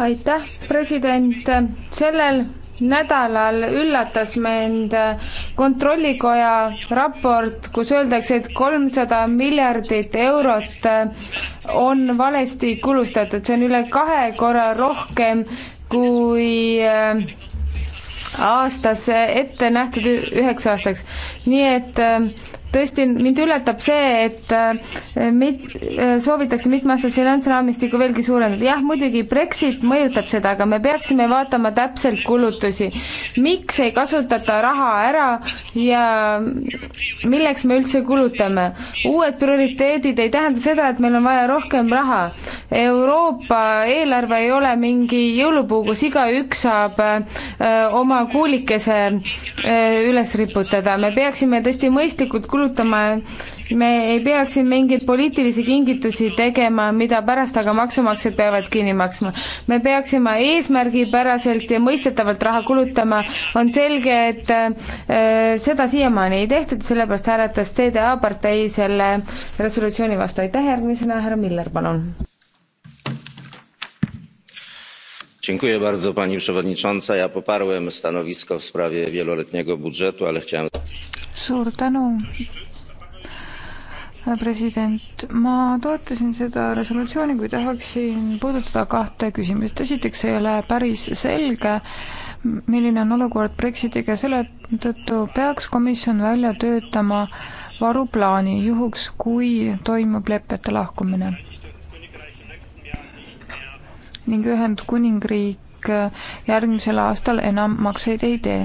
aitäh, president, sellel nädalal üllatas mind äh, Kontrollikoja raport, kus öeldakse, et kolmsada miljardit eurot äh, on valesti kulustatud, see on üle kahe korra rohkem kui äh, aastas ette nähtud üheks aastaks. nii et tõesti, mind üllatab see, et äh, mit-, äh, soovitakse mitmeaastast finantsraamistikku veelgi suurendada, jah, muidugi Brexit mõjutab seda, aga me peaksime vaatama täpselt kulutusi. miks ei kasutata raha ära ja milleks me üldse kulutame? uued prioriteedid ei tähenda seda, et meil on vaja rohkem raha. Euroopa eelarve ei ole mingi jõulupuu, kus igaüks saab öö, äh, oma kuulikese öö, üles riputada, me peaksime tõesti mõistlikult kulutama kulutama. me ei peaks siin mingeid poliitilisi kingitusi tegema, mida pärast aga maksumaksjad peavad kinni maksma. me peaksime eesmärgipäraselt ja mõistetavalt raha kulutama, on selge, et äh, seda siiamaani ei tehtud, sellepärast hääletas CDA partei selle resolutsiooni vastu. aitäh, järgmisena härra Miller, palun. pani przewodnicząca! ja poparłem stanowisko w sprawie wieloletniego budżetu ale chciałem. ma toetasin seda resolutsiooni kuid tahaksin puudutada kahte küsimust. esiteks ei ole päris selge milline on olukord brexitiga selle tõttu peaks komisjon välja töötama varuplaani juhuks kui toimub lepete lahkumine ning Ühendkuningriik järgmisel aastal enam makseid ei tee.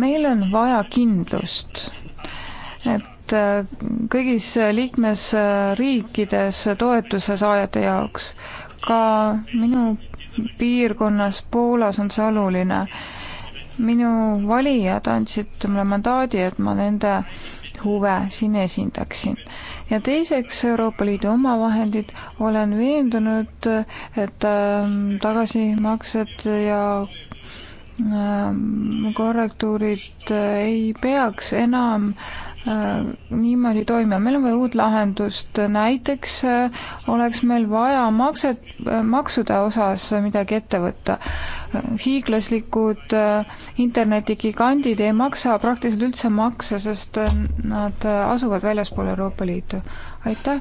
meil on vaja kindlust, et äh, kõigis liikmesriikides toetuse saajate jaoks, ka minu piirkonnas Poolas on see oluline. minu valijad andsid mulle mandaadi, et ma nende huve siin esindaksin. ja teiseks Euroopa Liidu omavahendid, olen veendunud, et ähm, tagasimaksed ja ähm, korrektuurid äh, ei peaks enam äh, Äh, niimoodi toimima, meil on vaja uut lahendust, näiteks äh, oleks meil vaja makset, äh, maksude osas midagi ette võtta. hiiglaslikud internetigigandid ei maksa praktiliselt üldse makse, sest nad asuvad väljaspool Euroopa Liitu. aitäh!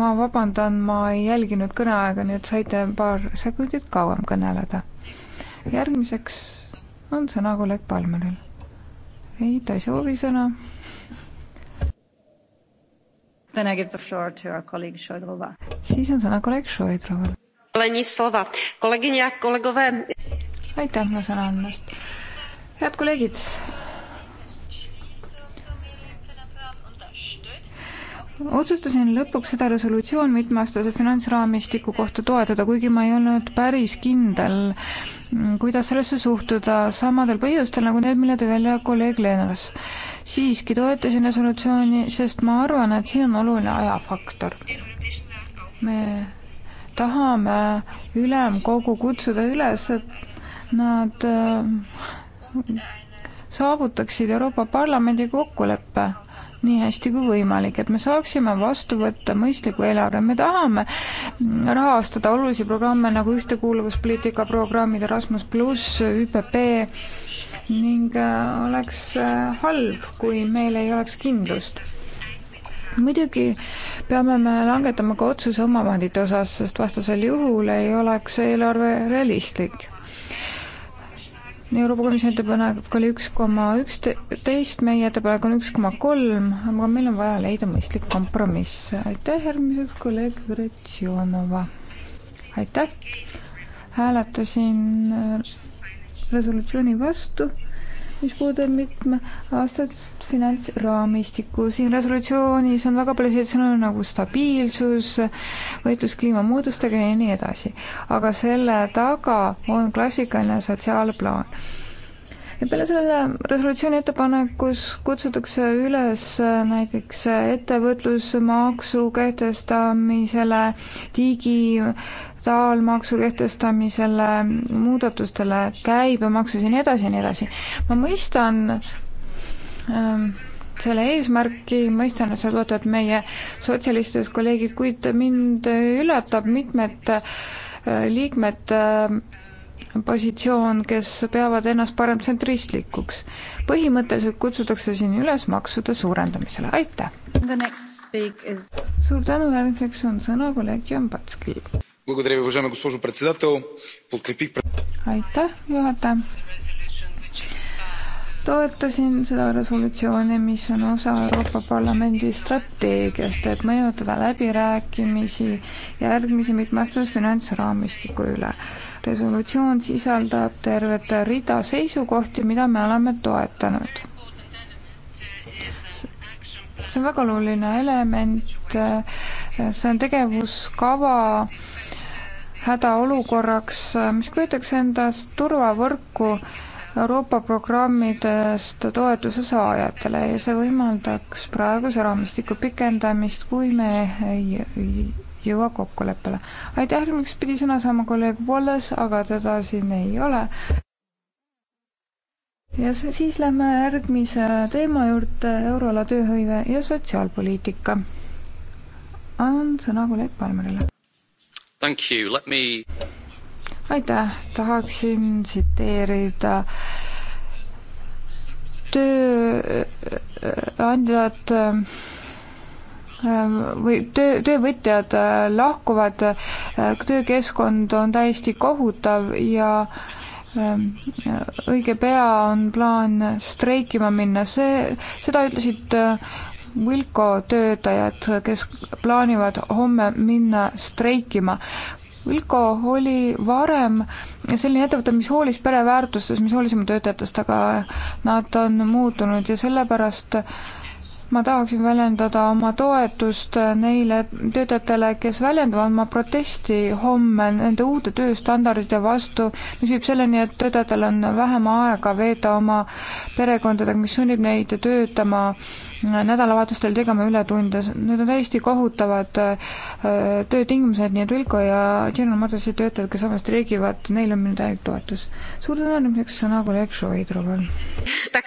ma vabandan, ma ei jälginud kõneaega, nii et saite paar sekundit kauem kõneleda. järgmiseks on sõna kolleeg Palmeril ei, ta ei soovi sõna. siis on sõna kolleeg Šoidroval. aitäh mulle sõna andmast. head kolleegid. otsustasin lõpuks seda resolutsioon mitmeaastase finantsraamistiku kohta toetada, kuigi ma ei olnud päris kindel, kuidas sellesse suhtuda samadel põhjustel nagu need, mille tõi välja kolleeg Lennars. siiski toetasin resolutsiooni, sest ma arvan, et siin on oluline ajafaktor. me tahame ülemkogu kutsuda üles, et nad äh, saavutaksid Euroopa Parlamendi kokkuleppe nii hästi kui võimalik, et me saaksime vastu võtta mõistliku eelarve, me tahame rahastada olulisi programme nagu ühtekuuluvuspoliitika programmid, Erasmus pluss, ÜPP ning äh, oleks äh, halb, kui meil ei oleks kindlust muidugi peame me langetama ka otsuse omavahendite osas, sest vastasel juhul ei oleks eelarve realistlik Euroopa Komisjoni ettepanek oli üks koma üksteist, meie ettepanek on üks koma kolm, aga meil on vaja leida mõistlik kompromiss. aitäh, järgmiseks kolleeg Vretšionova. aitäh, hääletasin äh, resolutsiooni vastu, mis puudutab mitme aastat finantsraamistikku. siin resolutsioonis on väga palju selliseid sõnu nagu stabiilsus, võitlus kliimamuutustega ja nii edasi. aga selle taga on klassikaline sotsiaalplaan ja peale selle resolutsiooni ettepanekus kutsutakse üles näiteks ettevõtlusmaksu kehtestamisele, digitaalmaksu kehtestamisele, muudatustele, käibemaksus ja nii edasi ja nii edasi. ma mõistan Ähm, selle eesmärki, mõistan, et seda toetavad meie sotsialistidest kolleegid, kuid mind üllatab mitmete äh, liikmete äh, positsioon, kes peavad ennast parem tsentristlikuks. põhimõtteliselt kutsutakse siin üles maksude suurendamisele, aitäh! Is... suur tänu, järgmiseks on sõna kolleeg Jambatskil. aitäh, juhataja! toetasin seda resolutsiooni, mis on osa Euroopa Parlamendi strateegiast, et mõjutada läbirääkimisi järgmise mitmeaastase finantsraamistiku üle. resolutsioon sisaldab tervet rida seisukohti, mida me oleme toetanud. see on väga oluline element, see on tegevuskava hädaolukorraks, mis kujutakse endast turvavõrku Euroopa programmidest toetuse saajatele ja see võimaldaks praeguse raamistiku pikendamist, kui me ei, ei jõua kokkuleppele. aitäh, miks pidi sõna saama kolleeg Wallace, aga teda siin ei ole. ja siis lähme järgmise teema juurde, euroala tööhõive ja sotsiaalpoliitika. annan sõna kolleeg Palmerile. Me aitäh, tahaksin tsiteerida tööandjad äh, või töö, töövõtjad lahkuvad, töökeskkond on täiesti kohutav ja äh, õige pea on plaan streikima minna, see, seda ütlesid äh, Wilko töötajad, kes plaanivad homme minna streikima. Vilko oli varem selline ettevõte, mis hoolis pere väärtustest, mis hoolis oma töötajatest, aga nad on muutunud ja sellepärast ma tahaksin väljendada oma toetust neile töötajatele, kes väljendavad oma protesti homme nende uute tööstandardite vastu, mis viib selleni, et töötajatel on vähem aega veeta oma perekondadega, mis sunnib neid töötama nädalavahetustel tegema ületunde, need on täiesti kohutavad äh, töötingimused, nii et Vilko ja General Motorsi töötajad, kes samas streigivad, neil on minu täielik toetus. suur tänu, nüüdseks sõna kolleeg Šoidroval. Äh,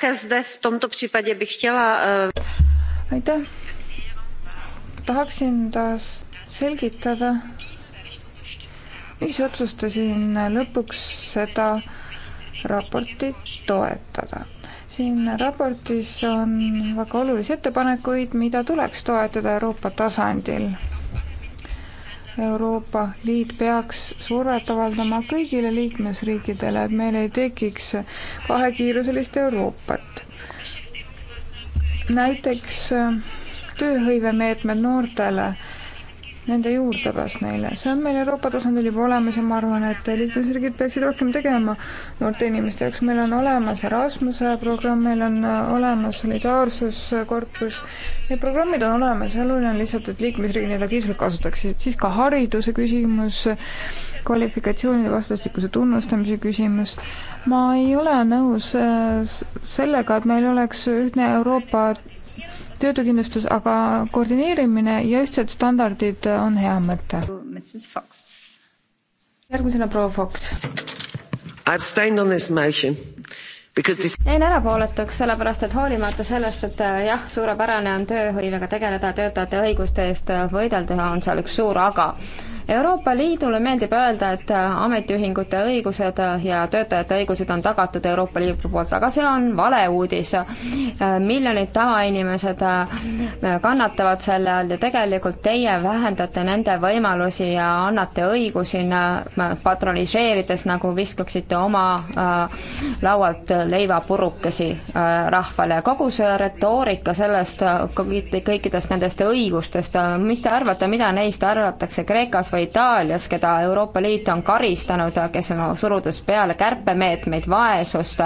aitäh. tahaksin taas selgitada, miks otsustasin lõpuks seda raportit toetada siin raportis on väga olulisi ettepanekuid, mida tuleks toetada Euroopa tasandil. Euroopa Liit peaks survet avaldama kõigile liikmesriikidele, et meil ei tekiks kahekiiruselist Euroopat. näiteks tööhõivemeetmed noortele nende juurdepääs neile. see on meil Euroopa tasandil juba olemas ja ma arvan, et liikmesriigid peaksid rohkem tegema noorte inimeste jaoks. meil on olemas Erasmuse programm, meil on äh, olemas solidaarsuskorpus. Need programmid on olemas, oluline on lihtsalt, et liikmesriigid neid aktiivselt kasutaksid. siis ka hariduse küsimus, kvalifikatsioonide vastastikuse tunnustamise küsimus. ma ei ole nõus äh, sellega, et meil oleks ühtne Euroopa töötukindlustus, aga koordineerimine ja ühtsed standardid on hea mõte. järgmisena proua Fox. This... jäin erapooletuks, sellepärast et hoolimata sellest, et äh, jah, suurepärane on tööhõivega tegeleda, töötajate õiguste eest äh, võidelda, on seal üks suur aga Euroopa Liidule meeldib öelda, et ametiühingute õigused ja töötajate õigused on tagatud Euroopa Liidu poolt, aga see on valeuudis. miljonid tavainimesed kannatavad selle all ja tegelikult teie vähendate nende võimalusi ja annate õigusi patroniseerides, nagu viskaksite oma äh, laualt leivapurukesi äh, rahvale. kogu see retoorika sellest, kõikidest nendest õigustest, äh, mis te arvate, mida neist arvatakse Kreekas või Itaalias, keda Euroopa Liit on karistanud, kes on surudes peale kärpemeetmeid, vaesust,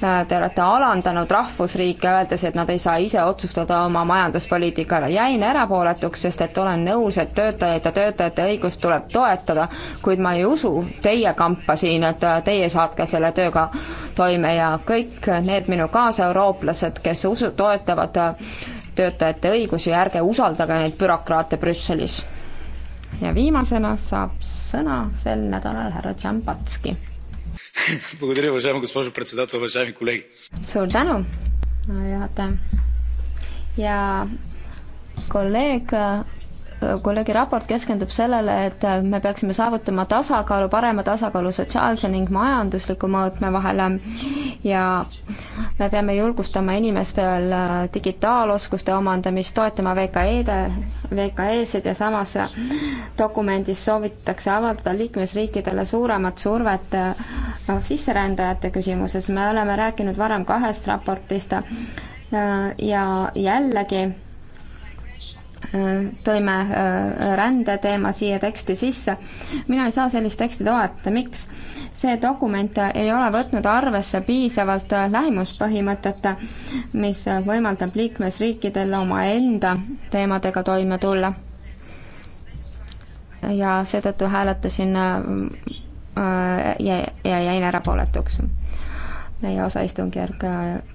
te olete alandanud rahvusriike, öeldes, et nad ei saa ise otsustada oma majanduspoliitika üle. jäin erapooletuks, sest et olen nõus, et töötajaid ja töötajate õigust tuleb toetada, kuid ma ei usu teie kampa siin, et teie saatke selle tööga toime ja kõik need minu kaasaeurooplased, kes usu, toetavad töötajate õigusi, ärge usaldage neid bürokraate Brüsselis ja viimasena saab sõna sel nädalal härra Džambatski. suur tänu, juhataja. ja kolleeg kolleegi raport keskendub sellele, et me peaksime saavutama tasakaalu, parema tasakaalu sotsiaalse ning majandusliku mõõtme vahele ja me peame julgustama inimestel digitaaloskuste omandamist, toetama VKE-de, VKE-sid ja samas dokumendis soovitakse avaldada liikmesriikidele suuremat survet sisserändajate küsimuses, me oleme rääkinud varem kahest raportist ja jällegi tõime rändeteema siia teksti sisse. mina ei saa sellist teksti toetada, miks? see dokument ei ole võtnud arvesse piisavalt lähimuspõhimõtet, mis võimaldab liikmesriikidel omaenda teemadega toime tulla. ja seetõttu hääletasin äh, ja, ja jäin erapooletuks meie osaistungjärg äh,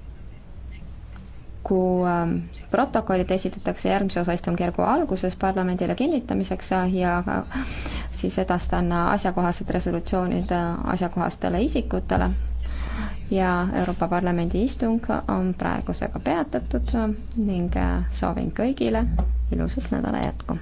koosoleku ähm, protokollid esitatakse järgmise osa istungjärgu alguses parlamendile kinnitamiseks äh, ja siis edastan äh, asjakohased resolutsioonid äh, asjakohastele isikutele. ja Euroopa Parlamendi istung on praegusega peatatud ning soovin kõigile ilusat nädala jätku!